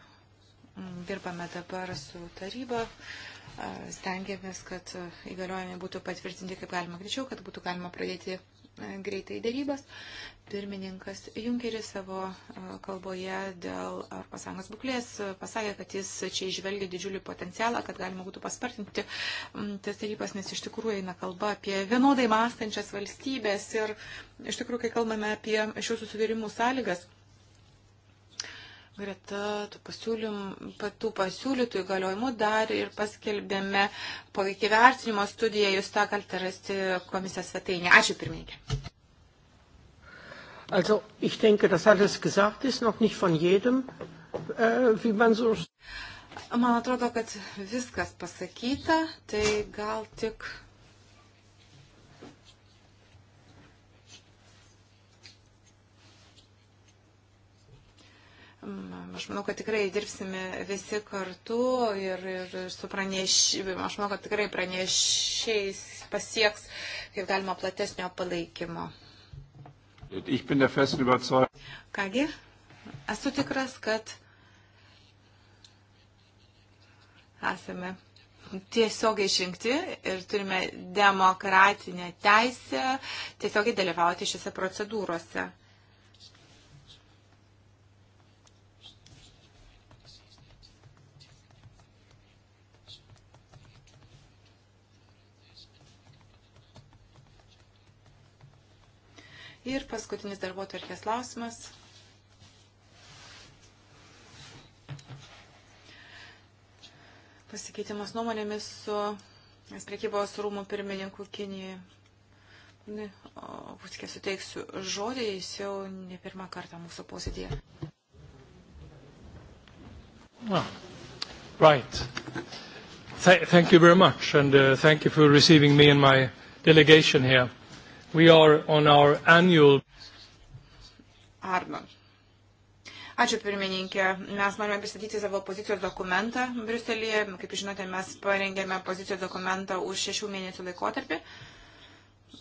dirbame dabar su taryba, stengiamės, kad įgaliojimai būtų patvirtinti kaip galima greičiau, kad būtų galima pradėti greitai dėrybas. Pirmininkas Junkeris savo kalboje dėl ES būklės pasakė, kad jis čia išvelgia didžiulį potencialą, kad galima būtų paspartinti tas dėrybas, nes iš tikrųjų eina kalba apie vienodai mąstančias valstybės ir iš tikrųjų, kai kalbame apie šių susidūrimų sąlygas, greta tų, pasiūlym, tų pasiūlytų įgaliojimų dar ir paskelbėme poveikį vertinimo studiją, jūs tą galite rasti komisijos svetainė. Ačiū pirmininkė. Also ich denke, dass alles gesagt ist, noch nicht von jedem, äh, wie man so. Man atrodo, kad viskas pasakyta, tai gal tik Mm, aš manau, kad tikrai dirbsime visi kartu ir, ir su pranešimu, aš manau, kad tikrai pranešiais pasieks kaip galima platesnio palaikymo. Kągi, esu tikras, kad esame tiesiogiai išrinkti ir turime demokratinę teisę tiesiogiai dalyvauti šiuose procedūrose. Ir paskutinis darbo tvarkės klausimas. Pasikeitimas nuomonėmis su prekybos rūmų pirmininku Kinijai. Puskė suteiksiu žodį, jis jau ne pirmą kartą mūsų posėdėje. Oh. Right. Th thank you very much, and uh, thank you for receiving me and my delegation here. We are on our annual. Arnold. Ačiū pirmininkė. Mes norime pristatyti savo pozicijos dokumentą Briuselėje. Kaip žinote, mes parengėme pozicijos dokumentą už šešių mėnesių laikotarpį.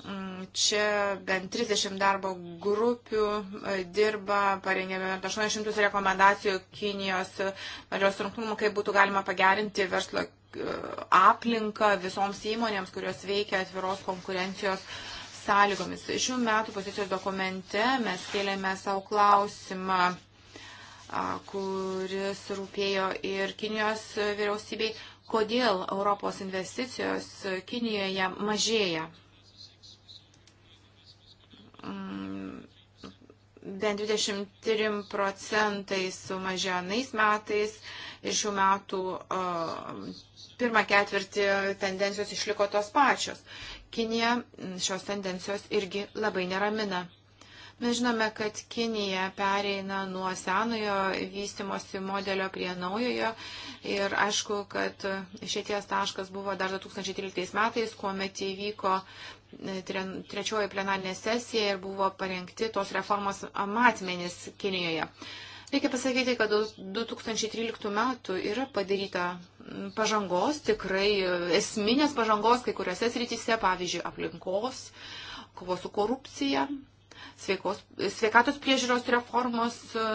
Mm, čia bent 30 darbo grupių e, dirba, parengėme 800 rekomendacijų Kinijos e, valdžios struktūrų, kaip būtų galima pagerinti verslo e, aplinką visoms įmonėms, kurios veikia atviros konkurencijos uh, sąlygomis. Šių metų pozicijos dokumente mes kėlėme savo klausimą, kuris rūpėjo ir Kinijos vyriausybei, kodėl Europos investicijos Kinijoje mažėja. Mm, bent 23 procentai sumažėjo nais metais ir šių metų pirmą ketvirtį tendencijos išliko tos pačios. Kinija šios tendencijos irgi labai neramina. Mes žinome, kad Kinija pereina nuo senojo vystimosi modelio prie naujojo ir aišku, kad šities taškas buvo dar 2013 metais, kuomet įvyko e, trečioji plenarinė sesija ir buvo parengti tos reformos matmenys Kinijoje. Reikia pasakyti, kad 2013 metų yra padaryta pažangos, tikrai e, esminės pažangos kai kuriuose srityse, pavyzdžiui, aplinkos, kovos su korupcija, sveikos, sveikatos priežiūros reformos e,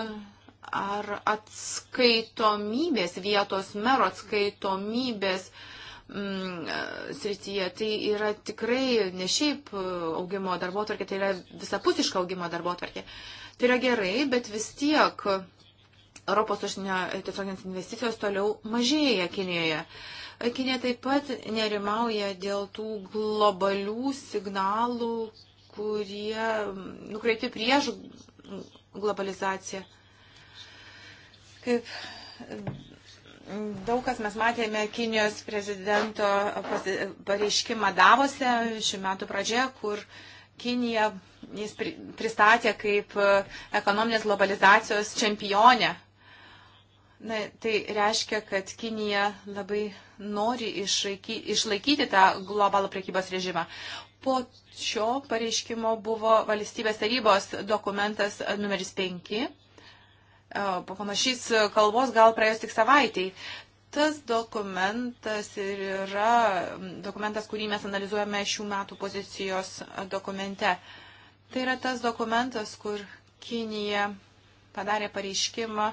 ar atskaitomybės vietos mero atskaitomybės mm, e, srityje. Tai yra tikrai ne šiaip augimo darbo tvarkė, tai yra visapusiška augimo darbo tvarkė. Tai yra gerai, bet vis tiek Europos užsienio tiesioginės investicijos toliau mažėja Kinijoje. Kinė taip pat nerimauja dėl tų globalių signalų, kurie nukreipti prieš globalizaciją. Kaip daug kas mes matėme Kinijos prezidento pareiškimą Davose šių metų pradžioje, kur Kinija jis pristatė kaip ekonominės globalizacijos čempionę. Na, tai reiškia, kad Kinija labai nori išlaiky, išlaikyti tą globalų prekybos režimą. Po šio pareiškimo buvo valstybės tarybos dokumentas numeris 5. Po e, panašys kalbos gal praėjus tik savaitėj tas dokumentas ir yra dokumentas, kurį mes analizuojame šių metų pozicijos dokumente. Tai yra tas dokumentas, kur Kinija padarė pareiškimą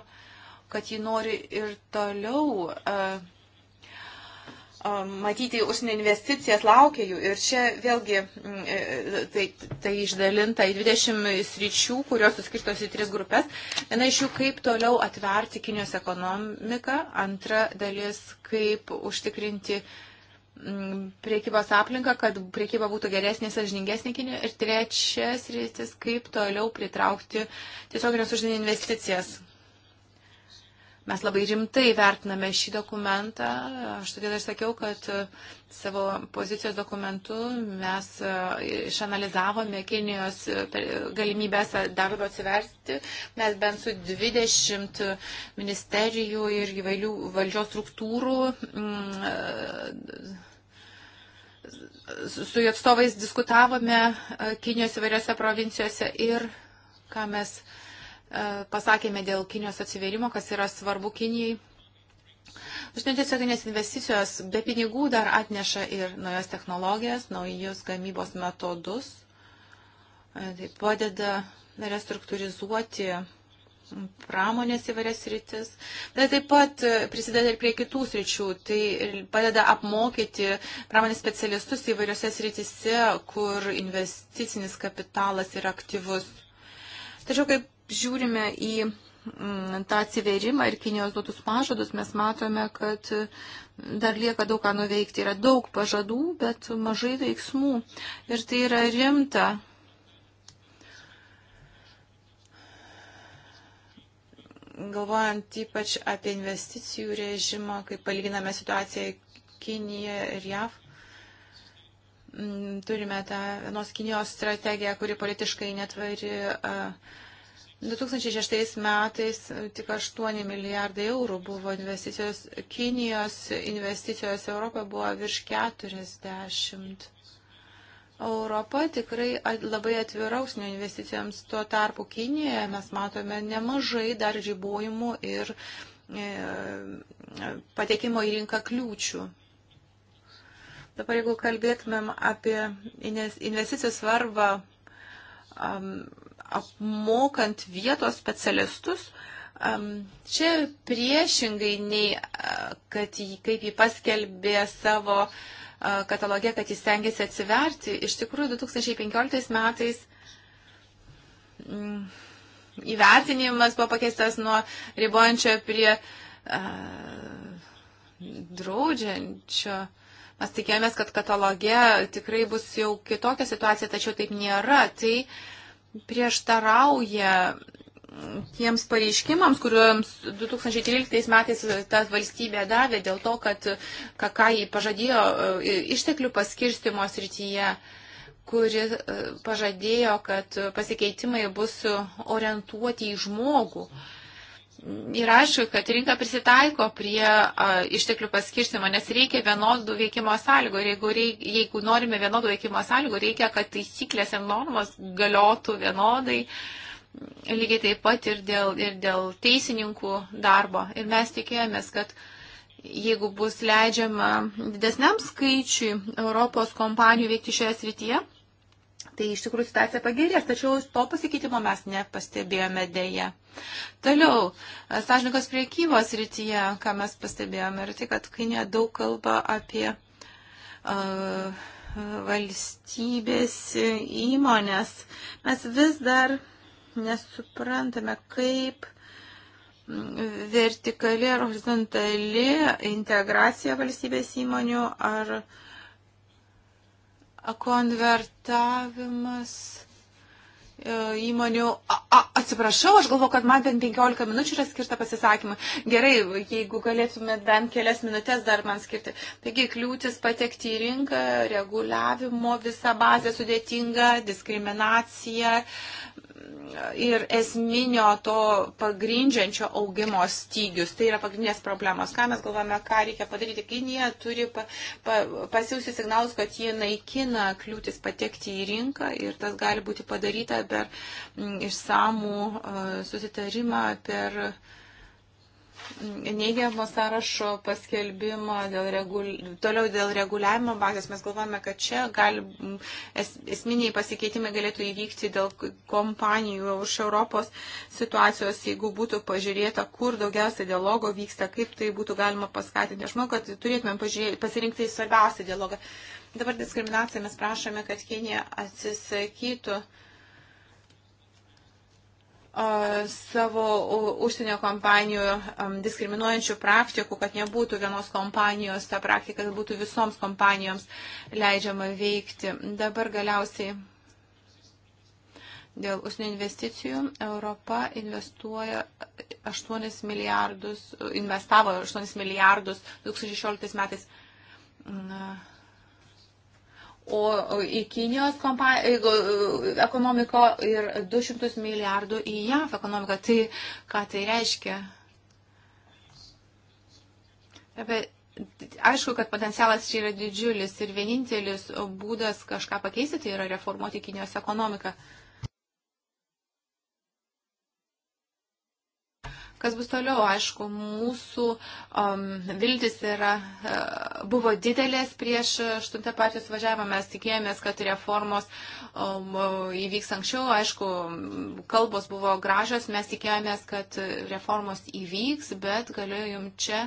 kad ji nori ir toliau e, e, matyti užsienio investicijas laukia jų. Ir čia vėlgi e, tai, tai išdalinta į 20 sričių, kurios suskirtos į tris grupės. Viena iš jų, kaip toliau atverti Kinijos ekonomiką. Antra dalis, kaip užtikrinti priekybos aplinką, kad priekyba būtų geresnė, sažiningesnė Kinijų. Ir trečias rytis, kaip toliau pritraukti tiesioginės užsienio investicijas. Mes labai rimtai vertiname šį dokumentą. Aš todėl ir sakiau, kad e, savo pozicijos dokumentu mes e, išanalizavome Kinijos e, galimybės dar labiau atsiversti. Mes bent su 20 ministerijų ir įvairių valdžios struktūrų. Mm, su jų atstovais diskutavome Kinijos įvairiose provincijose ir ką mes uh, pasakėme dėl Kinijos atsiverimo, kas yra svarbu Kinijai. Žinai, tiesioginės investicijos be pinigų dar atneša ir naujas technologijas, naujus gamybos metodus. E, tai padeda restruktūrizuoti pramonės įvairias rytis. Tai taip pat e, prisideda ir prie kitų sričių. Tai padeda apmokyti pramonės specialistus įvairiose sritise, kur investicinis kapitalas yra aktyvus. Tačiau kaip žiūrime į mm, tą atsiverimą ir Kinijos duotus pažadus, mes matome, kad dar lieka daug ką nuveikti. Yra daug pažadų, bet mažai veiksmų. Ir tai yra rimta. Galvojant ypač apie investicijų režimą, kai palyginame situaciją Kiniją ir JAV, mm, turime tą vienos Kinijos strategiją, kuri politiškai netvari. Uh, 2006 metais e, tik 8 milijardai eurų buvo investicijos. Kinijos investicijos Europoje buvo virš 40. Europa tikrai labai atvira užsienio investicijoms. Tuo tarpu Kinijoje mes matome nemažai dar žibojimų ir e, patekimo į rinką kliūčių. Dabar jeigu kalbėtumėm apie investicijų svarbą um, apmokant vietos specialistus, čia priešingai nei, kad jį, kaip jį paskelbė savo kataloge, kad jis stengiasi atsiverti, iš tikrųjų 2015 metais mm, įvertinimas buvo pakeistas nuo ribojančio prie draudžiančio. Mes tikėjomės, kad kataloge tikrai bus jau kitokia situacija, tačiau taip nėra. Tai uh, prieštarauja tiems pareiškimams, kuriuoms 2013 metais ta valstybė davė dėl to, kad ką jį pažadėjo e, išteklių paskirstimo srityje, kuri e, pažadėjo, kad pasikeitimai bus orientuoti į žmogų. Mhm Ir aišku, kad rinka prisitaiko prie a, išteklių paskirstimo, nes reikia vienodų veikimo sąlygų. Ir jeigu, reik, jeigu norime vienodų veikimo sąlygų, reikia, kad taisyklės ir normos galiotų vienodai. Lygiai taip pat ir dėl, ir dėl teisininkų darbo. Ir mes tikėjomės, kad jeigu bus leidžiama didesniam skaičiui Europos kompanijų veikti šioje srityje, tai iš tikrųjų situacija pagerės, tačiau to pasikeitimo mes nepastebėjome dėje. Toliau, sąžininkos priekybos rytyje, ką mes pastebėjome, yra tai, kad Kinė daug kalba apie uh, valstybės įmonės. Mes vis dar nesuprantame, kaip vertikali ar horizontali integracija valstybės įmonių ar uh, konvertavimas e, įmonių. A, a, atsiprašau, aš galvoju, kad man bent 15 minučių yra skirta pasisakymui. Gerai, jeigu galėtumėt bent kelias minutės dar man skirti. Taigi, kliūtis patekti į rinką, reguliavimo visa bazė sudėtinga, diskriminacija, ir esminio to pagrindžiančio augimo stygius. Tai yra pagrindinės problemos. Ką mes galvojame, ką reikia padaryti. Kinija turi pa, pa, pasiūsti signalus, kad jie naikina kliūtis patekti į rinką ir tas gali būti padaryta per mm, išsamų e, susitarimą, per. Uh, neigiamo sąrašo paskelbimo, dėl regul... toliau dėl reguliavimo bazės, mes galvojame, kad čia gali, es, esminiai pasikeitimai galėtų įvykti dėl kompanijų už Europos situacijos, jeigu būtų pažiūrėta, kur daugiausia dialogo vyksta, kaip tai būtų galima paskatinti. Aš manau, kad turėtume pasirinkti svarbiausią dialogą. Dabar diskriminaciją mes prašome, kad Kinija atsisakytų savo užsienio kompanijų diskriminuojančių praktikų, kad nebūtų vienos kompanijos, ta praktika būtų visoms kompanijoms leidžiama veikti. Dabar galiausiai dėl užsienio investicijų Europa investuoja 8 milijardus, investavo 8 milijardus 2016 metais. Na, o į Kinijos kompa, e, ekonomiko ir 200 milijardų į JAV ekonomiką. Tai ką tai reiškia? Apie Aišku, kad potencialas čia yra didžiulis ir vienintelis būdas kažką pakeisti tai yra reformuoti Kinijos ekonomiką. Uh, Kas bus toliau? Aišku, mūsų um, viltis yra, uh, buvo didelės prieš 8 partijos važiavimą. Mes tikėjomės, kad reformos um, įvyks anksčiau. Aišku, kalbos buvo gražios. Mes tikėjomės, kad reformos įvyks, bet galiu jums čia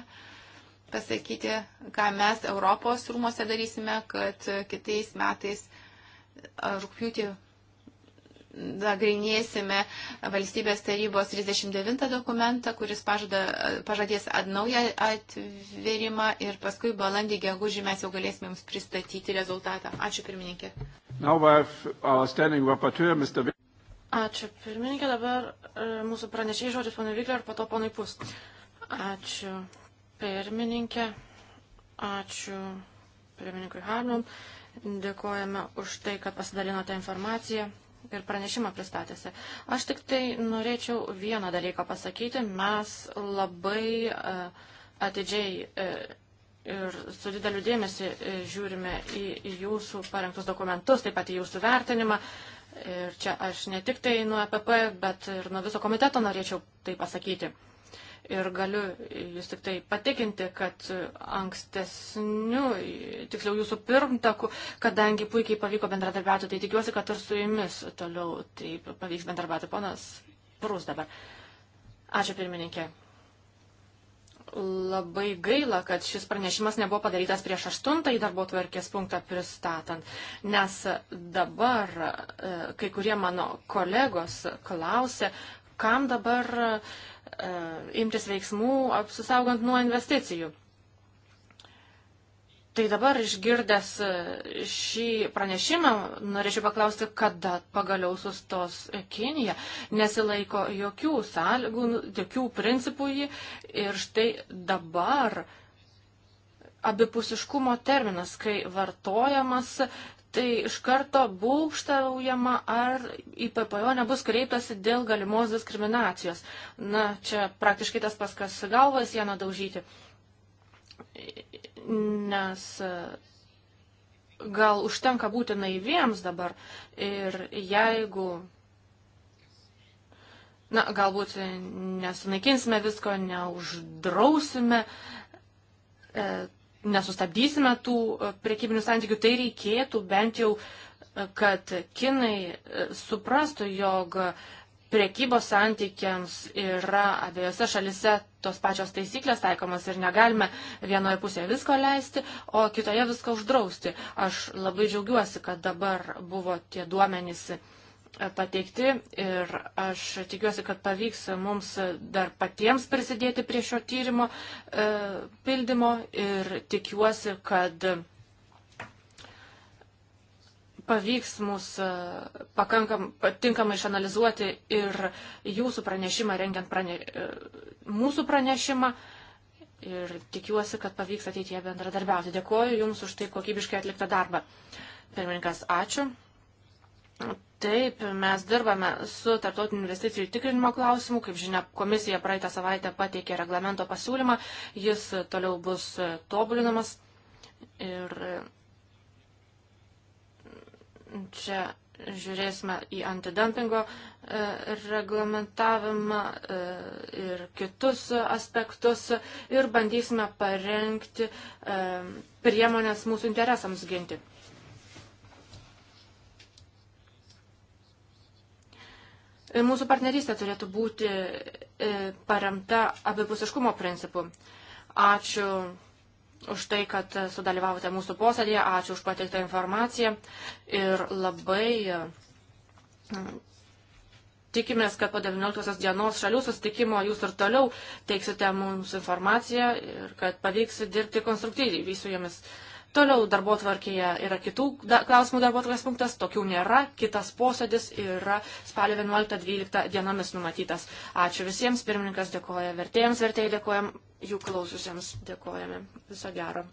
pasakyti, ką mes Europos rūmose darysime, kad kitais metais uh, rūpjūtį nagrinėsime valstybės tarybos 39 dokumentą, kuris pažada, pažadės atnaują atvėrimą ir paskui balandį gegužį mes jau galėsime jums pristatyti rezultatą. Ačiū pirmininkė. Rapporteur, Ačiū pirmininkė, dabar e, mūsų pranešiai žodžius ponui Vykler ir po to ponui Pus. Ačiū pirmininkė, ačiū pirmininkui Harnum, dėkojame už tai, kad pasidalinote informaciją ir pranešimą pristatėsi. Aš tik tai norėčiau vieną dalyką pasakyti. Mes labai e, atidžiai e, ir su dideliu dėmesiu e, žiūrime į jūsų parengtus dokumentus, taip pat į jūsų vertinimą. Ir čia aš ne tik tai nuo EPP, bet ir nuo viso komiteto norėčiau tai pasakyti. Ir galiu jūs tik tai patikinti, kad ankstesniu, tiksliau jūsų pirmtaku, kadangi puikiai pavyko bendradarbiauti, tai tikiuosi, kad ir su jumis toliau taip pavyks bendradarbiauti. Ponas Prus dabar. Ačiū pirmininkė. Labai gaila, kad šis pranešimas nebuvo padarytas prieš aštuntąjį darbo tvarkės punktą pristatant, nes dabar e, kai kurie mano kolegos klausė, kam dabar uh, E, imtis veiksmų apsisaugant nuo investicijų. Tai dabar išgirdęs e, šį pranešimą, norėčiau paklausti, kada pagaliau sustos Kinija. Nesilaiko jokių sąlygų, jokių principų jį. Ir štai dabar abipusiškumo terminas, kai vartojamas tai iš karto būkštaujama, ar į PPO nebus kreiptasi dėl galimos diskriminacijos. Na, čia praktiškai tas pas kas galvas sieną daužyti. Nes e, gal užtenka būti naiviems dabar ir jeigu na, galbūt nesunaikinsime visko, neuždrausime e, nesustabdysime tų e, priekybinių santykių, tai reikėtų bent jau, e, kad kinai e, suprastų, jog priekybos santykiams yra abiejose šalise tos pačios taisyklės taikomas ir negalime vienoje pusėje visko leisti, o kitoje viską uždrausti. Aš labai džiaugiuosi, kad dabar buvo tie duomenys pateikti ir aš tikiuosi, kad pavyks mums dar patiems prisidėti prie šio tyrimo e, pildymo ir tikiuosi, kad pavyks mus e, pakankam, tinkamai išanalizuoti ir jūsų pranešimą, rengiant prane, e, mūsų pranešimą. Ir tikiuosi, kad pavyks ateityje bendradarbiauti. Dėkuoju Jums už tai kokybiškai atliktą darbą. Pirmininkas, ačiū. Taip, mes dirbame su tarptautiniu investicijų tikrinimo klausimu. Kaip žinia, komisija praeitą savaitę pateikė reglamento pasiūlymą. Jis toliau bus tobulinamas. Ir e, čia žiūrėsime į antidumpingo e, reglamentavimą e, ir kitus aspektus ir bandysime parengti e, priemonės mūsų interesams ginti. Mūsų partnerystė turėtų būti e, paremta abipusiškumo principu. Ačiū už tai, kad sudalyvavote mūsų posėdėje, ačiū už pateiktą informaciją ir labai e, tikimės, kad po 19 dienos šalių susitikimo jūs ir toliau teiksite mums informaciją ir kad pavyks dirbti konstruktyviai su jomis. Toliau darbo tvarkėje yra kitų da, klausimų darbo tvarkės punktas, tokių nėra. Kitas posėdis yra spalio 11-12 dienomis numatytas. Ačiū visiems, pirmininkas dėkoja vertėjams, vertėjai dėkojam, jų klaususiems dėkojame. Viso gero.